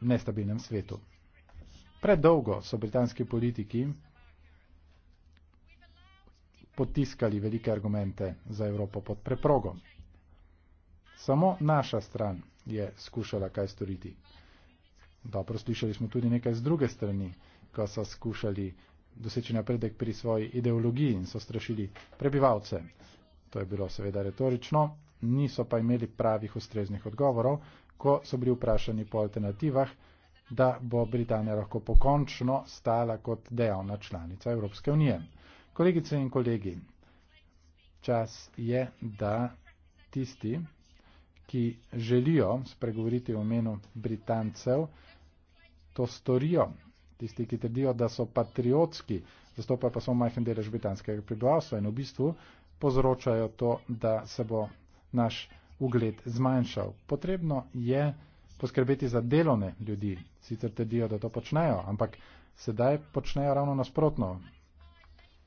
nestabilnem svetu. Predolgo so britanski politiki potiskali velike argumente za Evropo pod preprogo. Samo naša stran je skušala kaj storiti. Dobro, slišali smo tudi nekaj z druge strani, ko so skušali doseči napredek pri svoji ideologiji in so strašili prebivalce. To je bilo seveda retorično, niso pa imeli pravih ustreznih odgovorov, ko so bili vprašani po alternativah, da bo Britanija lahko pokončno stala kot dejavna članica Evropske unije. Kolegice in kolegi, čas je, da tisti, ki želijo spregovoriti o imenu Britancev, to storijo. Tisti, ki trdijo, da so patriotski, zastopajo pa samo majhen delež britanskega prebivalstva in v bistvu povzročajo to, da se bo naš ugled zmanjšal. Potrebno je poskrbeti za delovne ljudi. Sicer trdijo, da to počnejo, ampak sedaj počnejo ravno nasprotno.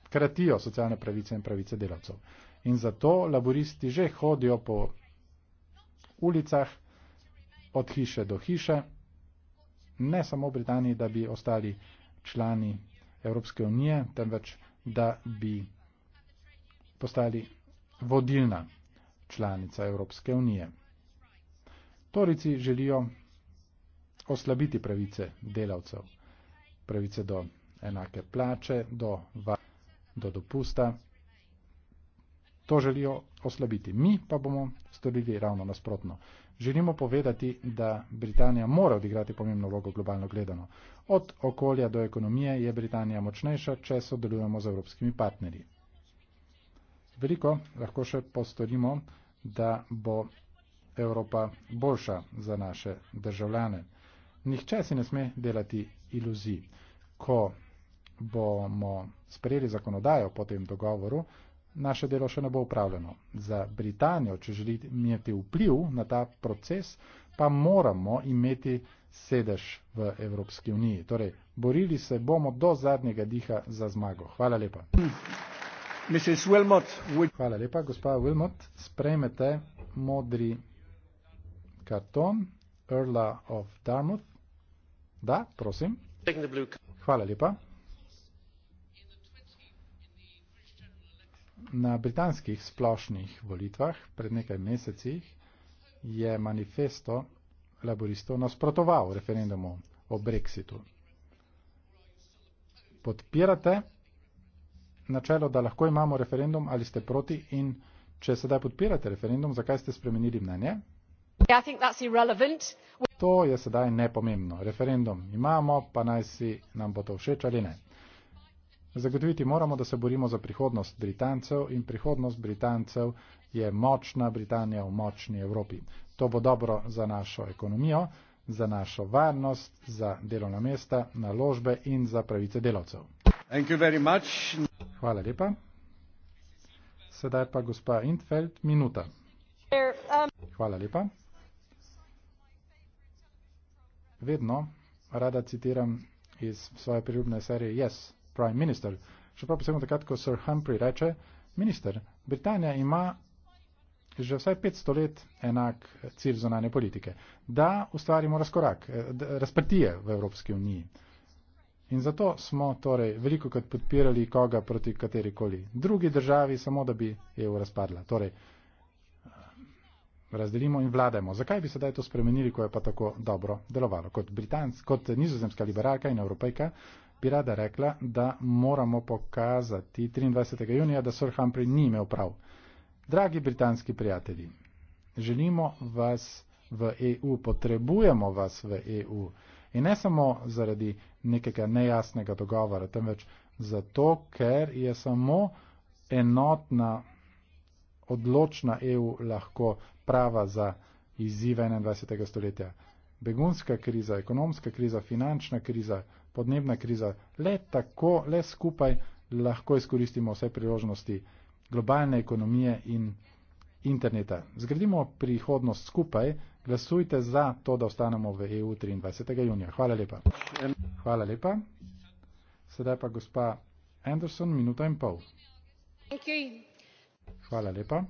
Kratijo socialne pravice in pravice delavcev. In zato laboristi že hodijo po ulicah, od hiše do hiše, ne samo v Britaniji, da bi ostali člani Evropske unije, temveč da bi postali vodilna članica Evropske unije. Torici želijo oslabiti pravice delavcev, pravice do enake plače, do, va, do dopusta To želijo oslabiti. Mi pa bomo storili ravno nasprotno. Želimo povedati, da Britanija mora odigrati pomembno vlogo globalno gledano. Od okolja do ekonomije je Britanija močnejša, če sodelujemo z evropskimi partnerji. Veliko lahko še postorimo, da bo Evropa boljša za naše državljane. Nihče si ne sme delati iluzij. Ko bomo sprejeli zakonodajo po tem dogovoru, naše delo še ne bo upravljeno. Za Britanijo, če želite imeti vpliv na ta proces, pa moramo imeti sedež v Evropski uniji. Torej, borili se bomo do zadnjega diha za zmago. Hvala lepa. Wilmot, we... Hvala lepa, gospa Wilmot. Sprejmete modri karton Earl of Dartmouth. Da, prosim. Hvala lepa. Na britanskih splošnih volitvah pred nekaj mesecih je manifesto laboristov nasprotoval referendumu o brexitu. Podpirate načelo, da lahko imamo referendum ali ste proti in če sedaj podpirate referendum, zakaj ste spremenili mnenje? To je sedaj nepomembno. Referendum imamo, pa naj si nam bo to všeč ali ne. Zagotoviti moramo, da se borimo za prihodnost Britancev in prihodnost Britancev je močna Britanija v močni Evropi. To bo dobro za našo ekonomijo, za našo varnost, za delovna mesta, naložbe in za pravice delavcev. Hvala lepa. Sedaj pa gospa Intfeld, minuta. Hvala lepa. Vedno rada citiram iz svoje priljubne serije Yes prime minister. Še prav posebno takrat, ko Sir Humphrey reče, minister, Britanija ima že vsaj 500 let enak cilj zonanje politike, da ustvarimo razkorak, eh, razprtije v Evropski uniji. In zato smo torej veliko krat podpirali koga proti katerikoli drugi državi, samo da bi EU razpadla. Torej, eh, razdelimo in vladajmo. Zakaj bi sedaj to spremenili, ko je pa tako dobro delovalo? Kot, Britanc, kot nizozemska liberalka in evropejka bi rada rekla, da moramo pokazati 23. junija, da Sir Humphrey ni imel prav. Dragi britanski prijatelji, želimo vas v EU, potrebujemo vas v EU. In ne samo zaradi nekega nejasnega dogovora, temveč zato, ker je samo enotna, odločna EU lahko prava za izzive 21. stoletja. Begunska kriza, ekonomska kriza, finančna kriza, podnebna kriza. Le tako, le skupaj lahko izkoristimo vse priložnosti globalne ekonomije in interneta. Zgradimo prihodnost skupaj. Glasujte za to, da ostanemo v EU 23. junija. Hvala lepa. Hvala lepa. Sedaj pa gospa Anderson, minuta in pol. Hvala lepa.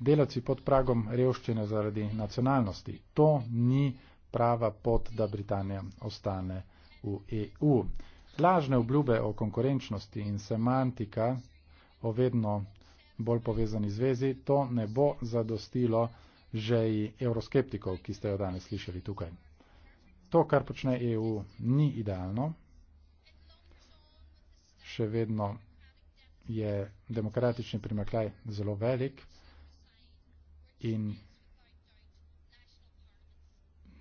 Delavci pod pragom revščine zaradi nacionalnosti. To ni prava pot, da Britanija ostane v EU. Lažne obljube o konkurenčnosti in semantika o vedno bolj povezani zvezi, to ne bo zadostilo že i euroskeptikov, ki ste jo danes slišali tukaj. To, kar počne EU, ni idealno. Še vedno je demokratični primaklaj zelo velik in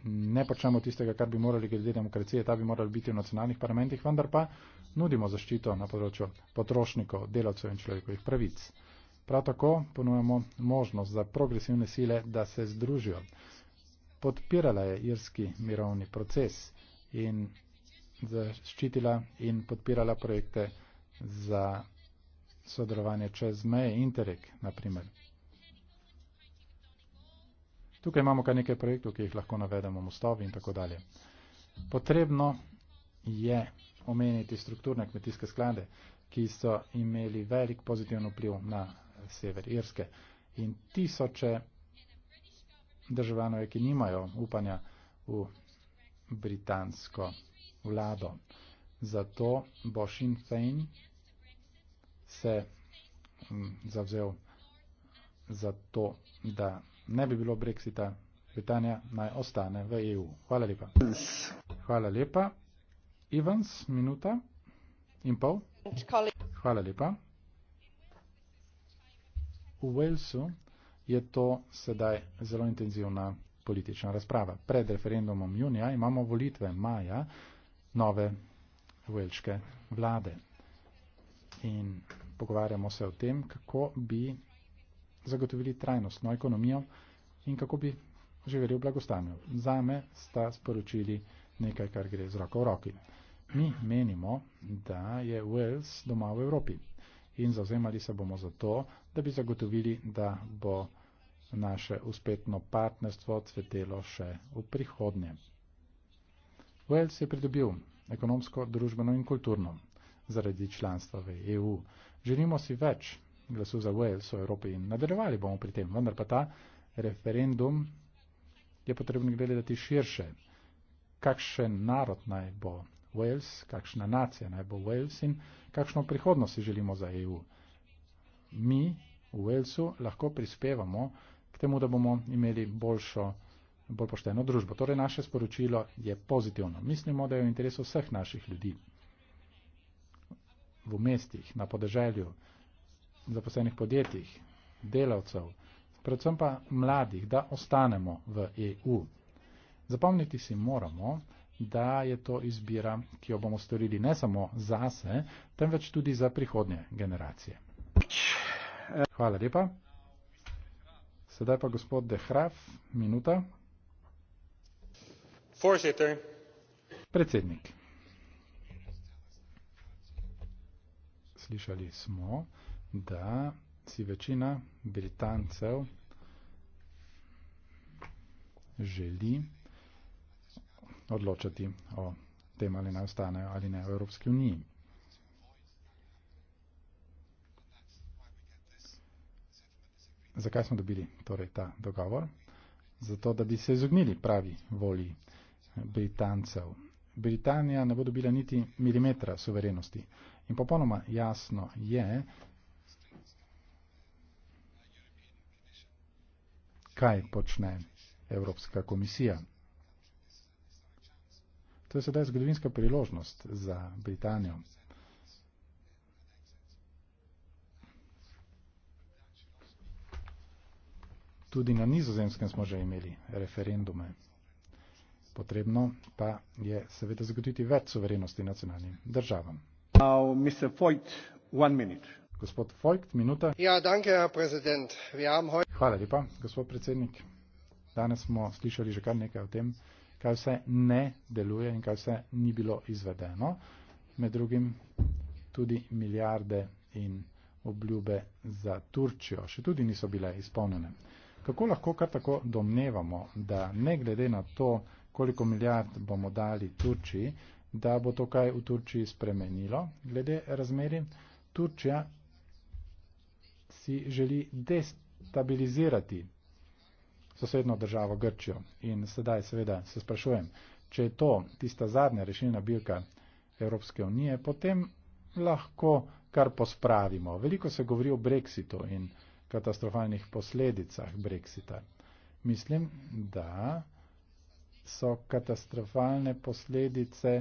ne počnemo tistega, kar bi morali glede demokracije, ta bi morali biti v nacionalnih parlamentih, vendar pa nudimo zaščito na področju potrošnikov, delavcev in človekovih pravic. Prav tako ponujemo možnost za progresivne sile, da se združijo. Podpirala je irski mirovni proces in zaščitila in podpirala projekte za sodelovanje čez meje Interreg, naprimer. Tukaj imamo kar nekaj projektov, ki jih lahko navedemo, mostovi in tako dalje. Potrebno je omeniti strukturne kmetijske sklade, ki so imeli velik pozitivno vpliv na sever Irske in tisoče državljanov, ki nimajo upanja v britansko vlado. Zato bo Sinn Fein se mm, zavzel za to, da ne bi bilo brexita, Britanija naj ostane v EU. Hvala lepa. Hvala lepa. Ivans, minuta in pol. Hvala lepa. V Walesu je to sedaj zelo intenzivna politična razprava. Pred referendumom junija imamo volitve maja nove velške vlade. In pogovarjamo se o tem, kako bi zagotovili trajnostno ekonomijo in kako bi živeli v blagostanju. Zame sta sporočili nekaj, kar gre z roko v roki. Mi menimo, da je Wales doma v Evropi in zauzemali se bomo za to, da bi zagotovili, da bo naše uspetno partnerstvo cvetelo še v prihodnje. Wales je pridobil ekonomsko, družbeno in kulturno zaradi članstva v EU. Želimo si več glasu za Wales v Evropi in nadaljevali bomo pri tem. Vendar pa ta referendum je potrebno gledati širše. Kakšen narod naj bo Wales, kakšna nacija naj bo Wales in kakšno prihodnost si želimo za EU. Mi v Walesu lahko prispevamo k temu, da bomo imeli boljšo, bolj pošteno družbo. Torej naše sporočilo je pozitivno. Mislimo, da je v interesu vseh naših ljudi v mestih, na podeželju, zaposlenih podjetjih, delavcev, predvsem pa mladih, da ostanemo v EU. Zapomniti si moramo, da je to izbira, ki jo bomo storili ne samo zase, temveč tudi za prihodnje generacije. Hvala lepa. Sedaj pa gospod Dehraf, minuta. Forseter. Predsednik. Slišali smo da si večina Britancev želi odločati o tem, ali ne ostanejo ali ne v Evropski uniji. Zakaj smo dobili torej ta dogovor? Zato, da bi se izognili pravi volji Britancev. Britanija ne bo dobila niti milimetra suverenosti. In popolnoma jasno je, kaj počne Evropska komisija. To je sedaj zgodovinska priložnost za Britanijo. Tudi na nizozemskem smo že imeli referendume. Potrebno pa je seveda zagotoviti več suverenosti nacionalnim državam. Now, Mr. Foyt, one minute. Gospod Vojt, minuta. Ja, danke, Herr Präsident. Wir haben heute. Hvala lepa, gospod predsednik. Danes smo slišali že kar nekaj o tem, kaj vse ne deluje in kaj vse ni bilo izvedeno. Med drugim tudi milijarde in obljube za Turčijo še tudi niso bile izpolnjene. Kako lahko kar tako domnevamo, da ne glede na to, koliko milijard bomo dali Turčiji, da bo to kaj v Turčiji spremenilo glede razmeri? Turčija si želi destabilizirati sosedno državo Grčijo. In sedaj seveda se sprašujem, če je to tista zadnja rešilna bilka Evropske unije, potem lahko kar pospravimo. Veliko se govori o Brexitu in katastrofalnih posledicah Brexita. Mislim, da so katastrofalne posledice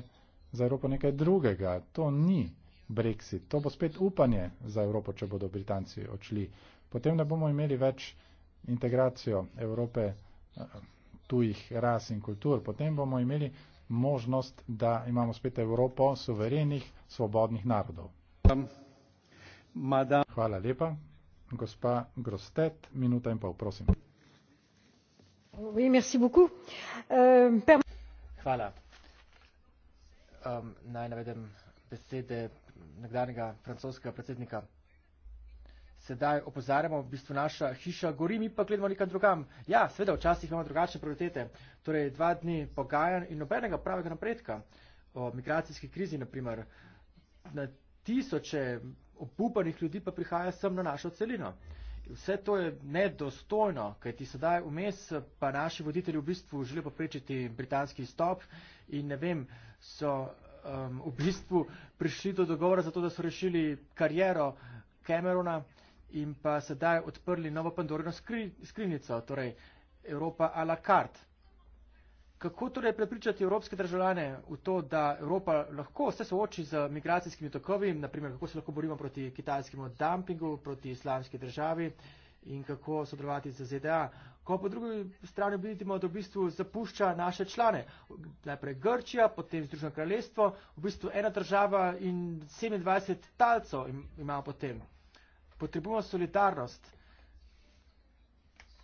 za Evropo nekaj drugega. To ni Brexit. To bo spet upanje za Evropo, če bodo Britanci odšli. Potem ne bomo imeli več integracijo Evrope eh, tujih ras in kultur. Potem bomo imeli možnost, da imamo spet Evropo suverenih, svobodnih narodov. Hvala lepa. Gospa Grostet, minuta in pol, prosim. Euh, Hvala. Um, naj navedem besede nekdanjega francoskega predsednika. Sedaj opozarjamo, v bistvu naša hiša gori, mi pa gledamo nekam drugam. Ja, seveda, včasih imamo drugačne prioritete. Torej, dva dni pogajanj in nobenega pravega napredka o migracijski krizi, naprimer. Na tisoče obupanih ljudi pa prihaja sem na našo celino. Vse to je nedostojno, kajti sedaj vmes pa naši voditelji v bistvu želijo poprečiti britanski stop in ne vem, so um, v bistvu prišli do dogovora zato, da so rešili kariero Camerona in pa sedaj odprli novo Pandorino skrinjico, torej Evropa a la carte. Kako torej prepričati evropske državljane v to, da Evropa lahko se sooči z migracijskimi tokovi, naprimer kako se lahko borimo proti kitajskemu dumpingu, proti islamski državi in kako sodelovati z ZDA Ko po drugi strani vidimo, da v bistvu zapušča naše člane, najprej Grčija, potem Združeno kraljestvo, v bistvu ena država in 27 talcev imamo potem. Potrebujemo solidarnost,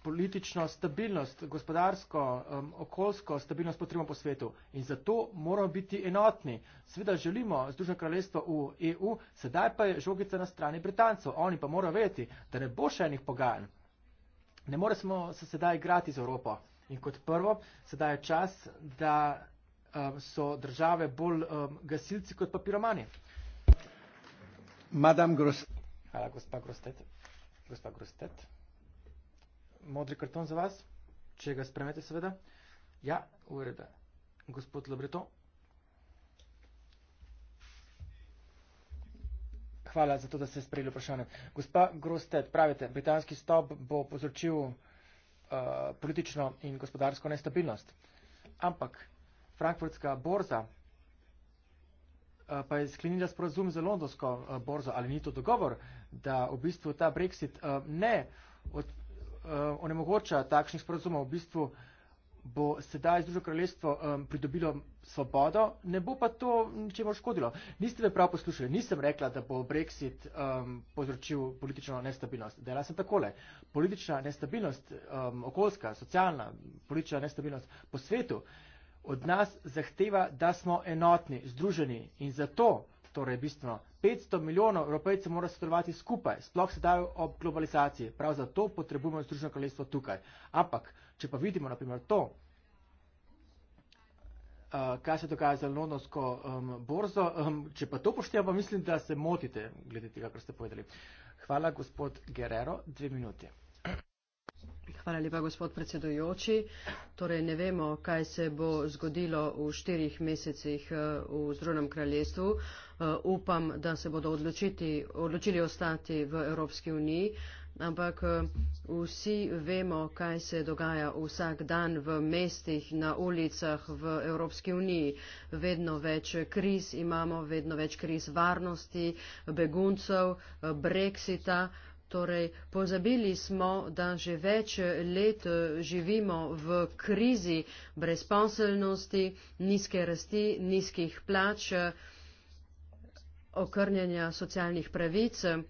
politično stabilnost, gospodarsko, um, okoljsko stabilnost potrebujemo po svetu in zato moramo biti enotni. Sveda želimo Združeno kraljestvo v EU, sedaj pa je žogica na strani Britancev, oni pa morajo vedeti, da ne bo še enih pogajanj ne more smo se sedaj igrati z Evropo. In kot prvo, sedaj je čas, da um, so države bolj um, gasilci kot pa piromani. Gros Hvala, gospa Grostet. Gospa Grostet. Modri karton za vas, če ga spremete, seveda. Ja, ureda. Gospod Lobreton. hvala za to, da ste sprejeli vprašanje. Gospa Grosted, pravite, britanski stop bo povzročil uh, politično in gospodarsko nestabilnost. Ampak frankfurtska borza uh, pa je sklenila sporazum za londonsko uh, borzo. Ali ni to dogovor, da v bistvu ta Brexit uh, ne od, uh, onemogoča takšnih sporazumov? V bistvu uh, bo sedaj Združeno kraljestvo um, pridobilo svobodo, ne bo pa to ničemu škodilo. Niste me prav poslušali, nisem rekla, da bo Brexit um, povzročil politično nestabilnost. Dela sem takole. Politična nestabilnost, um, okoljska, socialna, politična nestabilnost po svetu od nas zahteva, da smo enotni, združeni in zato torej bistveno. 500 milijonov evropejcev mora sodelovati skupaj, sploh sedaj ob globalizaciji. Prav zato potrebujemo stručno kraljestvo tukaj. Ampak, če pa vidimo naprimer to, eh, kaj se dogaja za londonsko um, borzo, um, če pa to poštevamo, mislim, da se motite glede tega, kar ste povedali. Hvala, gospod Guerrero. Dve minuti. Hvala lepa, gospod predsedujoči. Torej, ne vemo, kaj se bo zgodilo v štirih mesecih eh, v Združenem kraljestvu. Eh, upam, da se bodo odločiti, odločili ostati v Evropski uniji, ampak eh, vsi vemo, kaj se dogaja vsak dan v mestih, na ulicah v Evropski uniji. Vedno več kriz imamo, vedno več kriz varnosti, beguncev, brexita. Torej, pozabili smo, da že več let eh, živimo v krizi brezposelnosti, nizke rasti, nizkih plač, eh, okrnjanja socialnih pravic. Eh,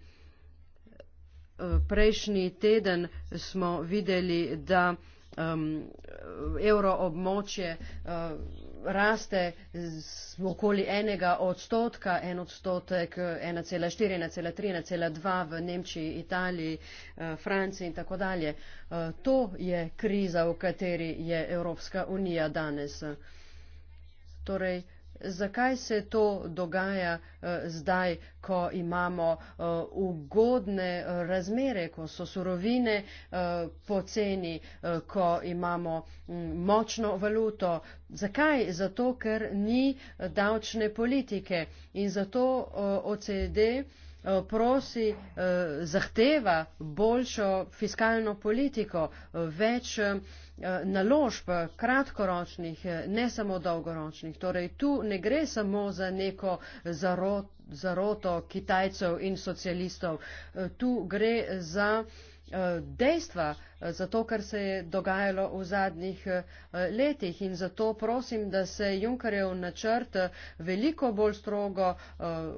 prejšnji teden smo videli, da um, evroobmočje. Uh, raste z okoli enega odstotka, en odstotek, 1,4, 1,3, 1,2 v Nemčiji, Italiji, eh, Franciji in tako dalje. Eh, to je kriza, v kateri je Evropska unija danes. Torej, Zakaj se to dogaja eh, zdaj, ko imamo eh, ugodne razmere, ko so surovine eh, poceni, eh, ko imamo hm, močno valuto? Zakaj? Zato, ker ni eh, davčne politike in zato eh, OCD eh, prosi, eh, zahteva boljšo fiskalno politiko, več. Eh, Eh, naložb, kratkoročnih, eh, ne samo dolgoročnih. Torej, tu ne gre samo za neko zaroto, zaroto kitajcev in socialistov. Eh, tu gre za. Eh, dejstva eh, za to, kar se je dogajalo v zadnjih eh, letih. In zato prosim, da se Junkarjev načrt veliko bolj strogo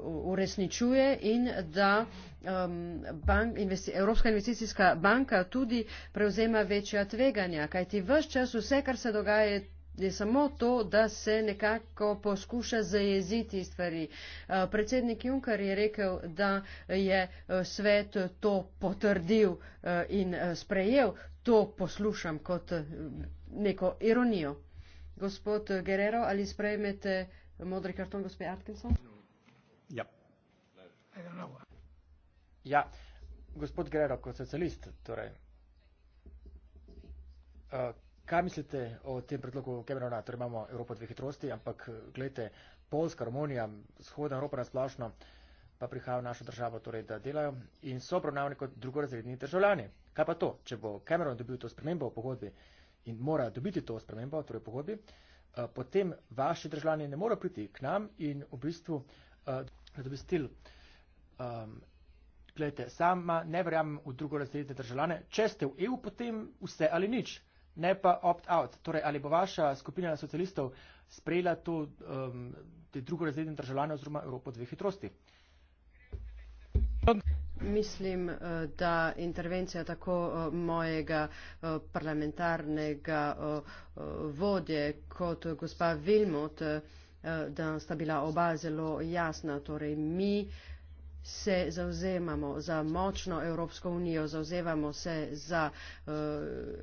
uresničuje in da ehm, bank, Evropska investicijska banka tudi prevzema večja tveganja. Kajti vse čas, vse, kar se dogaja, je je samo to, da se nekako poskuša zajeziti stvari. Uh, predsednik Juncker je rekel, da je uh, svet to potrdil uh, in sprejel. To poslušam kot neko ironijo. Gospod Guerrero, ali sprejmete modri karton gospe Atkinson? Ja. Ja, gospod Guerrero, kot socialist, torej. Kaj mislite o tem predlogu Kemerona, torej imamo Evropo dve hitrosti, ampak gledajte, Polska, Romunija, Shoda Evropa nasplošno, pa prihaja v našo državo, torej da delajo in so obravnavani kot drugorazredni državljani. Kaj pa to, če bo Cameron dobil to spremembo v pogodbi in mora dobiti to spremembo, torej v pogodbi, eh, potem vaši državljani ne morejo priti k nam in v bistvu uh, eh, dobi stil. Um, ehm, Gledajte, sama ne verjamem v drugorazredne državljane. Če ste v EU, potem vse ali nič ne pa opt-out. Torej, ali bo vaša skupina socialistov sprejela to um, drugo razredne državljane oziroma Evropo dveh hitrosti? Mislim, eh, da intervencija tako eh, mojega eh, parlamentarnega vodje kot gospa Vilmot, da sta bila oba zelo jasna. Torej, mi uh, se zauzemamo za močno Evropsko unijo, zauzemamo se za uh,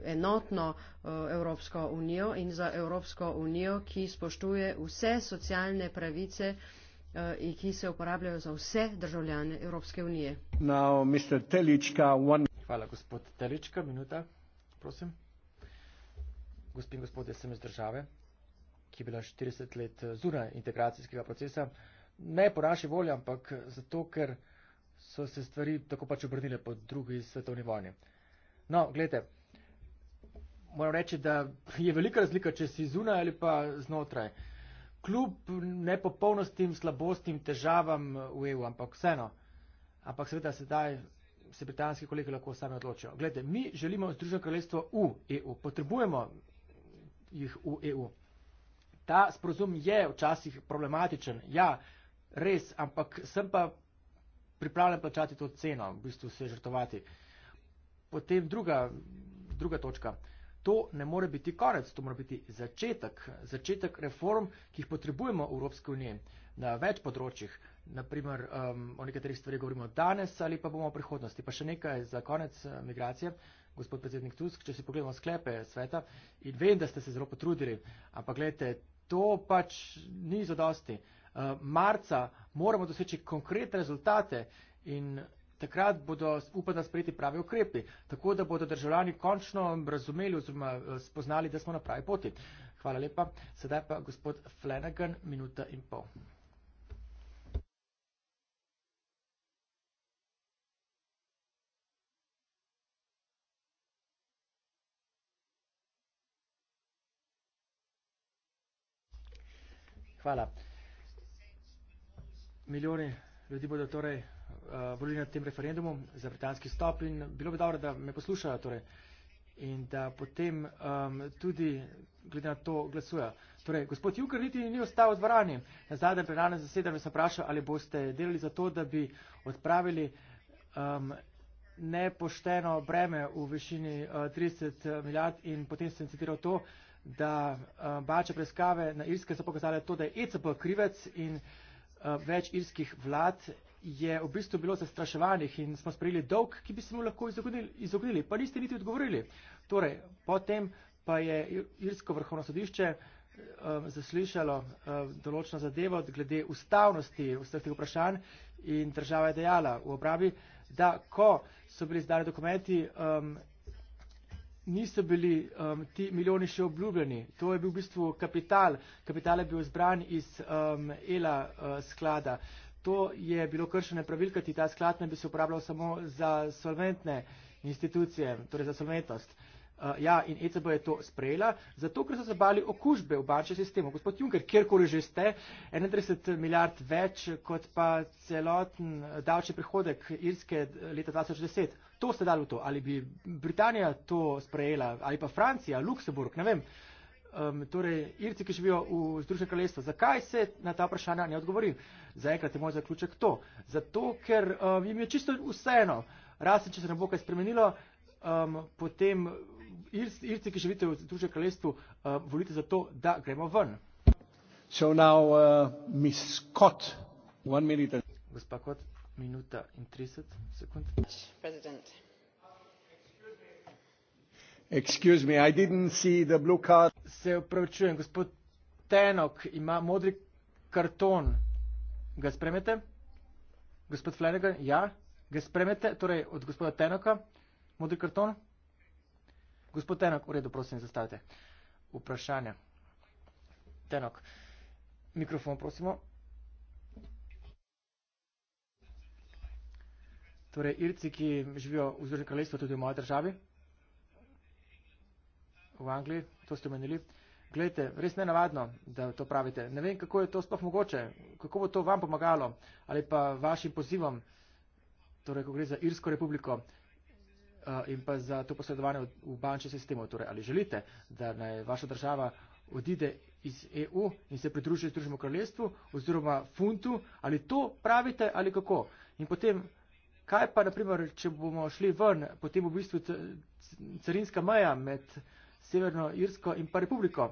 enotno uh, Evropsko unijo in za Evropsko unijo, ki spoštuje vse socialne pravice uh, in ki se uporabljajo za vse državljane Evropske unije. Now, Telička, one... Hvala, gospod Telička, minuta, prosim. Gospod in gospod, jaz sem iz države, ki je bila 40 let zunaj integracijskega procesa ne po naši volji, ampak zato, ker so se stvari tako pač obrnile po drugi svetovni vojni. No, gledajte, moram reči, da je velika razlika, če si zunaj ali pa znotraj. Kljub nepopolnostim, slabostim, težavam v EU, ampak vseeno, ampak seveda sedaj se britanski kolegi lahko sami odločijo. Glede, mi želimo Združeno kraljestvo v EU, potrebujemo jih v EU. Ta sporozum je včasih problematičen, ja, res, ampak sem pa pripravljen plačati to ceno, v bistvu se žrtovati. Potem druga, druga točka. To ne more biti konec, to mora biti začetek, začetek reform, ki jih potrebujemo v Evropski uniji na več področjih. Naprimer, um, o nekaterih stvarih govorimo danes ali pa bomo v prihodnosti. Pa še nekaj za konec eh, migracije. Gospod predsednik Tusk, če si pogledamo sklepe sveta in vem, da ste se zelo potrudili, ampak gledajte, to pač ni zadosti. Eh, marca moramo doseči konkretne rezultate in takrat bodo, upam, da sprejeti pravi ukrepi, tako da bodo državljani končno razumeli oziroma eh, spoznali, da smo na pravi poti. Hvala lepa. Sedaj pa gospod Flanagan, minuta in pol. Hvala milijoni ljudi bodo torej uh, volili na tem referendumu za britanski stop in bilo bi dobro, da me poslušajo torej in da potem um, tudi glede na to glasuje. Torej, gospod Juker niti ni ostal v dvorani. Na zadnjem plenarnem zasedanju sem vprašal, ali boste delali za to, da bi odpravili um, nepošteno breme v višini uh, eh, 30 milijard in potem sem citiral to, da uh, eh, bače preiskave na Irske so pokazali to, da je ECB krivec in uh, Eh, več irskih vlad je v bistvu bilo zastraševanih in smo sprejeli dolg, ki bi se mu lahko izognili, pa niste niti odgovorili. Torej, potem pa je irsko vrhovno sodišče um, zaslišalo um, eh, določeno zadevo glede ustavnosti vseh teh vprašanj in država je dejala v obrabi, da ko so bili zdani dokumenti, um, niso bili um, ti milijoni še obljubljeni. To je bil v bistvu kapital. Kapital je bil zbran iz um, ELA uh, sklada. To je bilo kršene pravil, kajti ta sklad ne bi se uporabljal samo za solventne institucije, torej za solventnost. Uh, ja, in ECB je to sprejela, zato ker so se bali okužbe v bančnem sistemu. Gospod Juncker, kjerkoli že ste, 31 milijard več kot pa celoten eh, davčni prihodek Irske eh, leta 2010. To ste dali v to. Ali bi Britanija to sprejela, ali pa Francija, Luksemburg, ne vem. Um, torej, Irci, ki živijo v Združenem kraljestvu, zakaj se na ta vprašanja ne odgovori? Zaenkrat je moj zaključek to. Zato, ker um, jim je čisto vseeno, razen če se ne bo kaj spremenilo, um, potem Irci, ki živite v družbe kraljestvu, uh, volite za to, da gremo ven. So now uh, Miss Scott, one minute. Gospa Kot, minuta in 30 sekund. President. Excuse me, I didn't see the blue card. Se upravičujem, gospod Tenok ima modri karton. Ga spremete? Gospod Flanagan, ja. Ga spremete, torej od gospoda Tenoka, modri karton? Gospod Tenok, v redu, prosim, zastavite vprašanje. Tenok, mikrofon, prosimo. Torej, Irci, ki živijo v Združenem kraljestvu, tudi v moji državi, v Angliji, to ste omenili. Glejte, res ne navadno, da to pravite. Ne vem, kako je to sploh mogoče, kako bo to vam pomagalo ali pa vašim pozivom, torej, ko gre za Irsko republiko. Eh, in pa za to posredovanje v bančnem sistemu. Torej, ali želite, da naj vaša država odide iz EU in se pridruži Združenemu kraljestvu oziroma funtu, ali to pravite ali kako? In potem, kaj pa, naprimer, če bomo šli ven, potem v bistvu carinska meja med Severno Irsko in pa republiko.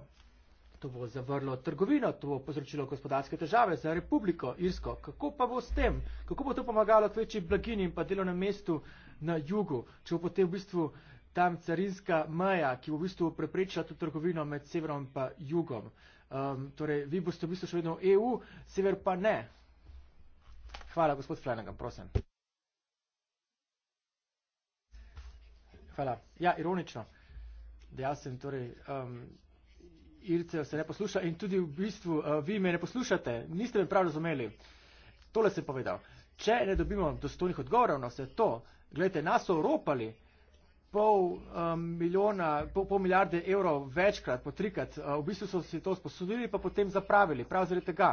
To bo zavrlo trgovino, to bo povzročilo gospodarske težave za republiko Irsko. Kako pa bo s tem? Kako bo to pomagalo k večji blagini in pa delovnem mestu na jugu, če bo potem v bistvu tam carinska meja, ki bo v bistvu preprečila to trgovino med severom in jugom. Um, torej, vi boste v bistvu še vedno v EU, sever pa ne. Hvala, gospod Flanagan, prosim. Hvala. Ja, ironično. Dejal sem, torej, um, Irce se ne posluša in tudi v bistvu uh, vi me ne poslušate. Niste me prav razumeli. Tole sem povedal. Če ne dobimo dostojnih odgovorov na vse to, Glede, nas so ropali pol, um, milijona, pol, pol milijarde evrov večkrat, potrikrat. Uh, eh, v bistvu so si to sposodili, pa potem zapravili. Prav zaradi tega.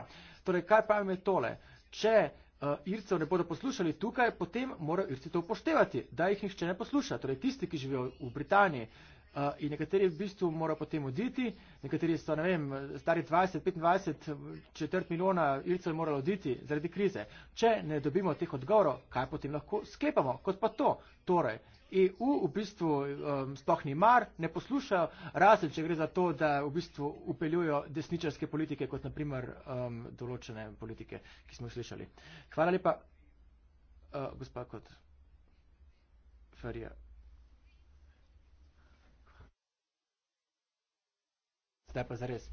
Torej, kaj pa jim je tole? Če uh, Ircev ne bodo poslušali tukaj, potem morajo Irci to upoštevati, da jih nihče ne posluša. Torej, tisti, ki živijo v Britaniji, uh, Uh, in nekateri v bistvu morajo potem oditi, nekateri so, ne vem, stari 20, 25, četrt milijona ilcev morali oditi zaradi krize. Če ne dobimo teh odgovorov, kaj potem lahko sklepamo, kot pa to. Torej, EU v bistvu um, sploh ni mar, ne poslušajo, razen če gre za to, da v bistvu upeljujo desničarske politike, kot naprimer um, določene politike, ki smo jih slišali. Hvala lepa, uh, eh, gospod Ferja. zdaj pa zares.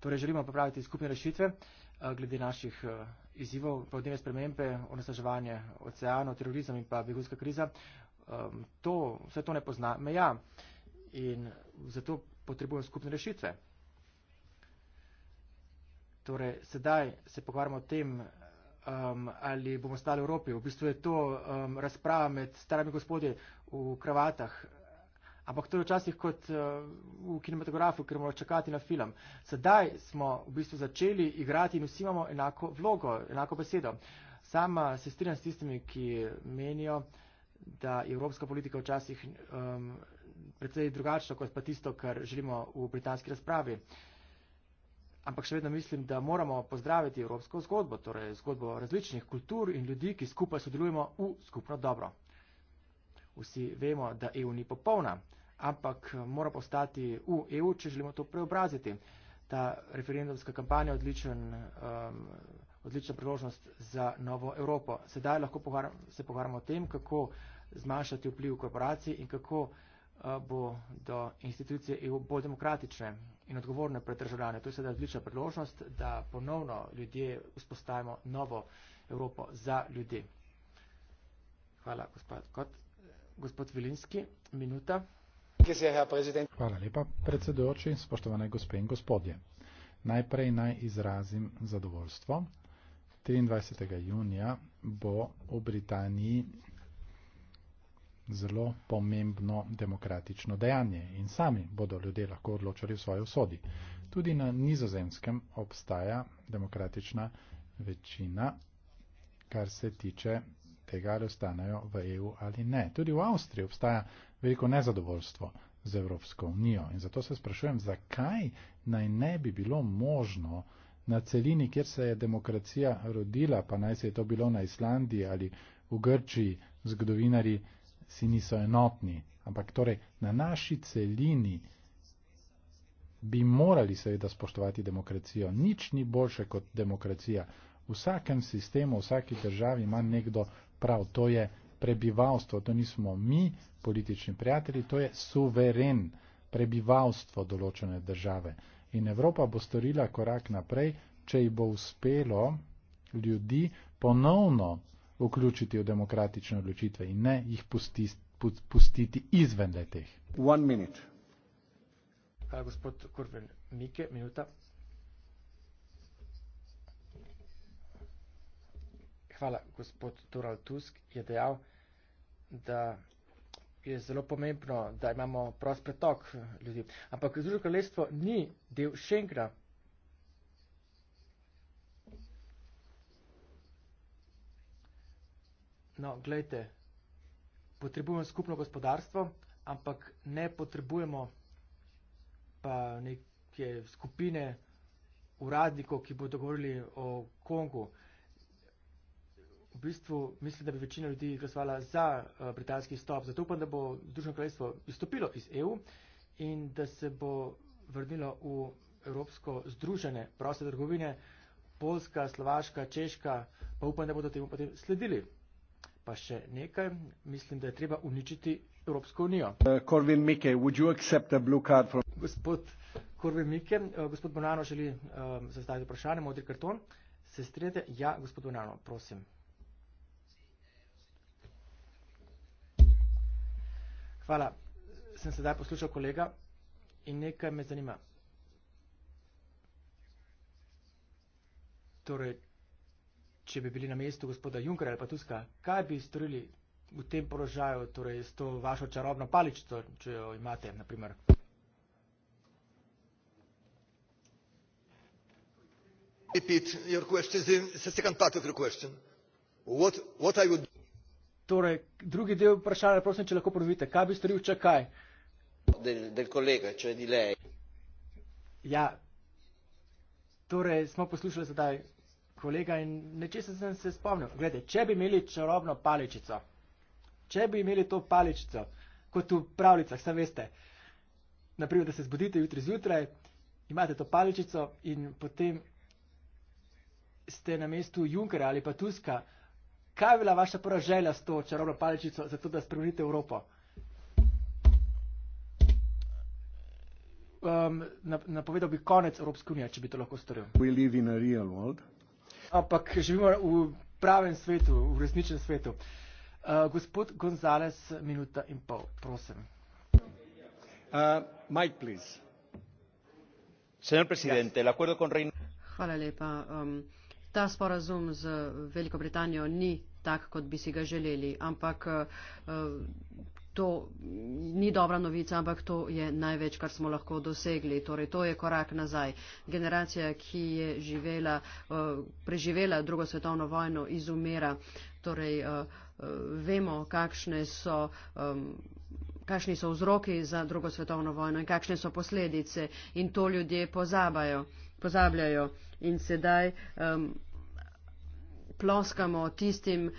Torej želimo popraviti skupne rešitve eh, glede naših eh, izzivov, podnebne spremembe, onesnaževanje oceanov, terorizem in pa begunska kriza. Ehm, to, vse to ne pozna meja in zato potrebujemo skupne rešitve. Torej, sedaj se pogovarjamo o tem, um, ali bomo stali v Evropi. V bistvu je to um, razprava med starimi gospodi v kravatah, Ampak to je včasih kot uh, v kinematografu, ker moramo čakati na film. Sedaj smo v bistvu začeli igrati in vsi imamo enako vlogo, enako besedo. Sama se strinjam s tistimi, ki menijo, da je evropska politika včasih um, predvsej drugačna kot pa tisto, kar želimo v britanski razpravi. Ampak še vedno mislim, da moramo pozdraviti evropsko zgodbo, torej zgodbo različnih kultur in ljudi, ki skupaj sodelujemo v skupno dobro vsi vemo, da EU ni popolna, ampak eh, mora postati v EU, če želimo to preobraziti. Ta referendumska kampanja je odličen, um, odlična priložnost za novo Evropo. Sedaj lahko pogar se pogovarjamo o tem, kako zmanjšati vpliv korporacij in kako uh, bo do institucije EU bolj demokratične in odgovorne pred državljane. To je sedaj odlična priložnost, da ponovno ljudje vzpostavimo novo Evropo za ljudi. Hvala, gospod Kot. Gospod Vilinski, minuta. Hvala lepa, predsedujoči, spoštovane gospe in gospodje. Najprej naj izrazim zadovoljstvo. 23. junija bo v Britaniji zelo pomembno demokratično dejanje in sami bodo ljudje lahko odločali o svoji usodi. Tudi na nizozemskem obstaja demokratična večina, kar se tiče tega, ali ostanejo v EU ali ne. Tudi v Avstriji obstaja veliko nezadovoljstvo z Evropsko unijo in zato se sprašujem, zakaj naj ne bi bilo možno na celini, kjer se je demokracija rodila, pa naj se je to bilo na Islandiji ali v Grčiji, zgodovinari si niso enotni, ampak torej na naši celini bi morali seveda spoštovati demokracijo. Nič ni boljše kot demokracija. V vsakem sistemu, v vsaki državi ima nekdo prav, to je prebivalstvo, to nismo mi, politični prijatelji, to je suveren prebivalstvo določene države. In Evropa bo storila korak naprej, če ji bo uspelo ljudi ponovno vključiti v demokratične odločitve in ne jih pusti, pustiti izven le teh. One minute. Gospod Kurven, Mike, minuta. hvala, gospod Donald Tusk je dejal, da je zelo pomembno, da imamo prost pretok ljudi. Ampak Združeno kraljestvo ni del Schengna. No, gledajte, potrebujemo skupno gospodarstvo, ampak ne potrebujemo pa neke skupine uradnikov, ki bodo govorili o Kongu v bistvu mislim, da bi večina ljudi glasovala za uh, britanski stop. Zato upam, da bo Združeno kraljestvo izstopilo iz EU in da se bo vrnilo v Evropsko združene proste trgovine, Polska, Slovaška, Češka, pa upam, da bodo temu potem sledili. Pa še nekaj, mislim, da je treba uničiti Evropsko unijo. Eh, Korvin uh, Mike, would you accept a blue card from... Gospod Korvin Mike, uh, eh, gospod Bonano želi uh, zastaviti vprašanje, modri karton. Se strete? Ja, gospod Bonano, prosim. Hvala. Sem sedaj poslušal kolega in nekaj me zanima. Torej, če bi bili na mestu gospoda Junkera ali pa Tuska, kaj bi storili v tem položaju, torej s to vašo čarobno paličico, če jo imate, naprimer? Repeat your question, the second part of your question. What, what I would do? Torej, drugi del vprašanja, prosim, če lahko ponovite, kaj bi storil, če kaj? Del, del kolega, če je delay. Ja, torej smo poslušali sedaj kolega in nečesa sem se spomnil. Glede, če bi imeli čarobno paličico, če bi imeli to paličico, kot v pravljicah, sam veste, naprimer, da se zbudite jutri zjutraj, imate to paličico in potem ste na mestu Junkera ali pa Tuska. Kaj je bila vaša prva želja s to čarobno paličico, zato da spremenite Evropo? Um, napovedal bi konec Evropske unije, če bi to lahko storil. Ampak živimo v pravem svetu, v resničnem svetu. Uh, gospod Gonzales, minuta in pol, prosim. Uh, Mike, prosim. Senor predsednik, yes. lahko je dokončal. Hvala lepa. Um, ta sporazum z Veliko Britanijo ni tak, kot bi si ga želeli, ampak eh, to ni dobra novica, ampak to je največ, kar smo lahko dosegli. Torej, to je korak nazaj. Generacija, ki je živela, eh, preživela drugo svetovno vojno, izumera. Torej, eh, vemo, kakšne so kakšni so vzroki za drugo svetovno vojno in kakšne so posledice in to ljudje pozabajo pozabljajo in sedaj um, ploskamo tistim uh,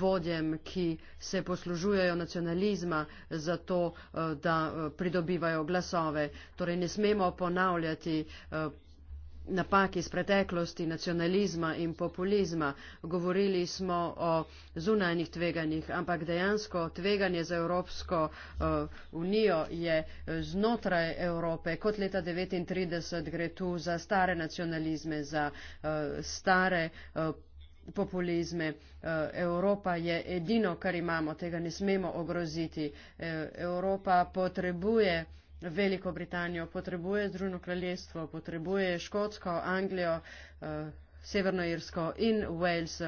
vodjem, ki se poslužujejo nacionalizma za to, uh, da uh, pridobivajo glasove. Torej ne smemo ponavljati uh, napak iz preteklosti, nacionalizma in populizma. Govorili smo o zunanjih tveganjih, ampak dejansko tveganje za Evropsko uh, unijo je eh, znotraj Evrope. Kot leta 1939 gre tu za stare nacionalizme, za uh, stare. Uh, populizme. Evropa je edino, kar imamo, tega ne smemo ogroziti. Evropa potrebuje Veliko Britanijo, potrebuje Združeno kraljestvo, potrebuje Škotsko, Anglijo, eh, Severnoirsko in Wales,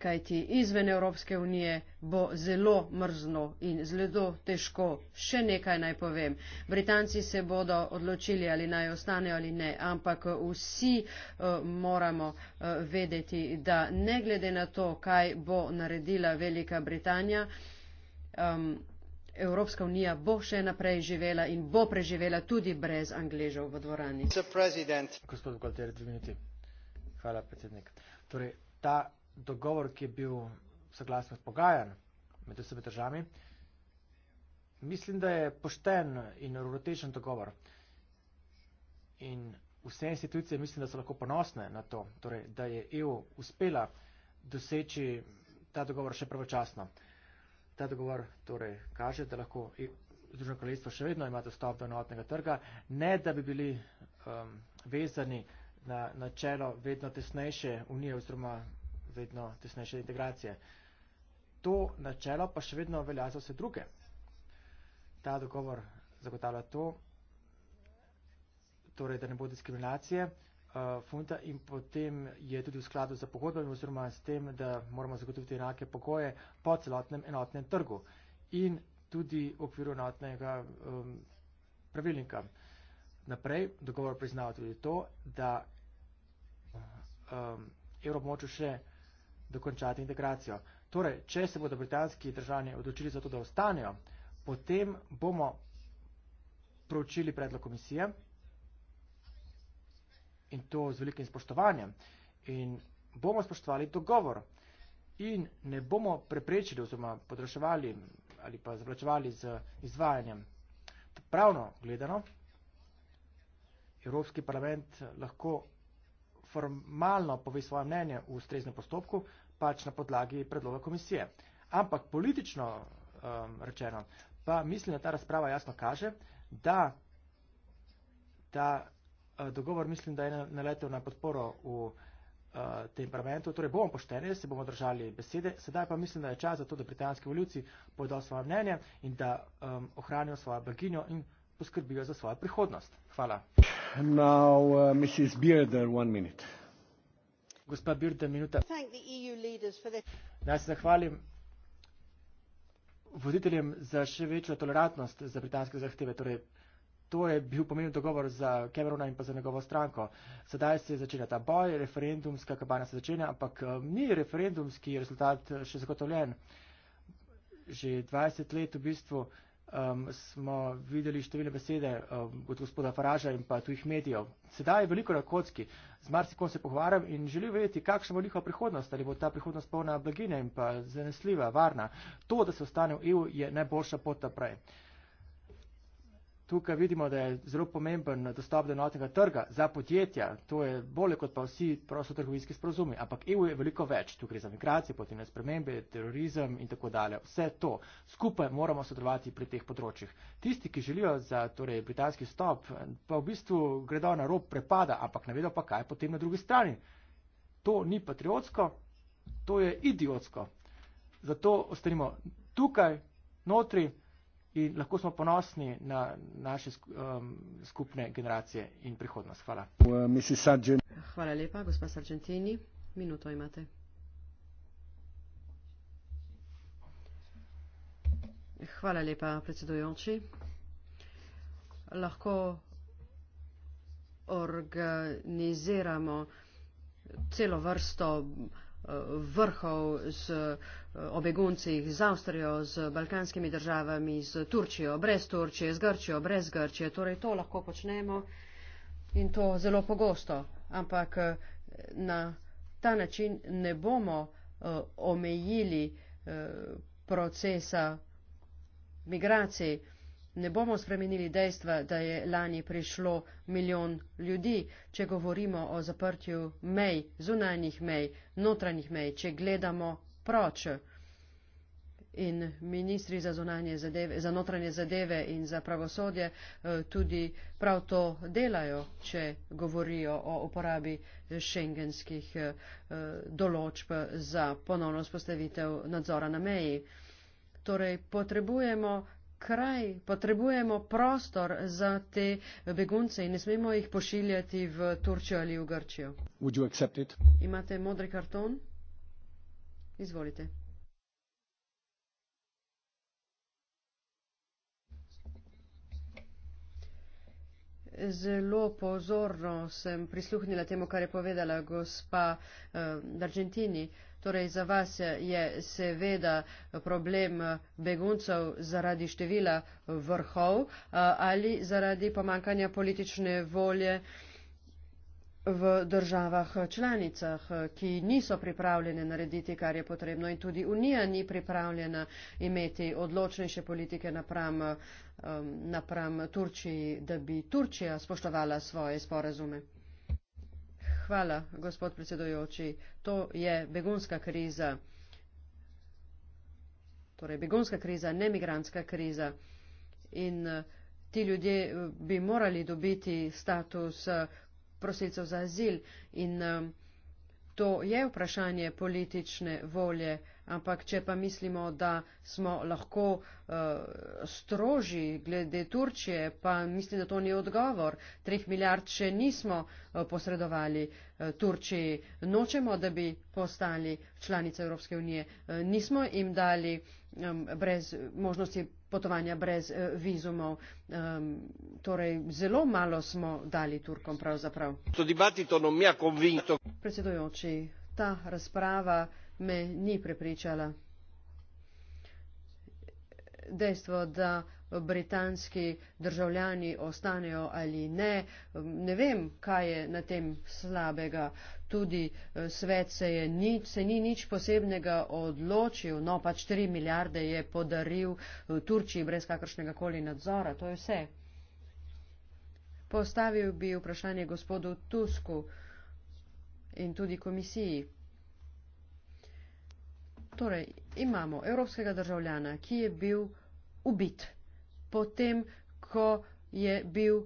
kajti izven Evropske unije bo zelo mrzno in zelo težko. Še nekaj naj povem. Britanci se bodo odločili, ali naj ostanejo ali ne, ampak vsi eh, moramo eh, vedeti, da ne glede na to, kaj bo naredila Velika Britanija, eh, Evropska unija bo še naprej živela in bo preživela tudi brez Angležev v dvorani. Gospod Gualter, dve minuti. Hvala, predsednik. Torej, ta dogovor, ki je bil soglasno pogajan med vsemi državami, mislim, da je pošten in urotečen dogovor. In vse institucije mislim, da so lahko ponosne na to, torej, da je EU uspela doseči ta dogovor še pravočasno. Ta dogovor torej kaže, da lahko e- Združeno kraljestvo še vedno ima dostop do enotnega trga, ne da bi bili um, vezani na načelo vedno tesnejše unije oziroma vedno tesnejše integracije. To načelo pa še vedno velja za vse druge. Ta dogovor zagotavlja to, torej, da ne bo diskriminacije uh, funta in potem je tudi v skladu za pogodbami oziroma s tem, da moramo zagotoviti enake pokoje po celotnem enotnem trgu in tudi v okviru enotnega um, pravilnika. Naprej dogovor priznava tudi to, da um, evropmoču še dokončati integracijo. Torej, če se bodo britanski državni odločili za to, da ostanejo, potem bomo proučili predlog komisije in to z velikim spoštovanjem. In bomo spoštovali dogovor in ne bomo preprečili oziroma podraševali ali pa zavlačevali z izvajanjem. Pravno gledano, Evropski parlament lahko formalno pove svoje mnenje v ustreznem postopku, pač na podlagi predloga komisije. Ampak politično um, rečeno, pa mislim, da ta razprava jasno kaže, da ta Eh, dogovor mislim, da je naletel na podporo v uh, tem parlamentu. Torej, bomo pošteni, se bomo držali besede, sedaj pa mislim, da je čas za to, da britanski voljivci povedo svoje mnenje in da um, ohranijo svojo blaginjo in poskrbijo za svojo prihodnost. Hvala. Now, uh, eh, Mrs. Bearder, one minute. Gospa Birda, minuta. E Naj se zahvalim voditeljem za še večjo tolerantnost za britanske zahteve. Torej, To je bil pomemben dogovor za Camerona in pa za njegovo stranko. Sedaj se začne ta boj, referendumska kampanja se začne, ampak um, ni referendumski rezultat uh, še zagotovljen. Že 20 let v bistvu um, smo videli številne besede um, od gospoda Faraža in pa tujih medijev. Sedaj je veliko na kocki. Z marsikom se pogovarjam in želim vedeti, kakšna bo njihova prihodnost, ali bo ta prihodnost polna blagine in pa zanesljiva, varna. To, da se ostane v EU, je najboljša pot naprej. Ta Tukaj vidimo, da je zelo pomemben dostop do enotnega trga za podjetja, to je bolje kot pa vsi prostotrgovinski sprozumi, ampak EU je veliko več, tu gre za migracije, potine spremembe, terorizem in tako dalje. Vse to skupaj moramo sodelovati pri teh področjih. Tisti, ki želijo za torej, britanski stop, pa v bistvu gredo na rob prepada, ampak ne vedo pa, kaj je potem na drugi strani. To ni patriotsko, to je idiotsko. Zato ostanimo tukaj, notri in lahko smo ponosni na naše um, skupne generacije in prihodnost. Hvala. Hvala lepa, gospa Sargentini. Minuto imate. Hvala lepa, predsedujoči. Lahko organiziramo celo vrsto vrhov z eh, obegunci z Avstrijo, z balkanskimi državami, z Turčijo, brez Turčije, z Grčijo, brez Grčije. Torej to lahko počnemo in to zelo pogosto, ampak eh, na ta način ne bomo eh, omejili procesa migracij ne bomo spremenili dejstva, da je lani prišlo milijon ljudi, če govorimo o zaprtju mej, zunanjih mej, notranjih mej, če gledamo proč. In ministri za, zadeve, za notranje zadeve in za pravosodje eh, tudi prav to delajo, če govorijo o uporabi šengenskih eh, določb za ponovno spostavitev nadzora na meji. Torej, potrebujemo kraj, potrebujemo prostor za te begunce in ne smemo jih pošiljati v Turčijo ali v Grčijo. Imate modri karton? Izvolite. Zelo pozorno sem prisluhnila temu, kar je povedala gospa uh, eh, Argentini. Uh, Torej, za vas je seveda problem beguncev zaradi števila vrhov ali zaradi pomankanja politične volje v državah članicah, ki niso pripravljene narediti, kar je potrebno. In tudi Unija ni pripravljena imeti odločnejše politike napram, um, napram Turčiji, da bi Turčija spoštovala svoje sporazume. Hvala, gospod predsedojoči. To je begunska kriza. Torej, begunska kriza, ne migranska kriza. In eh, ti ljudje eh, bi morali dobiti status eh, prosilcev za azil. In to je vprašanje politične volje Ampak, če pa mislimo, da smo lahko uh, eh, stroži glede Turčije, pa mislim, da to ni odgovor. Treh milijard še nismo uh, posredovali uh, Turčiji. Nočemo, da bi postali članice Evropske unije. Uh, nismo jim dali um, brez možnosti potovanja brez uh, vizumov. Um, torej, zelo malo smo dali Turkom pravzaprav. Predsedujoči, ta razprava me ni prepričala. Dejstvo, da britanski državljani ostanejo ali ne, ne vem, kaj je na tem slabega. Tudi eh, svet se, je, ni, se ni nič posebnega odločil, no pač 3 milijarde je podaril eh, Turčiji brez kakršnega koli nadzora, to je vse. Postavil bi vprašanje gospodu Tusku in tudi komisiji. Torej, imamo evropskega državljana, ki je bil ubit potem, ko je bil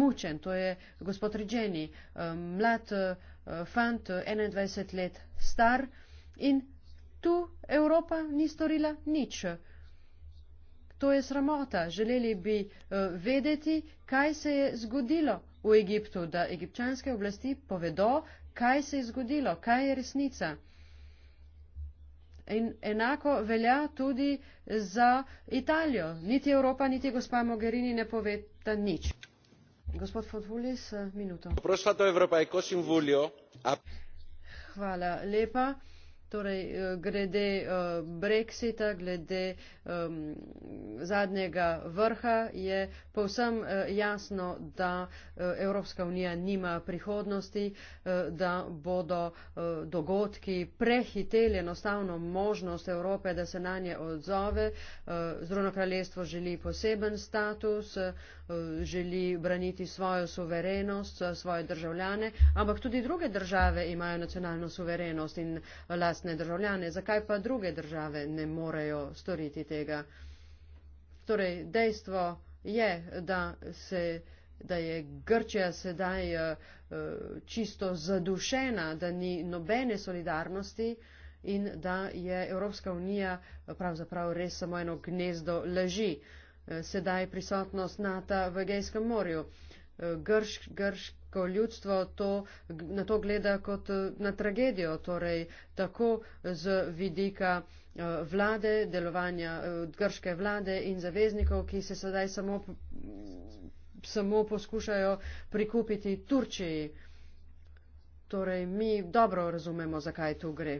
mučen, to je gospod Ridženi, eh, mlad eh, fant, 21 eh, let star in tu Evropa ni storila nič. To je sramota. Želeli bi vedeti, kaj se je zgodilo v Egiptu, da egipčanske oblasti povedo, kaj se je zgodilo, kaj je resnica. In enako velja tudi za Italijo. Niti Evropa, niti gospa Mogherini ne poveta nič. Gospod Fotvulis, minuto. Hvala lepa. Torej, eh, glede eh, Brexita, glede um, zadnjega vrha je povsem eh, jasno, da Evropska unija nima prihodnosti, da bodo dogodki prehiteli enostavno možnost Evrope, da se na nje odzove. Zrono kraljestvo želi poseben status. Uh, Eh, želi braniti svojo suverenost, eh, svoje državljane, ampak tudi druge države imajo nacionalno suverenost in lastne državljane. Zakaj pa druge države ne morejo storiti tega? Torej, dejstvo je, da, se, da je Grčija sedaj eh, čisto zadušena, da ni nobene solidarnosti in da je Evropska unija pravzaprav res samo eno gnezdo laži. Eh, sedaj prisotnost NATO v Egejskem morju. Eh, grš, grško ljudstvo to, na to gleda kot eh, na tragedijo, torej tako z vidika vlade, delovanja grške vlade in zaveznikov, ki se sedaj samo, samo poskušajo prikupiti Turčiji. Torej, mi dobro razumemo, zakaj tu gre.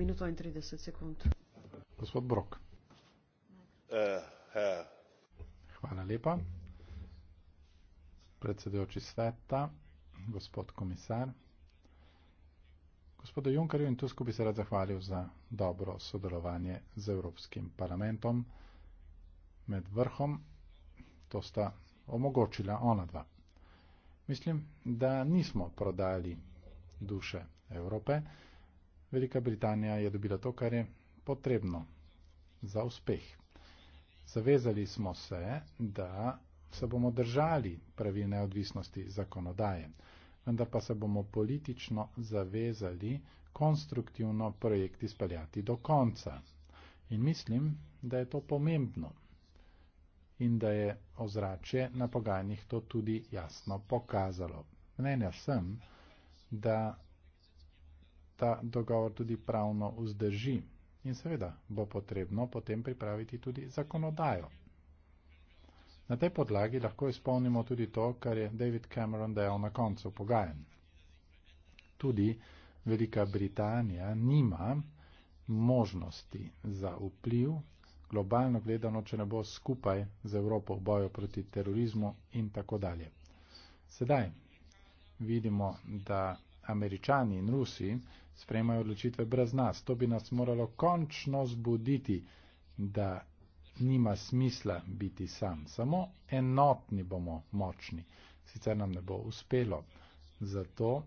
Minuto in 30 sekund. Gospod Brok. Uh. Hvala lepa. Predsedujoči sveta, gospod komisar. Gospodu Junkarju in Tusku bi se rad zahvalil za dobro sodelovanje z Evropskim parlamentom med vrhom. To sta omogočila ona dva. Mislim, da nismo prodali duše Evrope. Velika Britanija je dobila to, kar je potrebno za uspeh. Zavezali smo se, da se bomo držali pravil neodvisnosti zakonodaje, vendar pa se bomo politično zavezali konstruktivno projekt izpeljati do konca. In mislim, da je to pomembno in da je ozračje na pogajanjih to tudi jasno pokazalo. Mnenja sem, da ta dogovor tudi pravno vzdrži. In seveda bo potrebno potem pripraviti tudi zakonodajo. Na tej podlagi lahko izpolnimo tudi to, kar je David Cameron dejal na koncu pogajen. Tudi Velika Britanija nima možnosti za vpliv, globalno gledano, če ne bo skupaj z Evropo v boju proti terorizmu in tako dalje. Sedaj vidimo, da američani in rusi sprejemajo odločitve brez nas. To bi nas moralo končno zbuditi, da nima smisla biti sam. Samo enotni bomo močni. Sicer nam ne bo uspelo. Zato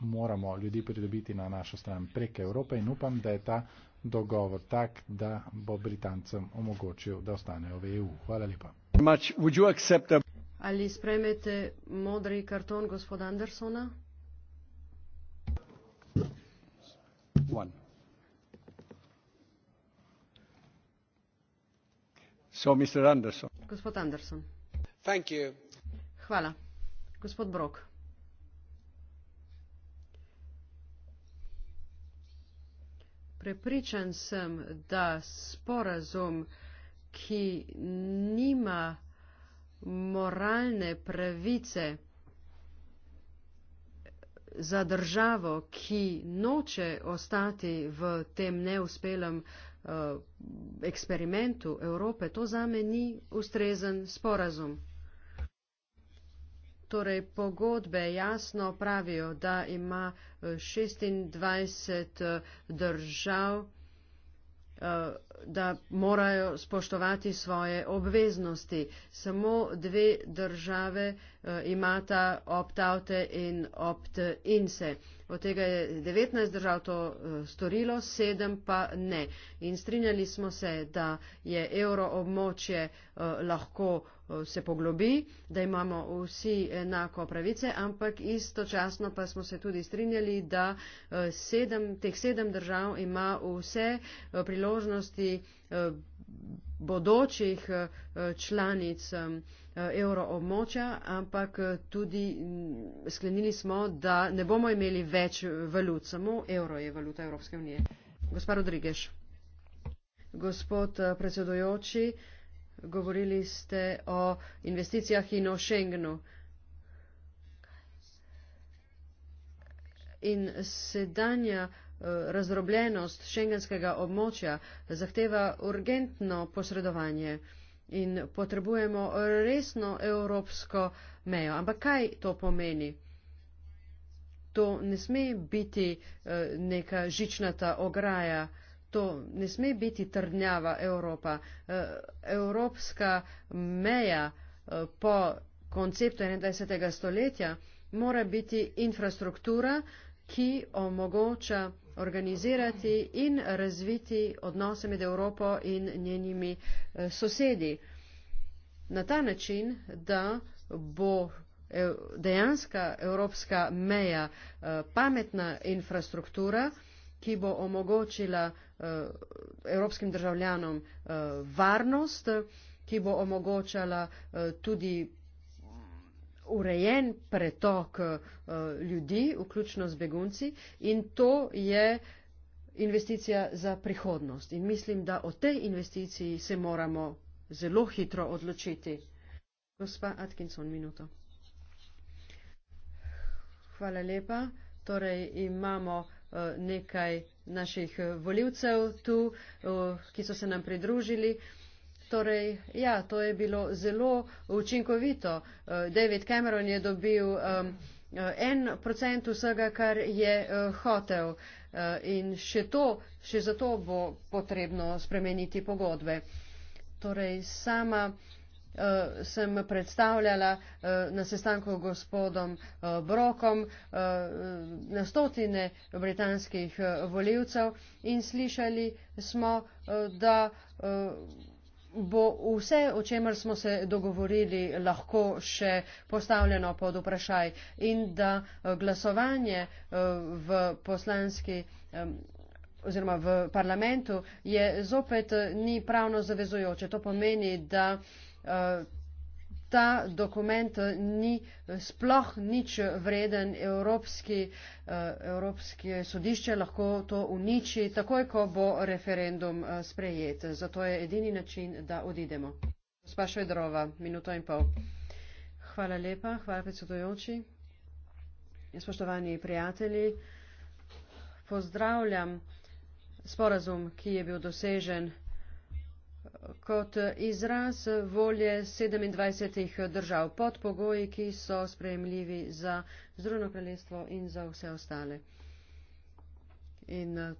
moramo ljudi pridobiti na našo stran prek Evrope in upam, da je ta dogovor tak, da bo Britancem omogočil, da ostanejo v EU. Hvala lepa. Ali sprejmete modri karton gospoda Andersona? one. So, Mr. Anderson. Gospod Anderson. Thank you. Hvala. Gospod Brok. Prepričan sem, da sporazum, ki nima moralne pravice, za državo, ki noče ostati v tem neuspelem uh, eksperimentu Evrope, to zame ni ustrezen sporazum. Torej, pogodbe jasno pravijo, da ima 26 eh, eh, držav Eh, da morajo spoštovati svoje obveznosti. Samo dve države eh, imata opt-oute in opt-inse. Od tega je 19 držav to eh, storilo, sedem pa ne. In strinjali smo se, da je evroobmočje lahko Eh, se poglobi, da imamo vsi enako pravice, ampak istočasno pa smo se tudi strinjali, da eh, sedem, teh sedem držav ima vse eh, priložnosti bodočih članic euroobmočja, ampak tudi mm, sklenili smo, da ne bomo imeli več valut, samo evro je valuta Evropske unije. Gospod Rodrigež. Gospod predsedojoči, Govorili ste o investicijah in o Schengenu. In sedanja eh, razdrobljenost šengenskega območja zahteva urgentno posredovanje in potrebujemo resno evropsko mejo. Ampak kaj to pomeni? To ne sme biti eh, neka žičnata ograja. To ne sme biti trdnjava Evropa. Eh, evropska meja eh, po konceptu 21. stoletja mora biti infrastruktura, ki omogoča organizirati in razviti odnose med Evropo in njenimi eh, sosedi. Na ta način, da bo dejanska evropska meja pametna infrastruktura, ki bo omogočila Eh, evropskim državljanom eh, varnost, ki bo omogočala eh, tudi urejen pretok ljudi, vključno z begunci in to je investicija za prihodnost. In mislim, da o tej investiciji se moramo zelo hitro odločiti. Gospa Atkinson, minuto. Hvala lepa. Torej imamo nekaj naših eh, voljivcev tu, eh, ki so se nam pridružili. Torej, ja, to je bilo zelo učinkovito. Eh, David Cameron je dobil en procent vsega, kar je hotel in še, to, še za to bo potrebno spremeniti pogodbe. Torej, sama uh, sem predstavljala uh, na sestanku s gospodom uh, Brokom uh, na stotine britanskih uh, voljivcev in slišali smo, uh, da uh, bo vse, o čemer smo se dogovorili, lahko še postavljeno pod vprašaj in da uh, glasovanje uh, v poslanski. Um, oziroma v parlamentu, je zopet ni pravno zavezujoče. To pomeni, da uh, Eh, ta dokument eh, ni eh, sploh nič vreden, Evropski, Evropski sodišče lahko to uniči, takoj ko bo referendum sprejet. Zato je edini način, da odidemo. Gospa Švedrova, minuto in pol. Hvala lepa, hvala predsedujoči. Spoštovani prijatelji, pozdravljam sporazum, ki je bil dosežen kot izraz volje 27 držav pod pogoji, ki so sprejemljivi za Združeno kraljestvo in za vse ostale. In eh,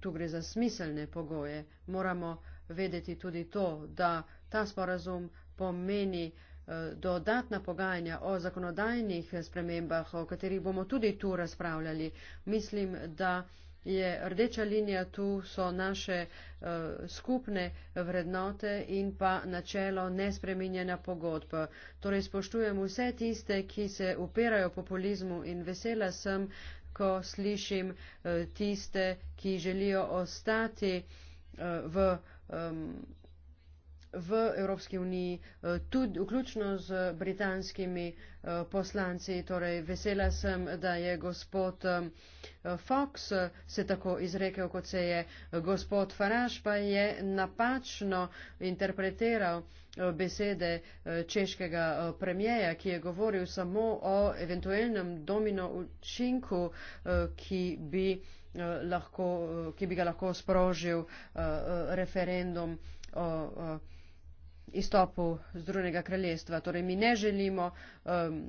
tu gre za smiselne pogoje. Moramo vedeti tudi to, da ta sporazum pomeni eh, dodatna pogajanja o zakonodajnih spremembah, o katerih bomo tudi tu razpravljali. Mislim, da je rdeča linija, tu so naše uh, skupne vrednote in pa načelo nespreminjena pogodba. Torej spoštujem vse tiste, ki se upirajo populizmu in vesela sem, ko slišim uh, tiste, ki želijo ostati uh, v. Um, v Evropski uniji, eh, tudi vključno z britanskimi eh, poslanci. Torej, vesela sem, da je gospod eh, Fox se tako izrekel, kot se je gospod Faraš, pa je napačno interpretiral besede češkega premijeja, ki je govoril samo o eventualnem domino učinku, ki bi, lahko, ki bi ga lahko sprožil referendum. O, izstopu Združenega kraljestva. Torej, mi ne želimo um,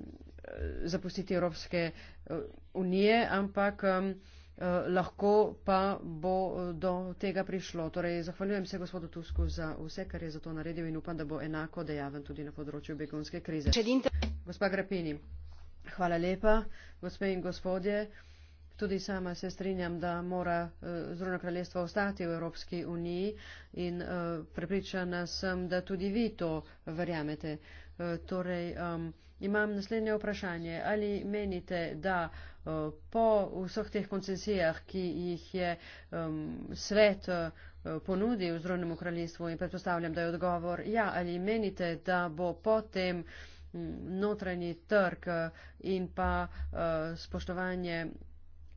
zapustiti Evropske uh, unije, ampak um, uh, lahko pa bo uh, do tega prišlo. Torej, zahvaljujem se gospodu Tusku za vse, kar je za to naredil in upam, da bo enako dejaven tudi na področju begunske krize. Gospa Grapini, hvala lepa. Gospe in gospodje. Tudi sama se strinjam, da mora eh, Združeno kraljestvo ostati v Evropski uniji in eh, prepričana sem, da tudi vi to verjamete. Eh, torej, imam naslednje vprašanje. Ali menite, da po vseh teh koncesijah, ki jih je svet ponudil Združenemu kraljestvu in predpostavljam, da je odgovor ja, ali menite, da bo potem mm, notranji trg in pa spoštovanje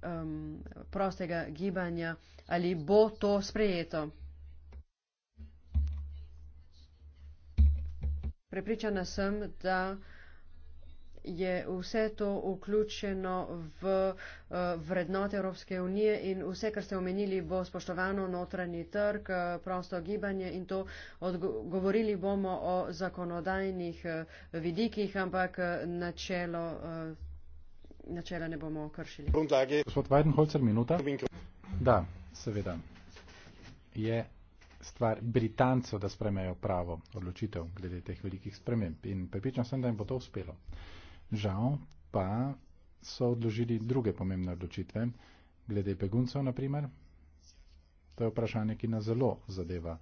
um, prostega gibanja, ali bo to sprejeto. Prepričana sem, da je vse to vključeno v uh, vrednote Evropske unije in vse, kar ste omenili, bo spoštovano notranji trg, uh, prosto gibanje in to govorili bomo o zakonodajnih uh, vidikih, ampak načelo načela ne bomo kršili. Gospod Weidenholzer, minuta. Da, seveda. Je stvar Britancev, da spremejo pravo odločitev glede teh velikih sprememb. In pripričan sem, da jim bo to uspelo. Žal pa so odložili druge pomembne odločitve, glede beguncev naprimer. To je vprašanje, ki nas zelo zadeva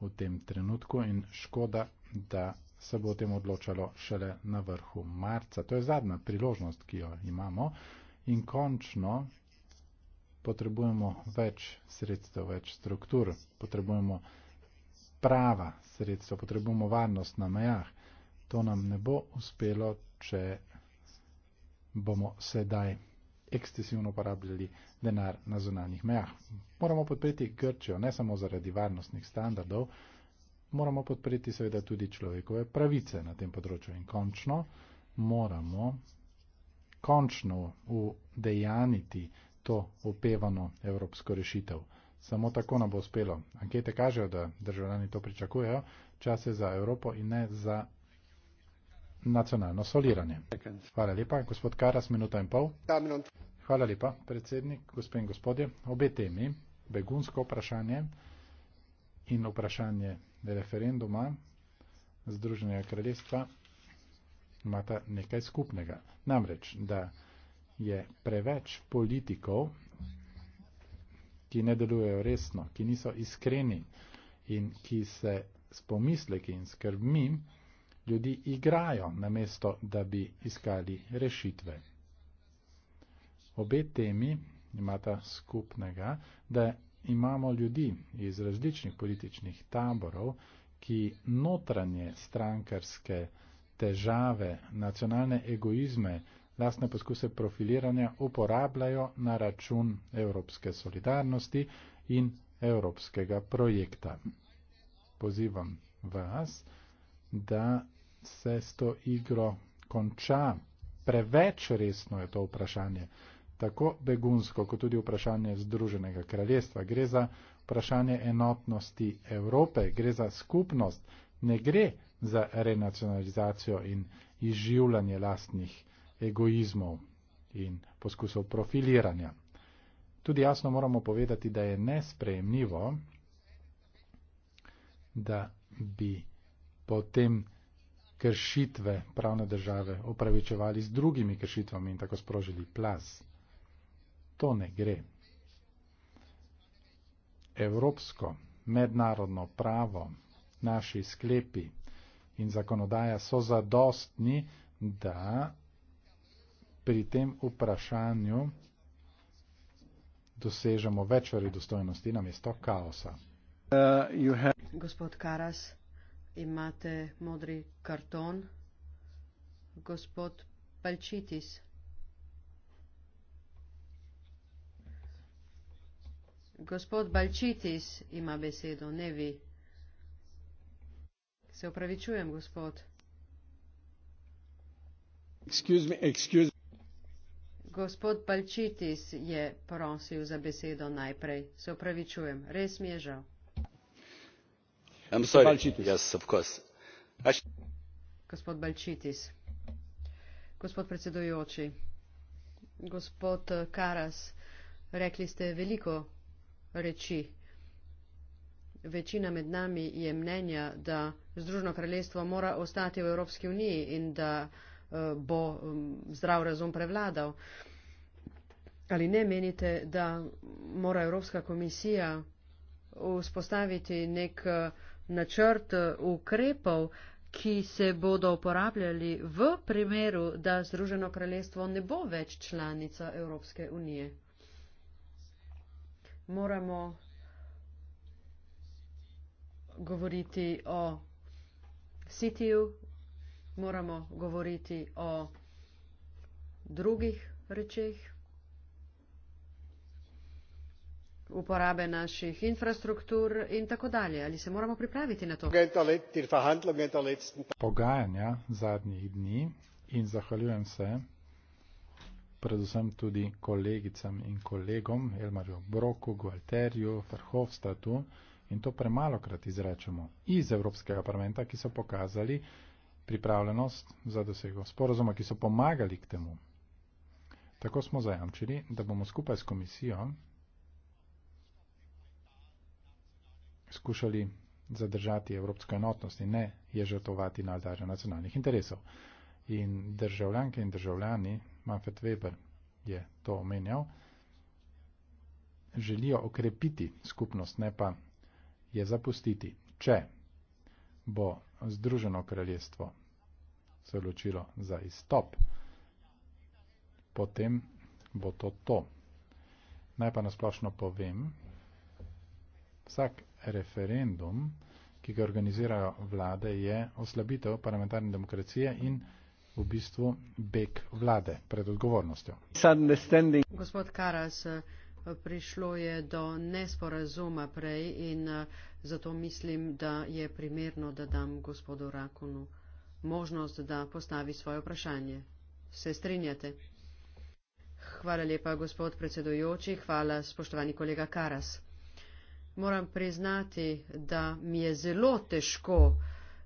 v tem trenutku in škoda, da se bo o tem odločalo šele na vrhu marca. To je zadnja priložnost, ki jo imamo in končno potrebujemo več sredstev, več struktur, potrebujemo prava sredstva, potrebujemo varnost na mejah. To nam ne bo uspelo, če bomo sedaj ekstensivno uporabljali denar na zunanjih mejah. Moramo podpreti Grčijo, ne samo zaradi varnostnih standardov, moramo podpreti seveda tudi človekove pravice na tem področju in končno moramo končno udejaniti to upevano evropsko rešitev. Samo tako nam bo uspelo. Ankete kažejo, da državljani to pričakujejo. Čas je za Evropo in ne za nacionalno soliranje. Hvala lepa, gospod Karas, minuta in pol. Hvala lepa, predsednik, gospe in gospodje. Obe temi, begunsko vprašanje in vprašanje referenduma Združenega kraljestva imata nekaj skupnega. Namreč, da je preveč politikov, ki ne delujejo resno, ki niso iskreni in ki se s pomisleki in skrbmi ljudi igrajo na mesto, da bi iskali rešitve. Obe temi imata skupnega, da imamo ljudi iz različnih političnih taborov, ki notranje strankarske težave, nacionalne egoizme, lastne poskuse profiliranja uporabljajo na račun evropske solidarnosti in evropskega projekta. Pozivam vas, da se s to igro konča. Preveč resno je to vprašanje tako begunsko kot tudi vprašanje Združenega kraljestva. Gre za vprašanje enotnosti Evrope, gre za skupnost, ne gre za renacionalizacijo in izživljanje lastnih egoizmov in poskusov profiliranja. Tudi jasno moramo povedati, da je nesprejemljivo, da bi potem kršitve pravne države upravičevali z drugimi kršitvami in tako sprožili plas. To ne gre. Evropsko, mednarodno pravo, naši sklepi in zakonodaja so zadostni, da pri tem vprašanju dosežemo več redostojnosti namesto kaosa. Uh, have... Gospod Karas, imate modri karton. Gospod Palčitis. Gospod Balčitis ima besedo, ne vi. Se upravičujem, gospod. Excuse me, excuse me. Gospod Balčitis je prosil za besedo najprej. Se upravičujem, res mi je žal. Yes, Aš... Gospod Balčitis. Gospod predsedujoči. Gospod eh, Karas, rekli ste veliko reči. Večina med nami je mnenja, da Združeno kraljestvo mora ostati v Evropski uniji in da eh, bo mm, zdrav razum prevladal. Ali ne menite, da mora Evropska komisija vzpostaviti nek eh, načrt eh, ukrepov, ki se bodo uporabljali v primeru, da Združeno kraljestvo ne bo več članica Evropske unije? moramo govoriti o sitiju, moramo govoriti o drugih rečeh, uporabe naših infrastruktur in tako dalje. Ali se moramo pripraviti na to? Pogajanja ja, zadnjih dni in zahvaljujem se predvsem tudi kolegicam in kolegom, Elmarju Broku, Gualterju, Ferhofstatu in to premalo krat izrečemo iz Evropskega parlamenta, ki so pokazali pripravljenost za dosego sporozuma, ki so pomagali k temu. Tako smo zajamčili, da bomo skupaj s komisijo skušali zadržati evropsko enotnost in ne je žrtovati na aldarja nacionalnih interesov. In državljanke in državljani Manfred Weber je to omenjal, želijo okrepiti skupnost, ne pa je zapustiti, če bo Združeno kraljestvo se odločilo za izstop, potem bo to to. Naj pa nasplošno povem, vsak referendum, ki ga organizirajo vlade, je oslabitev parlamentarne demokracije in demokracije v bistvu beg vlade pred odgovornostjo. Gospod Karas, prišlo je do nesporazuma prej in zato mislim, da je primerno, da dam gospodu Rakunu možnost, da postavi svoje vprašanje. Se strinjate? Hvala lepa, gospod predsedujoči, hvala, spoštovani kolega Karas. Moram priznati, da mi je zelo težko,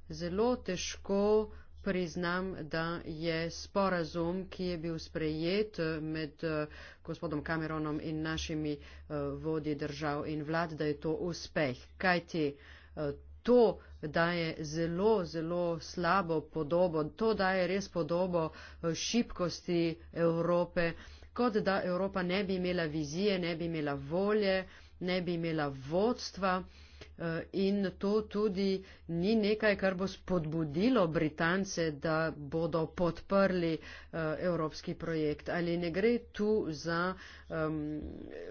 zelo težko uh, priznam, da je sporazum, ki je bil sprejet eh, med eh, gospodom Cameronom in našimi eh, vodi držav in vlad, da je to uspeh. Kajti to daje zelo, zelo slabo podobo, to daje res podobo šibkosti Evrope, kot da Evropa ne bi imela vizije, ne bi imela volje, ne bi imela vodstva. Eh, in to tudi ni nekaj, kar bo spodbudilo Britance, da bodo podprli eh, evropski projekt. Ali ne gre tu za um,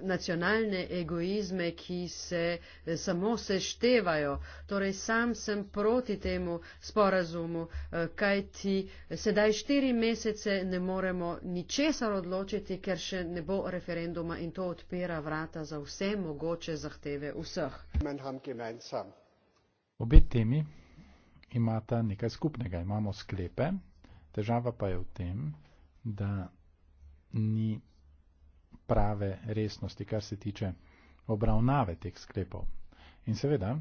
nacionalne egoizme, ki se eh, samo seštevajo. Torej, sam sem proti temu sporazumu, kajti sedaj štiri mesece ne moremo ničesar odločiti, ker še ne bo referenduma in to odpira vrata za vse mogoče zahteve vseh gemeinsam. Obe temi imata nekaj skupnega. Imamo sklepe, težava pa je v tem, da ni prave resnosti, kar se tiče obravnave teh sklepov. In seveda,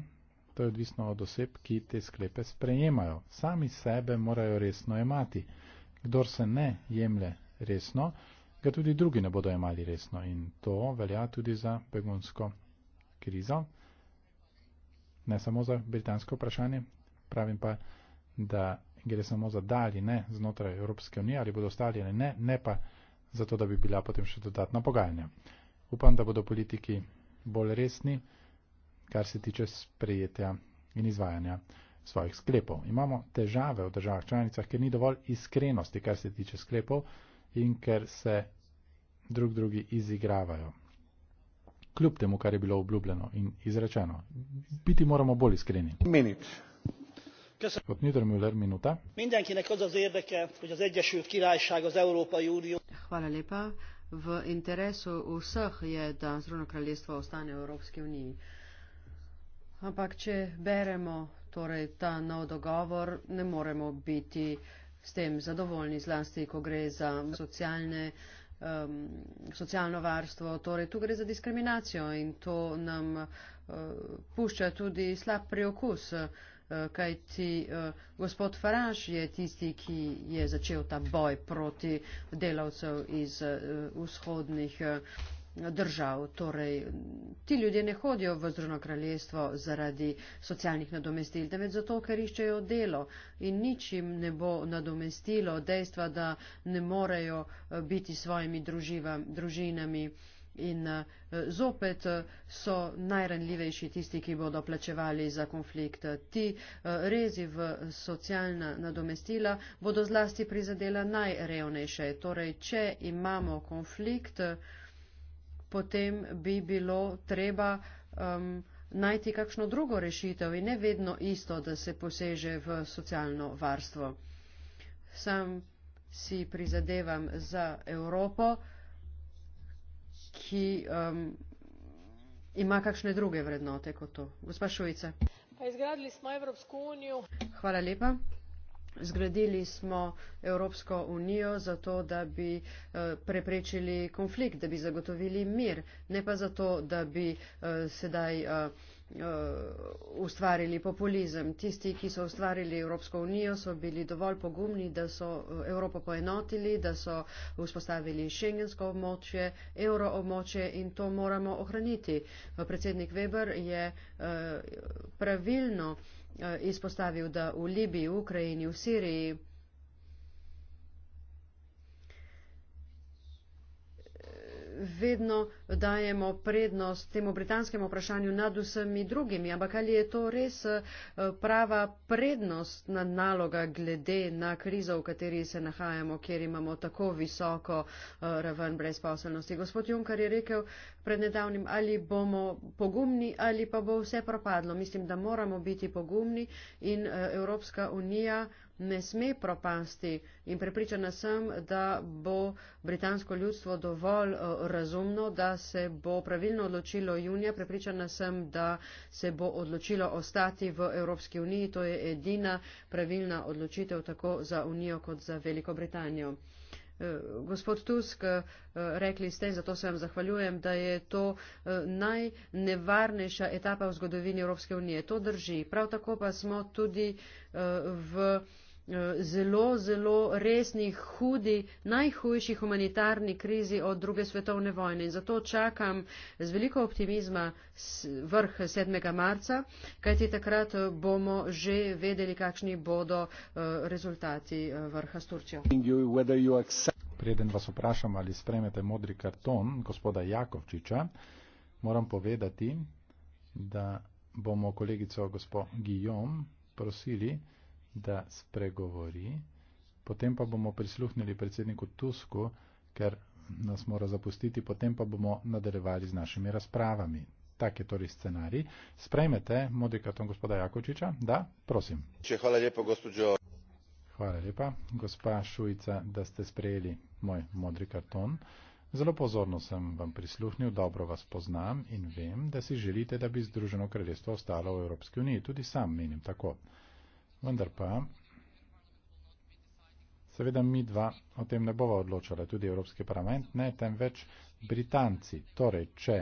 to je odvisno od oseb, ki te sklepe sprejemajo. Sami sebe morajo resno imati. Kdor se ne jemlje resno, ga tudi drugi ne bodo imali resno. In to velja tudi za begunsko krizo ne samo za britansko vprašanje, pravim pa, da gre samo za dalje ne znotraj Evropske unije, ali bodo ostali ali ne, ne pa zato, da bi bila potem še dodatna pogajanja. Upam, da bodo politiki bolj resni, kar se tiče sprejetja in izvajanja svojih sklepov. Imamo težave v državah članicah, ker ni dovolj iskrenosti, kar se tiče sklepov in ker se drug drugi izigravajo kljub temu, kar je bilo obljubljeno in izrečeno. Biti moramo bolj iskreni. Minut. Kot Nidr Müller, minuta. Mindenkinek az az érdeke, hogy az Egyesült Királyság, az Európai Unió. Hvala lepa. V interesu vseh je, da Zruno kraljestvo ostane v Evropski uniji. Ampak, če beremo torej, ta nov dogovor, ne moremo biti s tem zadovoljni, zlasti, ko gre za socialne um, socialno varstvo. Torej, tu gre za diskriminacijo in to nam uh, pušča tudi slab preokus, uh, kajti uh, gospod Faraž je tisti, ki je začel ta boj proti delavcev iz uh, vzhodnih. Uh, držav. Torej, ti ljudje ne hodijo v Združeno kraljestvo zaradi socialnih nadomestil, temveč zato, ker iščejo delo in nič jim ne bo nadomestilo dejstva, da ne morejo eh, biti svojimi druživa, družinami. In eh, zopet eh, so najranljivejši tisti, ki bodo plačevali za konflikt. Ti rezi v socialna nadomestila bodo zlasti prizadela najrevnejše. Torej, če imamo konflikt, potem bi bilo treba um, najti kakšno drugo rešitev in ne vedno isto, da se poseže v socialno varstvo. Sam si prizadevam za Evropo, ki um, ima kakšne druge vrednote kot to. Gospa Šujica. Pa izgradili smo Evropsko unijo. Hvala lepa. Zgradili smo Evropsko unijo zato, da bi eh, preprečili konflikt, da bi zagotovili mir, ne pa zato, da bi eh, sedaj eh, ustvarili populizem. Tisti, ki so ustvarili Evropsko unijo, so bili dovolj pogumni, da so Evropo poenotili, da so vzpostavili šengensko območje, evro območje in to moramo ohraniti. Predsednik Weber je pravilno Eh, izpostavil, da v Libiji, Ukrajini, v Siriji vedno dajemo prednost temu britanskemu vprašanju nad vsemi drugimi, ampak ali je to res eh, prava prednostna naloga glede na krizo, v kateri se nahajamo, kjer imamo tako visoko eh, raven brezposelnosti. Gospod Juncker je rekel pred nedavnim, ali bomo pogumni ali pa bo vse propadlo. Mislim, da moramo biti pogumni in eh, Evropska unija ne sme propasti in prepričana sem, da bo britansko ljudstvo dovolj eh, razumno, da se bo pravilno odločilo junija, prepričana sem, da se bo odločilo ostati v Evropski uniji, to je edina pravilna odločitev tako za unijo kot za Veliko Britanijo. Eh, gospod Tusk, eh, rekli ste, zato se vam zahvaljujem, da je to najnevarnejša etapa v zgodovini Evropske unije. To drži. Prav tako pa smo tudi v. Eh, zelo, zelo resnih, hudi, najhujši humanitarni krizi od druge svetovne vojne. In zato čakam z veliko optimizma vrh 7. marca, kajti takrat bomo že vedeli, kakšni bodo eh, rezultati eh, vrha s Turčjo. Preden vas vprašam, ali spremete modri karton gospoda Jakovčiča, moram povedati, da bomo kolegico gospod Gijom prosili, da spregovori. Potem pa bomo prisluhnili predsedniku Tusku, ker nas mora zapustiti, potem pa bomo nadaljevali z našimi razpravami. Tak je torej scenarij. Sprejmete modikatom gospoda Jakočiča? Da, prosim. Če, hvala lepa, gospođo. Hvala lepa, gospa Šujica, da ste sprejeli moj modri karton. Zelo pozorno sem vam prisluhnil, dobro vas poznam in vem, da si želite, da bi Združeno kraljestvo ostalo v Evropski uniji. Tudi sam menim tako. Vendar pa, seveda mi dva o tem ne bova odločala, tudi Evropski parlament ne, temveč Britanci. Torej, če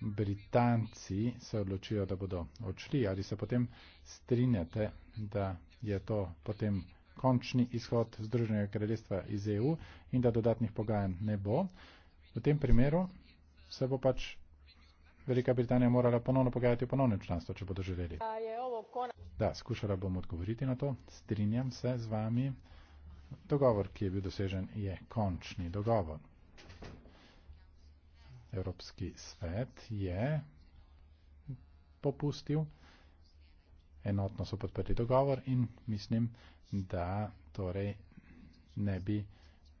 Britanci se odločijo, da bodo odšli, ali se potem strinjate, da je to potem končni izhod Združenega kraljestva iz EU in da dodatnih pogajanj ne bo, v tem primeru se bo pač Velika Britanija morala ponovno pogajati o ponovnem članstvu, če bodo želeli. Da, skušala bom odgovoriti na to. Strinjam se z vami. Dogovor, ki je bil dosežen, je končni dogovor. Evropski svet je popustil, enotno so podprli dogovor in mislim, da torej ne bi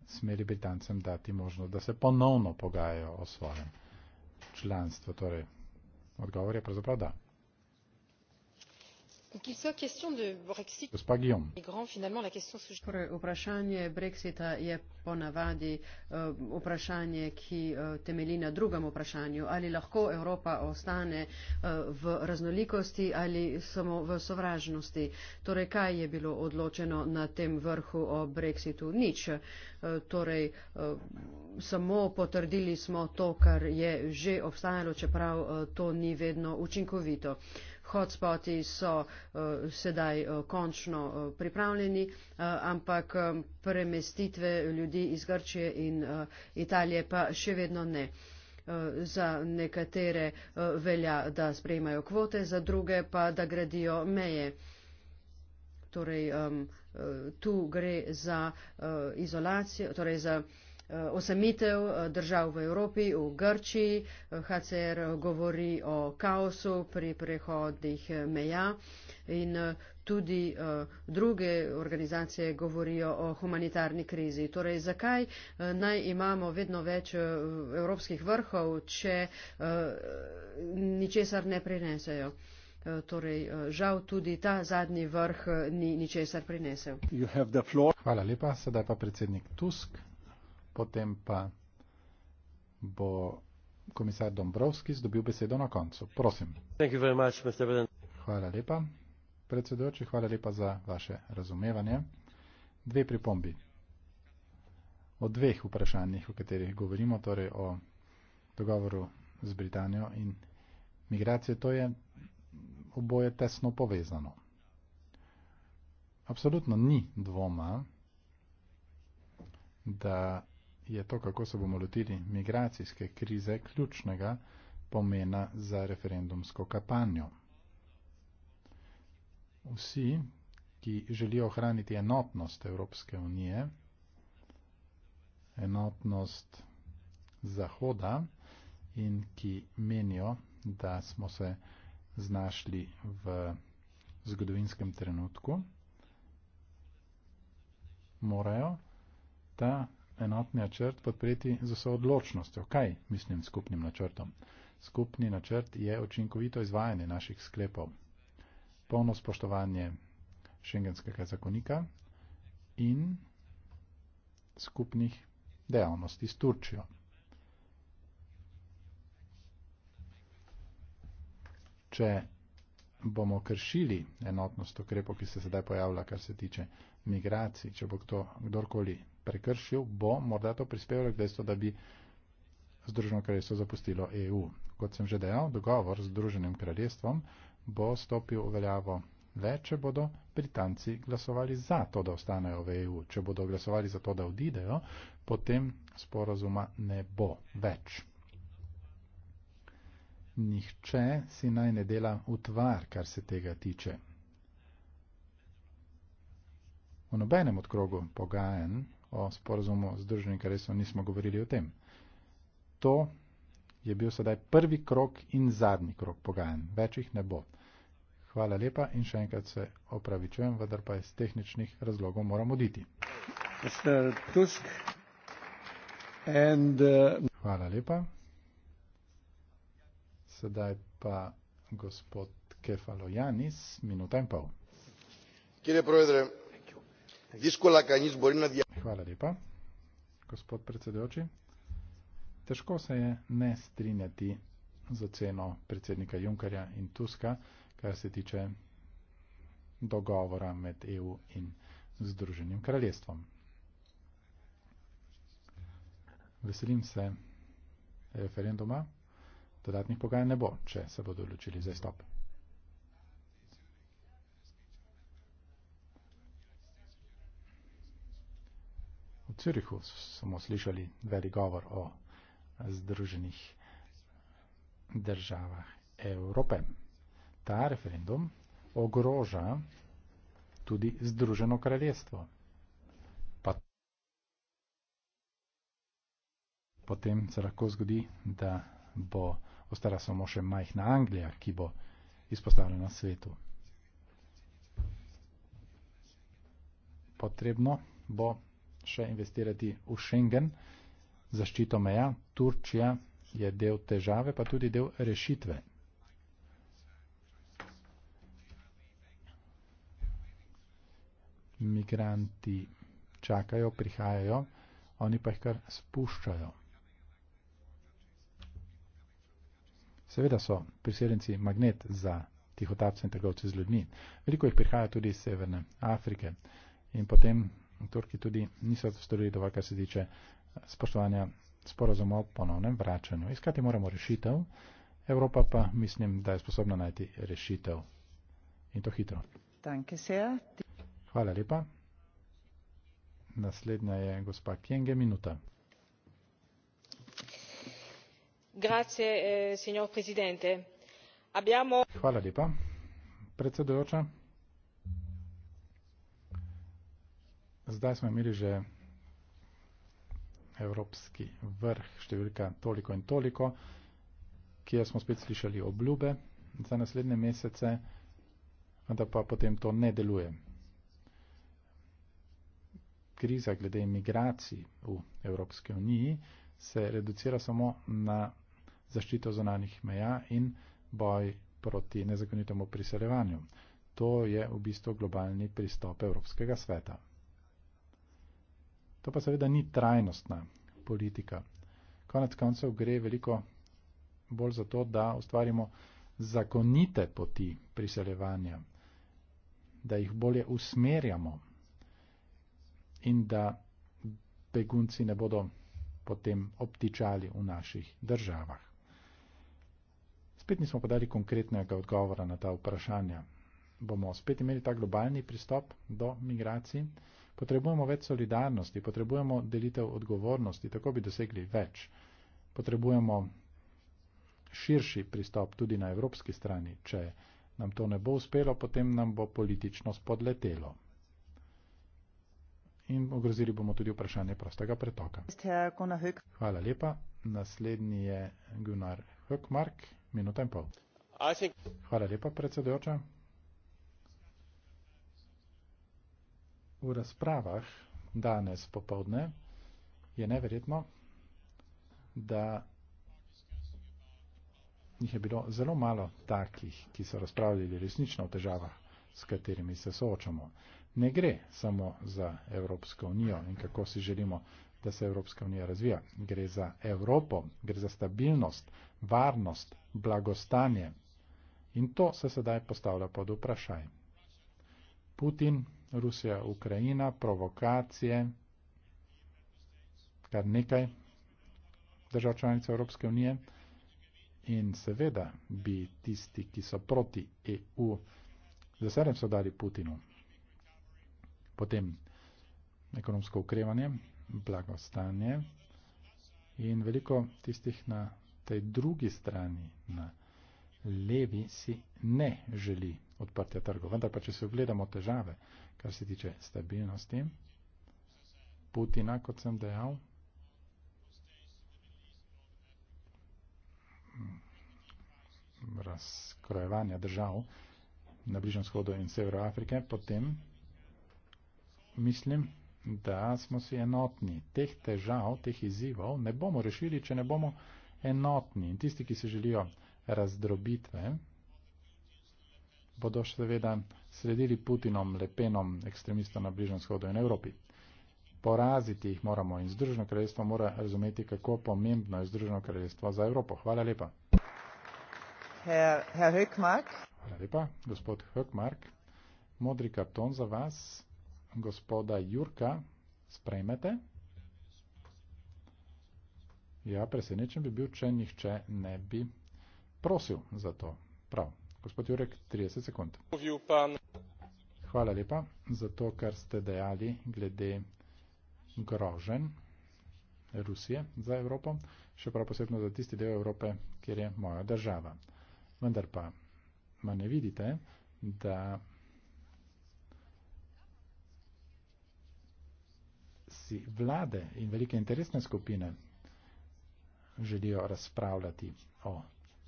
smeli Britancem dati možnost, da se ponovno pogajajo o svojem članstvo. Torej, odgovor je pravzaprav da qu'il soit question de Brexit ou de migrants, finalement, la question sous-jacente. Torej, po navadi eh, vprašanje, ki eh, temelji na drugem vprašanju, ali lahko Evropa ostane eh, v raznolikosti ali samo v sovražnosti. Torej, kaj je bilo odločeno na tem vrhu o Brexitu? Nič. Torej, samo potrdili smo to, kar je že obstajalo, čeprav to ni vedno učinkovito hotspoti so uh, sedaj uh, končno uh, pripravljeni, uh, ampak um, premestitve ljudi iz Grčije in uh, Italije pa še vedno ne. Za nekatere velja, da sprejmajo kvote, za druge pa, da gradijo meje. Torej, um, tu gre za uh, izolacijo, torej za uh, Eh, osamitev eh, držav v Evropi, v Grčiji, HCR eh, govori o kaosu pri prehodih meja in tudi druge organizacije govorijo o humanitarni krizi. Torej, zakaj naj imamo vedno več evropskih vrhov, če ničesar ne prinesejo? Torej, žal tudi ta zadnji vrh ni ničesar prinesel. Hvala lepa, sedaj pa predsednik Tusk potem pa bo komisar Dombrovski zdobil besedo na koncu. Prosim. Hvala lepa, predsedujoči, hvala lepa za vaše razumevanje. Dve pripombi. O dveh vprašanjih, o katerih govorimo, torej o dogovoru z Britanijo in migracije, to je oboje tesno povezano. Absolutno ni dvoma, da je to, kako se bomo lotili migracijske krize, ključnega pomena za referendumsko kampanjo. Vsi, ki želijo ohraniti enotnost Evropske unije, enotnost Zahoda in ki menijo, da smo se znašli v zgodovinskem trenutku, morajo ta enotni načrt podpreti z vso odločnostjo. Kaj mislim s skupnim načrtom? Skupni načrt je očinkovito izvajanje naših sklepov, polno spoštovanje šengenskega zakonika in skupnih dejavnosti s Turčijo. Če bomo kršili enotnost ukrepov, ki se sedaj pojavlja, kar se tiče migracij, če bo kdo, kdorkoli prekršil, bo morda to prispevalo k dejstvu, da bi Združeno kraljestvo zapustilo EU. Kot sem že dejal, dogovor z Združenim kraljestvom bo stopil v veljavo le, če bodo Britanci glasovali za to, da ostanejo v EU. Če bodo glasovali za to, da odidejo, potem sporazuma ne bo več. Nihče si naj ne dela utvar, kar se tega tiče. V nobenem odkrogu pogajanj o sporozumu Združenim kraljestvom nismo govorili o tem. To je bil sedaj prvi krok in zadnji krok pogajanj. Več jih ne bo. Hvala lepa in še enkrat se opravičujem, vendar pa iz tehničnih razlogov moram oditi. Uh, Hvala lepa. Sedaj pa gospod Kefalo Janis, minuta in pol. Hvala lepa. Gospod predsedujoči, težko se je ne strinjati z oceno predsednika Junkarja in Tuska, kar se tiče dogovora med EU in Združenim kraljestvom. Veselim se referenduma, dodatnih pogajanj ne bo, če se bodo odločili za izstop. v Cirihu smo slišali velik govor o združenih državah Evrope. Ta referendum ogroža tudi združeno kraljestvo. Pa potem se lahko zgodi, da bo ostala samo še majhna Anglija, ki bo izpostavljena svetu. Potrebno bo še investirati v Schengen, zaščito meja. Turčija je del težave, pa tudi del rešitve. Migranti čakajo, prihajajo, oni pa jih kar spuščajo. Seveda so priseljenci magnet za tihotapce in trgovce z ljudmi. Veliko jih prihaja tudi iz Severne Afrike in potem Turki tudi niso storili dovolj, kar se tiče eh, spoštovanja sporozuma o ponovnem vračanju. Iskati moramo rešitev, Evropa pa mislim, da je sposobna najti rešitev. In to hitro. Hvala lepa. Naslednja je gospa Kjenge, minuta. Grazie, eh, signor Presidente. Abbiamo... Hvala lepa. Predsedujoča. Zdaj smo imeli že evropski vrh, številka toliko in toliko, kjer smo spet slišali obljube za naslednje mesece, da pa potem to ne deluje. Kriza glede imigracij v Evropske uniji se reducira samo na zaščito zonanih meja in boj proti nezakonitemu priseljevanju. To je v bistvu globalni pristop Evropskega sveta. To pa seveda ni trajnostna politika. Konec koncev gre veliko bolj za to, da ustvarimo zakonite poti priseljevanja, da jih bolje usmerjamo in da begunci ne bodo potem obtičali v naših državah. Spet nismo podali konkretnega odgovora na ta vprašanja. Bomo spet imeli ta globalni pristop do migracij. Potrebujemo več solidarnosti, potrebujemo delitev odgovornosti, tako bi dosegli več. Potrebujemo širši pristop tudi na evropski strani. Če nam to ne bo uspelo, potem nam bo politično spodletelo. In ogrozili bomo tudi vprašanje prostega pretoka. Hvala lepa. Naslednji je Gunnar Hökmark, minuta in pol. Hvala lepa, predsedujoča. v razpravah danes popovdne je neverjetno, da jih je bilo zelo malo takih, ki so razpravljali resnično o težavah, s katerimi se soočamo. Ne gre samo za Evropsko unijo in kako si želimo, da se Evropska unija razvija. Gre za Evropo, gre za stabilnost, varnost, blagostanje. In to se sedaj postavlja pod vprašaj. Putin Rusija, Ukrajina, provokacije, kar nekaj držav članic Evropske unije. In seveda bi tisti, ki so proti EU, z veseljem so dali Putinu. Potem ekonomsko ukrevanje, blagostanje in veliko tistih na tej drugi strani, na levi, si ne želi odprtja trgov. Vendar pa, če se ogledamo težave, kar se tiče stabilnosti, Putina, kot sem dejal, razkrojevanja držav na Bližnem shodu in Severo Afrike, potem mislim, da smo si enotni. Teh težav, teh izzivov ne bomo rešili, če ne bomo enotni. In tisti, ki se želijo razdrobitve, eh, bodo seveda sledili Putinom, Lepenom, ekstremistom na Bližnem shodu in Evropi. Poraziti jih moramo in Združeno kraljestvo mora razumeti, kako pomembno je Združeno kraljestvo za Evropo. Hvala lepa. Herr, Herr Hvala lepa, gospod Hökmark. Modri karton za vas, gospoda Jurka, sprejmete. Ja, presenečen bi bil, če nihče ne bi prosil za to. Prav. Gospod Jurek, 30 sekund. Hvala lepa za to, kar ste dejali glede grožen Rusije za Evropo, še prav posebno za tisti del Evrope, kjer je moja država. Vendar pa ma ne vidite, da si vlade in velike interesne skupine želijo razpravljati o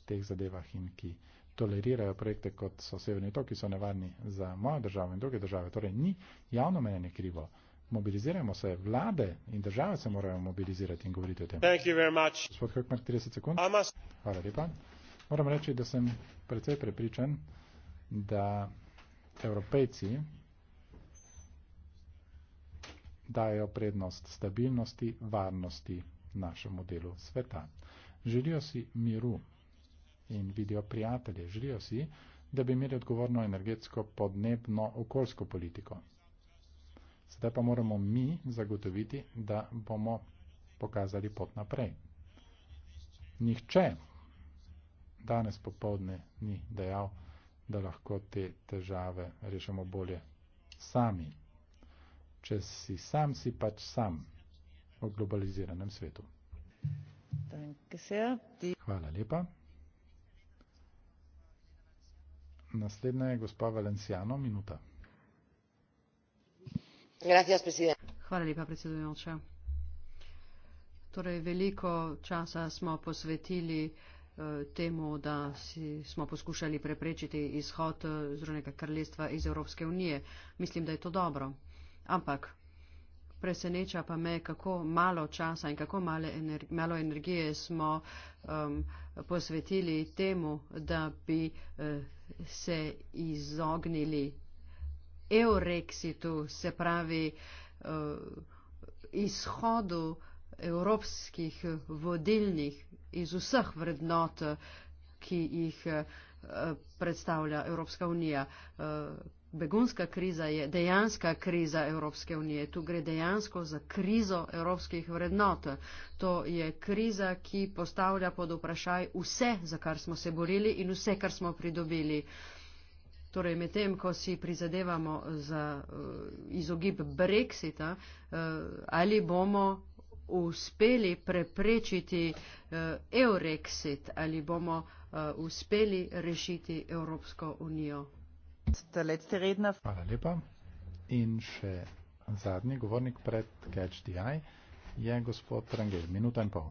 teh zadevah in ki tolerirajo projekte, kot so severni tok, ki so nevarni za mojo državo in druge države. Torej, ni javno mnenje krivo. Mobiliziramo se, vlade in države se morajo mobilizirati in govoriti o tem. Gospod Hökmer, 30 sekund. Hvala lepa. Moram reči, da sem predvsej prepričan, da evropejci dajo prednost stabilnosti, varnosti našemu delu sveta. Želijo si miru, in vidijo prijatelje. Želijo si, da bi imeli odgovorno energetsko, podnebno, okoljsko politiko. Sedaj pa moramo mi zagotoviti, da bomo pokazali pot naprej. Nihče danes popovdne ni dejal, da lahko te težave rešimo bolje sami. Če si sam, si pač sam v globaliziranem svetu. Hvala lepa. Naslednja je gospa Valenciano, minuta. Hvala lepa, predsedujoča. Torej, veliko časa smo posvetili eh, temu, da smo poskušali preprečiti izhod eh, zrunega krljestva iz Evropske unije. Mislim, da je to dobro. Ampak preseneča pa me, kako malo časa in kako malo energije smo um, posvetili temu, da bi uh, se izognili eureksitu, se pravi eh, izhodu evropskih vodilnih iz vseh vrednot, ki jih eh, predstavlja Evropska unija. Eh, begunska kriza je dejanska kriza Evropske unije. Tu gre dejansko za krizo evropskih vrednot. To je kriza, ki postavlja pod vprašaj vse, za kar smo se borili in vse, kar smo pridobili. Torej, medtem, ko si prizadevamo za uh, izogib Brexita, uh, ali bomo uspeli preprečiti uh, Eurexit, ali bomo uh, uspeli rešiti Evropsko unijo Hvala lepa. In še zadnji govornik pred Catch the Eye je gospod Rangel. Minuta in pol.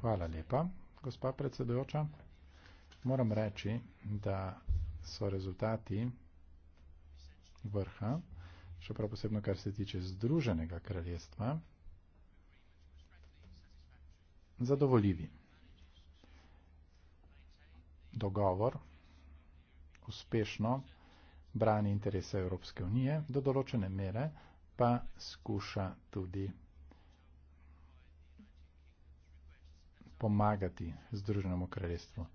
Hvala lepa, gospa predsedujoča. Moram reči, da so rezultati vrha, še prav posebno, kar se tiče Združenega kraljestva, zadovoljivi dogovor uspešno brani interese Evropske unije, do določene mere pa skuša tudi pomagati Združenemu kraljestvu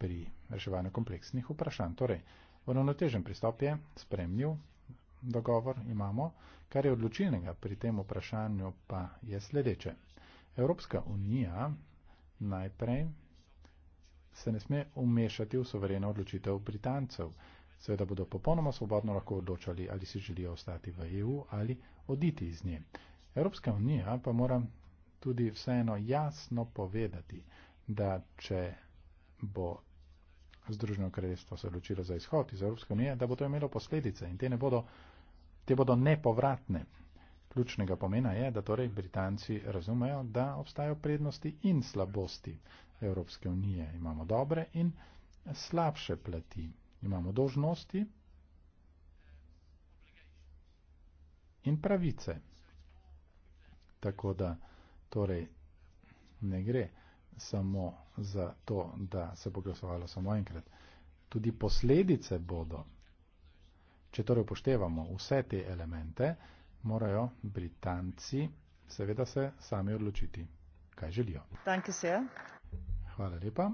pri reševanju kompleksnih vprašanj. Torej, ravnotežen pristop je spremljiv, dogovor imamo, kar je odločilnega pri tem vprašanju pa je sledeče. Evropska unija najprej se ne sme umešati v soveren odločitev Britancev. Seveda bodo popolnoma svobodno lahko odločali, ali si želijo ostati v EU ali oditi iz nje. Evropska unija pa mora tudi vseeno jasno povedati, da če bo Združeno kraljestvo se odločilo za izhod iz Evropske unije, da bo to imelo posledice in te, ne bodo, te bodo nepovratne. Ključnega pomena je, da torej Britanci razumejo, da obstajajo prednosti in slabosti Evropske unije. Imamo dobre in slabše plati. Imamo dožnosti in pravice. Tako da torej ne gre samo za to, da se bo glasovalo samo enkrat. Tudi posledice bodo, če torej upoštevamo vse te elemente, morajo Britanci seveda se sami odločiti, kaj želijo. Thank you, Hvala lepa.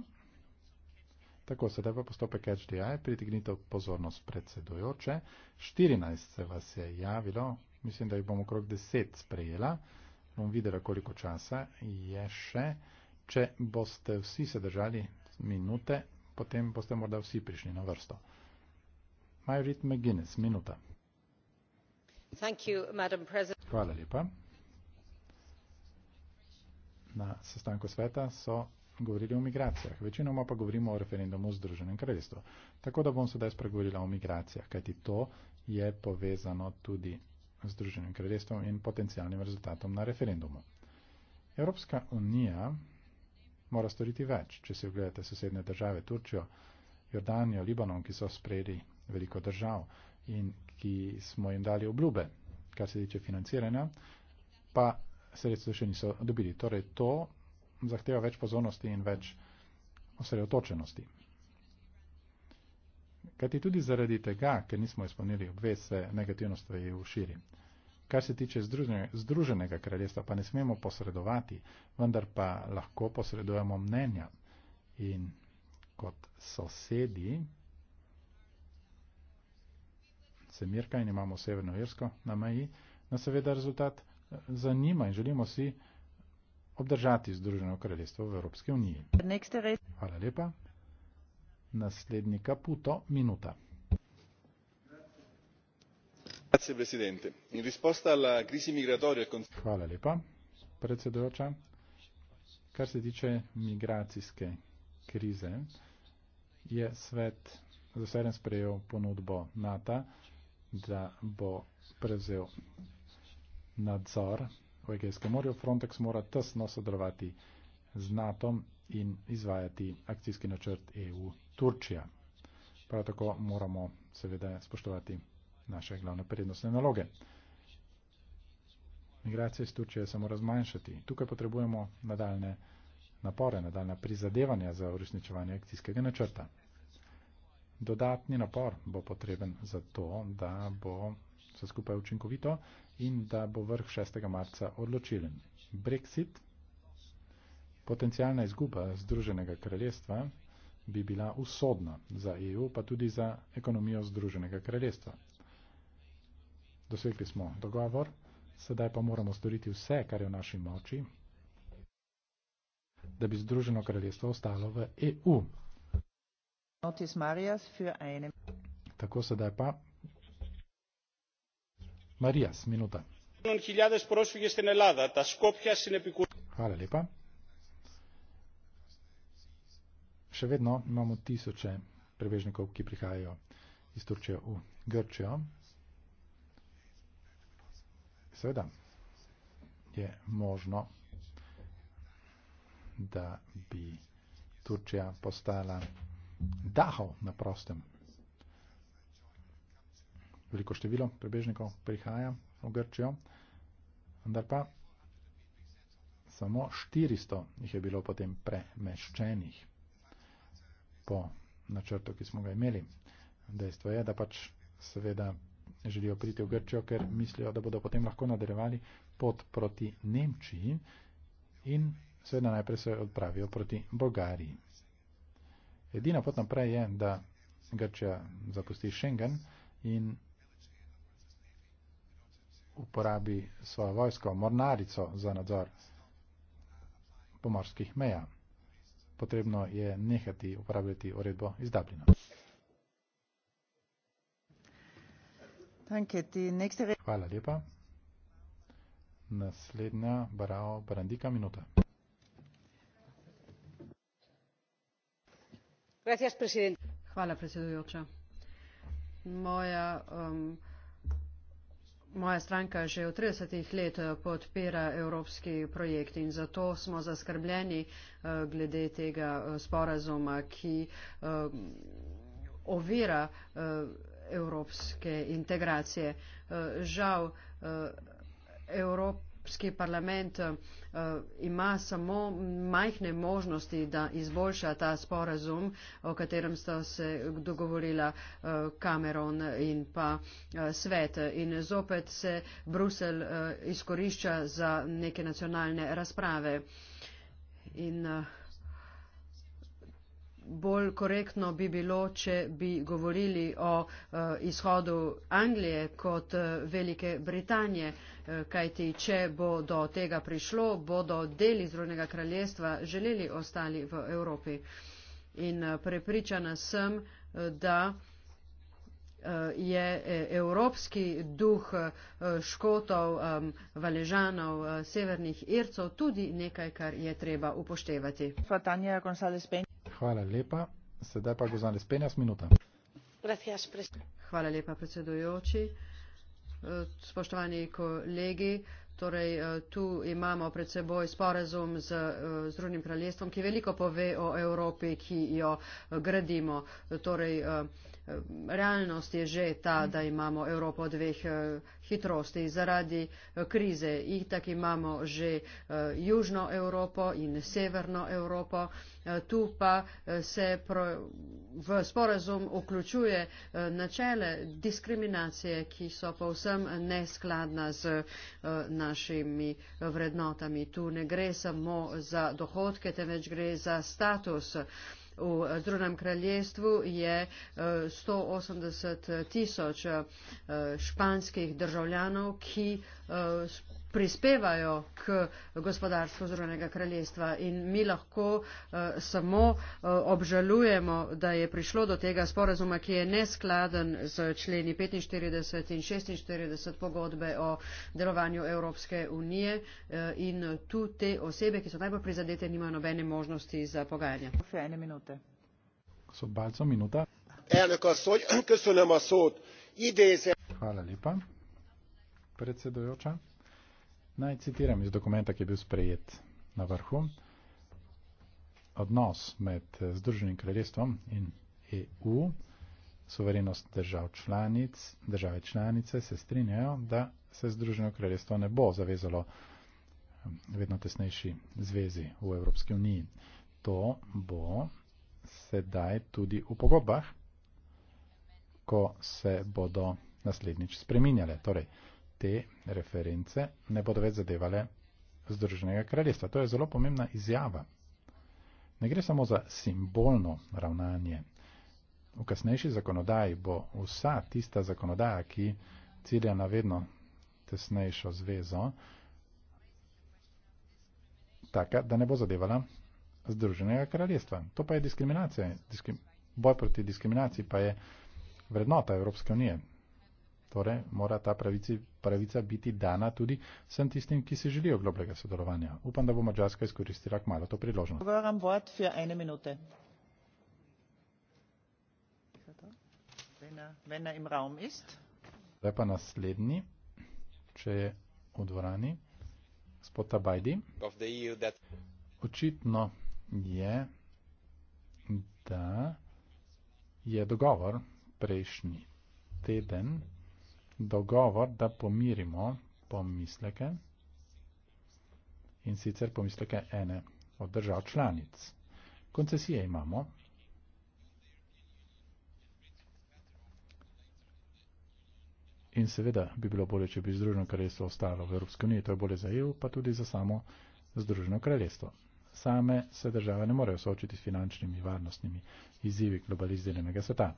Tako, sedaj pa postopek HDI, pritignitev pozornost predsedujoče. 14 se vas je javilo, mislim, da jih bom okrog 10 sprejela. Bom videla, koliko časa je še. Če boste vsi se držali minute, potem boste morda vsi prišli na vrsto. Majorit McGuinness, minuta. You, Hvala lepa. Na sestanku sveta so govorili o migracijah. Večinoma pa govorimo o referendumu v Združenem kraljestvu. Tako da bom sedaj spregovorila o migracijah, kajti to je povezano tudi z Združenim kraljestvom in potencijalnim rezultatom na referendumu. Evropska unija mora storiti več, če si ogledate sosednje države Turčijo, Jordanijo, Libanon, ki so sprejeli veliko držav in ki smo jim dali obljube, kar se tiče financiranja, pa sredstva še niso dobili. Torej, to zahteva več pozornosti in več osredotočenosti. Kaj ti tudi zaradi tega, ker nismo izpolnili obvez, se negativnost v EU širi. Kar se tiče Združenega kraljestva, pa ne smemo posredovati, vendar pa lahko posredujemo mnenja. In kot sosedi, se Mirka in imamo Severno Irsko na meji, nas seveda rezultat eh, zanima in želimo si, obdržati Združeno kraljestvo v Evropski uniji. Hvala lepa. Naslednika Puto, minuta. E Hvala lepa, predsedujoča. Kar se tiče migracijske krize, je svet zaseden sprejel ponudbo NATO, da bo prevzel nadzor v Egejskem morju. Frontex mora tesno sodelovati z NATO in izvajati akcijski načrt EU Turčija. Prav tako moramo seveda spoštovati naše glavne prednostne naloge. Migracija iz Turčije se mora zmanjšati. Tukaj potrebujemo nadaljne napore, nadaljne prizadevanja za uresničevanje akcijskega načrta. Dodatni napor bo potreben za to, da bo vse skupaj učinkovito in da bo vrh 6. marca odločilen. Brexit, potencijalna izguba Združenega kraljestva, bi bila usodna za EU, pa tudi za ekonomijo Združenega kraljestva. Dosegli smo dogovor, sedaj pa moramo storiti vse, kar je v naši moči, da bi Združeno kraljestvo ostalo v EU. Tako sedaj pa Marías, minuta. Hvala lepa. Še vedno imamo tisoče prebežnikov, ki prihajajo iz Turčije v Grčijo. Seveda je možno, da bi Turčija postala dahov na prostem veliko število prebežnikov prihaja v Grčijo, vendar pa samo 400 jih je bilo potem premeščenih po načrtu, ki smo ga imeli. Dejstvo je, da pač seveda želijo priti v Grčijo, ker mislijo, da bodo potem lahko nadaljevali pot proti Nemčiji in seveda najprej se odpravijo proti Bolgariji. Edina pot naprej je, da Grčija zapusti Schengen in uporabi svojo vojsko, mornarico za nadzor pomorskih meja. Potrebno je nehati uporabljati uredbo iz Dublina. Hvala lepa. Naslednja barao Barandika minuta. Hvala, predsedujoča. Moja um, Moja stranka že od 30 let eh, podpira evropski projekt in zato smo zaskrbljeni eh, glede tega eh, sporazuma, ki ovira evropske integracije. Žal, Evrop, Evropski parlament eh, ima samo majhne možnosti, da izboljša ta sporazum, o katerem sta se dogovorila eh, Cameron in pa eh, svet. In zopet se Brusel izkorišča za neke nacionalne razprave. In bolj korektno bi bilo, če bi govorili o izhodu Anglije kot Velike Britanije. Eh, kajti če bo do tega prišlo, bodo deli Združenega kraljestva želeli ostali v Evropi. In eh, prepričana sem, eh, da je evropski duh škotov, valežanov, severnih ircev tudi nekaj, kar je treba upoštevati. Hvala lepa. Sedaj pa gozane spenja z minuto. Hvala lepa, predsedujoči spoštovani kolegi. Torej, eh, tu imamo pred seboj sporezum z eh, Združenim kraljestvom, ki veliko pove o Evropi, ki jo eh, gradimo. Torej, realnost je že ta, da imamo Evropo dveh eh, hitrosti. Zaradi eh, krize itak imamo že eh, južno Evropo in severno Evropo. Tu pa se v sporazum vključuje načele diskriminacije, ki so povsem neskladna z našimi vrednotami. Tu ne gre samo za dohodke, temveč gre za status v Združenem kraljestvu je 180 eh, eh, tisoč eh, španskih državljanov, ki prispevajo k gospodarstvu Združenega kraljestva in mi lahko uh, samo uh, obžalujemo, da je prišlo do tega sporazuma, ki je neskladen z členi 45 in 46 pogodbe o delovanju Evropske unije uh, in tu te osebe, ki so najbolj prizadete, nimajo nobene možnosti za pogajanje. Hvala lepa, predsedujoča. Naj citiram iz dokumenta, ki je bil sprejet na vrhu. Odnos med eh, Združenim kraljestvom in EU, suverenost držav članic, države članice se strinjajo, da se Združeno kraljestvo ne bo zavezalo eh, vedno tesnejši zvezi v Evropski uniji. To bo sedaj tudi v pogodbah, ko se bodo naslednjič spreminjale. Torej, te reference ne bodo več zadevale Združenega kraljestva. To je zelo pomembna izjava. Ne gre samo za simbolno ravnanje. V kasnejši zakonodaji bo vsa tista zakonodaja, ki cilja na vedno tesnejšo zvezo, taka, da ne bo zadevala Združenega kraljestva. To pa je diskriminacija. Diskri boj proti diskriminaciji pa je vrednota Evropske unije torej mora ta pravici, pravica biti dana tudi vsem tistim, ki se želijo globljega sodelovanja. Upam, da bo Mačarska izkoristila kmalo to priložnost. Er, er Zdaj pa naslednji, če je v dvorani, gospod Tabajdi. E that... Očitno je, da je dogovor prejšnji teden dogovor, da pomirimo pomisleke in sicer pomisleke ene od držav članic. Koncesije imamo. In seveda bi bilo bolje, če bi Združeno kraljestvo ostalo v Evropske unije, to je bolje za EU, pa tudi za samo Združeno kraljestvo. Same se države ne morejo soočiti s finančnimi varnostnimi izzivi globaliziranega sveta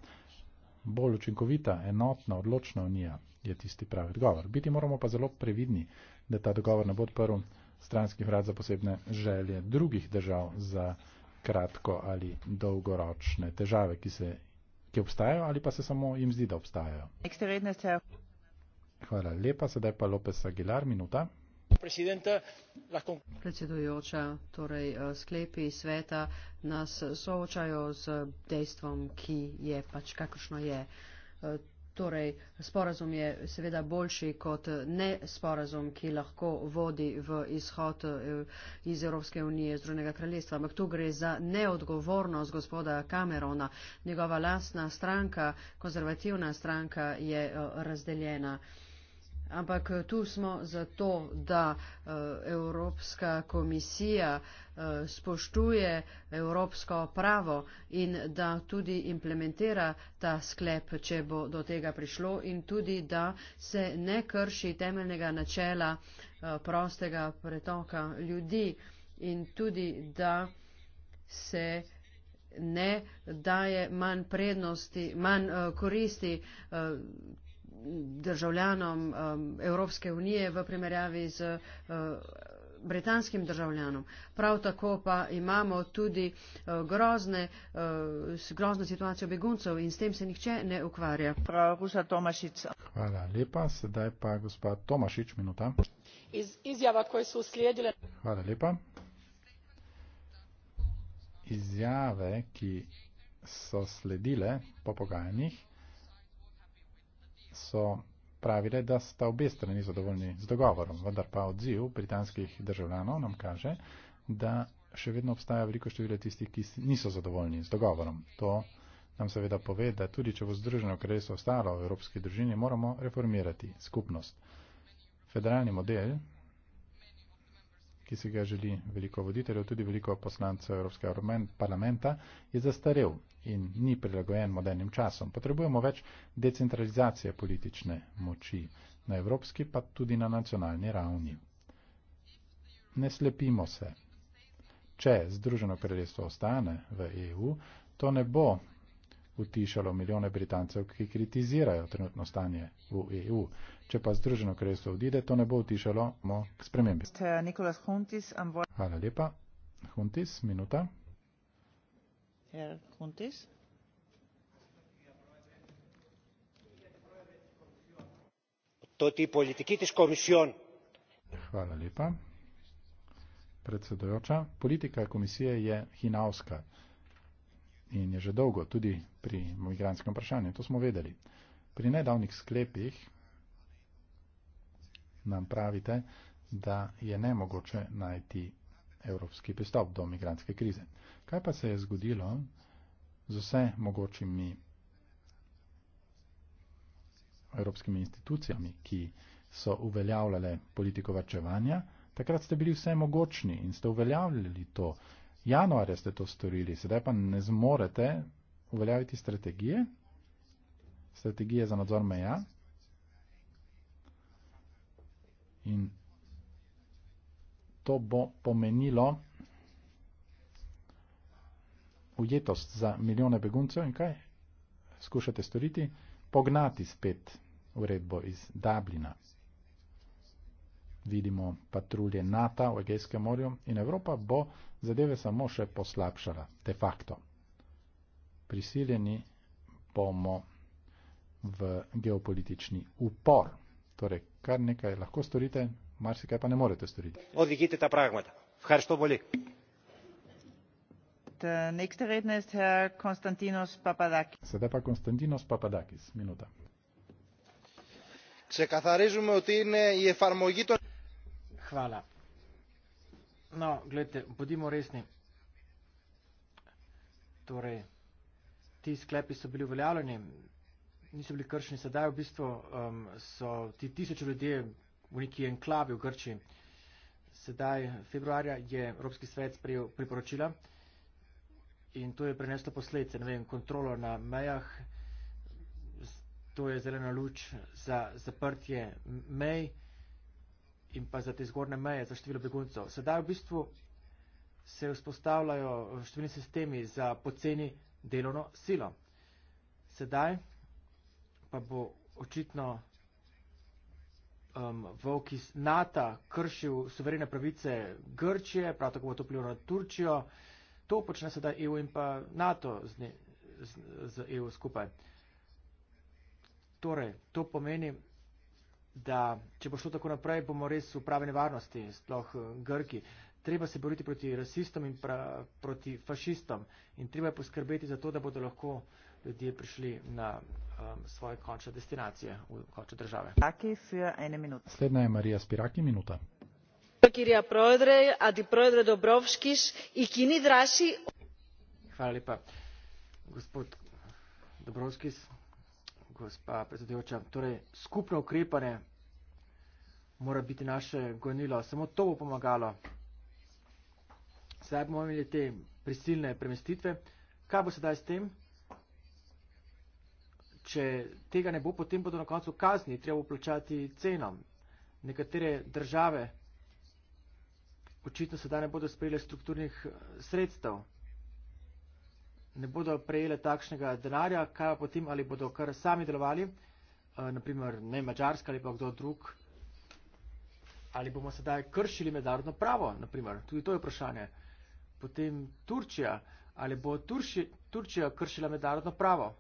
bolj učinkovita, enotna, odločna unija je tisti pravi odgovor. Biti moramo pa zelo previdni, da ta dogovor ne bo odprl stranskih vrat za posebne želje drugih držav za kratko ali dolgoročne težave, ki, se, ki obstajajo ali pa se samo jim zdi, da obstajajo. Ja. Hvala lepa, sedaj pa Lopes Aguilar, minuta predsedujoča torej eh, sklepi sveta nas soočajo z dejstvom ki je pač kakršno je eh, torej sporazum je seveda boljši kot nesporazum ki lahko vodi v izhod eh, iz Evropske unije iz Združenega kraljestva ampak tu gre za neodgovornost gospoda Camerona njegova lastna stranka konzervativna stranka je razdeljena Ampak eh, tu smo zato, da eh, Evropska komisija eh, spoštuje evropsko pravo in da tudi implementira ta sklep, če bo do tega prišlo in tudi, da se ne krši temeljnega načela prostega pretoka ljudi in tudi, da se ne daje manj prednosti, manj koristi državljanom um, Evropske unije v primerjavi z uh, britanskim državljanom. Prav tako pa imamo tudi uh, grozne, uh, grozno situacijo beguncev in s tem se nihče ne ukvarja. Prav, Ruža Tomašic. Hvala lepa. Sedaj pa gospa Tomašič, minuta. Iz, izjava, koje su uslijedile. Hvala lepa. Izjave, ki so sledile po pogajanjih, so pravile, da sta obe strani zadovoljni z dogovorom, vendar pa odziv britanskih državljanov nam kaže, da še vedno obstaja veliko število tistih, ki niso zadovoljni z dogovorom. To nam seveda pove, da tudi če bo združeno kraljestvo ostalo v evropski družini, moramo reformirati skupnost. Federalni model ki si ga želi veliko voditeljev, tudi veliko poslancev Evropskega parlamenta, je zastarel in ni prilagojen modernim časom. Potrebujemo več decentralizacije politične moči na evropski, pa tudi na nacionalni ravni. Ne slepimo se. Če Združeno kraljestvo ostane v EU, to ne bo utišalo milijone Britancev, ki kritizirajo trenutno stanje v EU. Če pa Združeno kraljestvo odide, to ne bo utišalo mo k spremembi. Hvala lepa. Huntis, minuta. Hvala lepa. Predsedojoča, politika komisije je hinavska in je že dolgo tudi pri migranskem vprašanju. To smo vedeli. Pri nedavnih sklepih nam pravite, da je nemogoče najti evropski pristop do migranske krize. Kaj pa se je zgodilo z vse mogočimi evropskimi institucijami, ki so uveljavljale politiko varčevanja? Takrat ste bili vse mogočni in ste uveljavljali to januarja ste to storili, sedaj pa ne zmorete uveljaviti strategije, strategije za nadzor meja. In to bo pomenilo ujetost za milijone beguncev in kaj skušate storiti, pognati spet uredbo iz Dublina vidimo patrulje NATO v Egejskem morju in Evropa bo zadeve samo še poslabšala, de facto. Prisiljeni bomo v geopolitični upor. Torej, kar nekaj lahko storite, marsikaj pa ne morete storiti. Odigite ta pragmata, kar što boli. Sedaj pa Konstantinos Papadakis, minuta. Ξεκαθαρίζουμε ότι είναι η εφαρμογή των hvala. No, gledajte, bodimo resni. Torej, ti sklepi so bili uveljavljeni, niso bili kršeni, sedaj v bistvu um, so ti tisoč ljudje v neki enklavi v Grči. Sedaj, februarja, je Evropski svet sprejel priporočila in to je preneslo posledice, ne vem, kontrolo na mejah, to je zelena luč za zaprtje mej in pa za te zgornje meje, za število beguncev. Sedaj v bistvu se vzpostavljajo številni sistemi za poceni delovno silo. Sedaj pa bo očitno um, volk iz NATO kršil suverene pravice Grčije, prav tako bo to plivalo na Turčijo. To počne sedaj EU in pa NATO z, ne, z, z EU skupaj. Torej, to pomeni, da če bo šlo tako naprej, bomo res v prave nevarnosti, sploh eh, Grki. Treba se boriti proti rasistom in pra, proti fašistom in treba je poskrbeti za to, da bodo lahko ljudje prišli na um, svoje končne destinacije, v končne države. Slednja je Marija Spiraki, minuta. Hvala lepa, gospod Dobrovskis gospa predsedujoča. Torej, skupno ukrepanje mora biti naše gonilo. Samo to bo pomagalo. Sedaj bomo imeli te prisilne premestitve. Kaj bo sedaj s tem? Če tega ne bo, potem bodo na koncu kazni, treba bo plačati ceno. Nekatere države očitno sedaj ne bodo sprejele strukturnih eh, sredstev ne bodo prejele takšnega denarja, kaj potem ali bodo kar sami delovali, eh, naprimer ne Mačarska ali pa kdo drug, ali bomo sedaj kršili mednarodno pravo, naprimer, tudi to je vprašanje. Potem Turčija, ali bo Turši, Turčija kršila mednarodno pravo?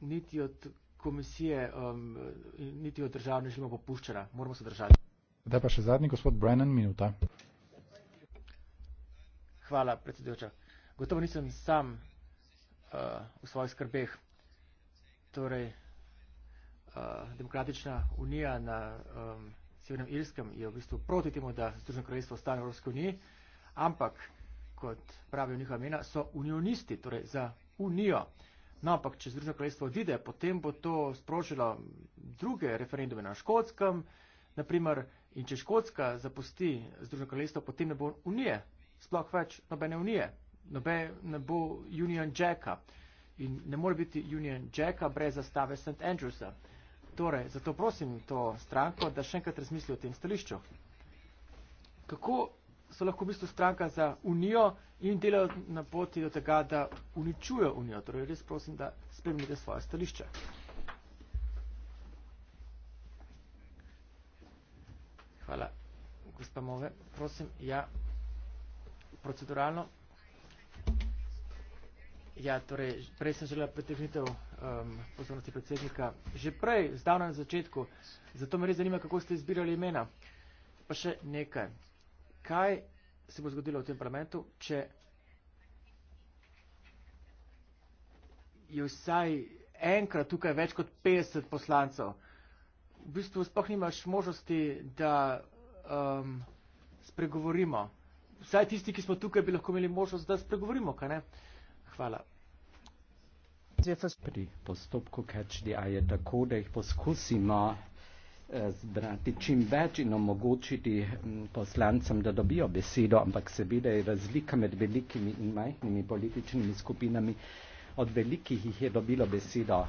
Niti od komisije, um, niti od države ne želimo popuščena, moramo se držati. Zdaj pa še zadnji, gospod Brennan, minuta. Hvala, predsedujoča. Gotovo nisem sam uh, v svojih skrbeh. Torej, uh, Demokratična unija na um, Severnem Irskem je v bistvu proti temu, da Združeno kraljestvo ostane v Evropski uniji, ampak, kot pravijo njihova imena, so unionisti, torej za unijo. No, ampak, če Združeno kraljestvo odide, potem bo to sprožilo druge referendume na Škotskem, naprimer, in če Škotska zapusti Združeno kraljestvo, potem ne bo unije sploh več nobene unije, nobe, ne bo Union Jacka in ne more biti Union Jacka brez zastave St. Andrewsa. Torej, zato prosim to stranko, da še enkrat razmisli o tem stališču. Kako so lahko v bistvu stranka za unijo in delajo na poti do tega, da uničujo unijo? Torej, res prosim, da spremljate svoje stališče. Hvala. Gospa Move, prosim, ja proceduralno. Ja, torej, prej sem želela pretehnitev um, pozornosti predsednika. Že prej, zdavno na začetku, zato me res zanima, kako ste izbirali imena. Pa še nekaj. Kaj se bo zgodilo v tem parlamentu, če je vsaj enkrat tukaj več kot 50 poslancev? V bistvu spohnimaš možnosti, da um, spregovorimo vsaj tisti, ki smo tukaj, bi lahko imeli možnost, da spregovorimo, kaj ne? Hvala. Pri postopku KHDA je tako, da jih poskusimo eh, zbrati čim več in omogočiti mm, poslancem, da dobijo besedo, ampak seveda je razlika med velikimi in majhnimi političnimi skupinami. Od velikih jih je dobilo besedo,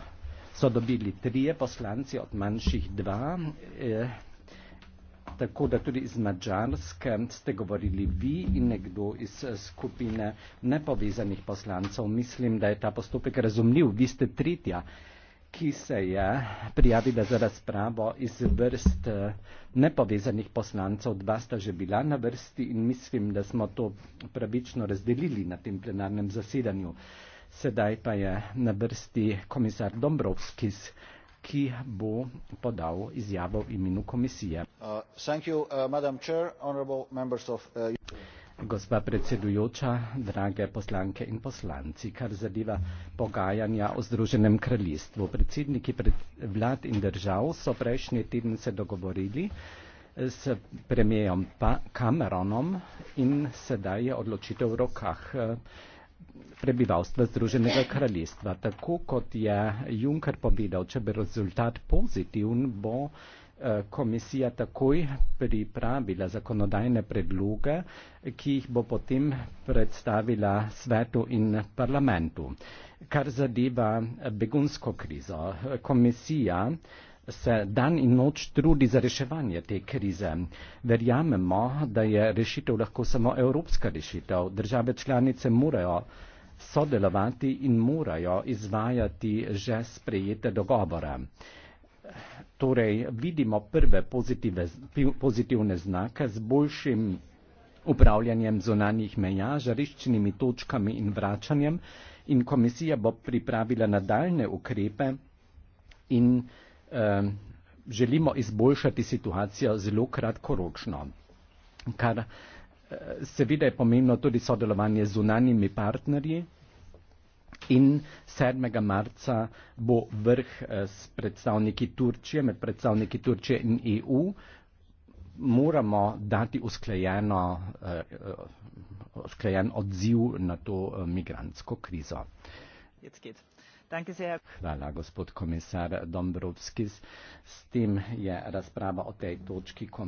so dobili trije poslanci, od manjših dva. Eh, tako da tudi iz Mađarske ste govorili vi in nekdo iz eh, skupine nepovezanih poslancev. Mislim, da je ta postopek razumljiv. Vi ste tretja, ki se je prijavila za razpravo iz vrst eh, nepovezanih poslancev. Dva sta že bila na vrsti in mislim, da smo to pravično razdelili na tem plenarnem zasedanju. Sedaj pa je na vrsti komisar Dombrovskis ki bo podal izjavo v imenu komisije. Uh, you, uh, chair, of, uh, Gospa predsedujoča, drage poslanke in poslanci, kar zadeva pogajanja o Združenem kraljestvu. Predsedniki pred vlad in držav so prejšnji teden se dogovorili eh, s premijerom Cameronom in sedaj je odločitev v rokah. Uh, prebivalstva Združenega kraljestva. Tako kot je Juncker povedal, če bi rezultat pozitiven, bo eh, komisija takoj pripravila zakonodajne predloge, ki jih bo potem predstavila svetu in parlamentu. Kar zadeva begunsko krizo, komisija uh, se dan in noč trudi za reševanje te krize. Verjamemo, da je rešitev lahko samo evropska rešitev. Države članice morajo sodelovati in morajo izvajati že sprejete dogovore. Torej vidimo prve pozitive, pozitivne znake z boljšim upravljanjem zunanjih meja, žariščnimi točkami in vračanjem in komisija bo pripravila nadaljne ukrepe in želimo izboljšati situacijo zelo kratkoročno. Kar eh, seveda je pomembno tudi sodelovanje z unanjimi partnerji in 7. marca bo vrh eh, s predstavniki Turčije, med predstavniki Turčije in EU, moramo dati usklejeno, eh, usklejen odziv na to migransko krizo. Jetzt geht's. Hvala, gospod komisar Dombrovskis. S tem je razprava o tej točki končana.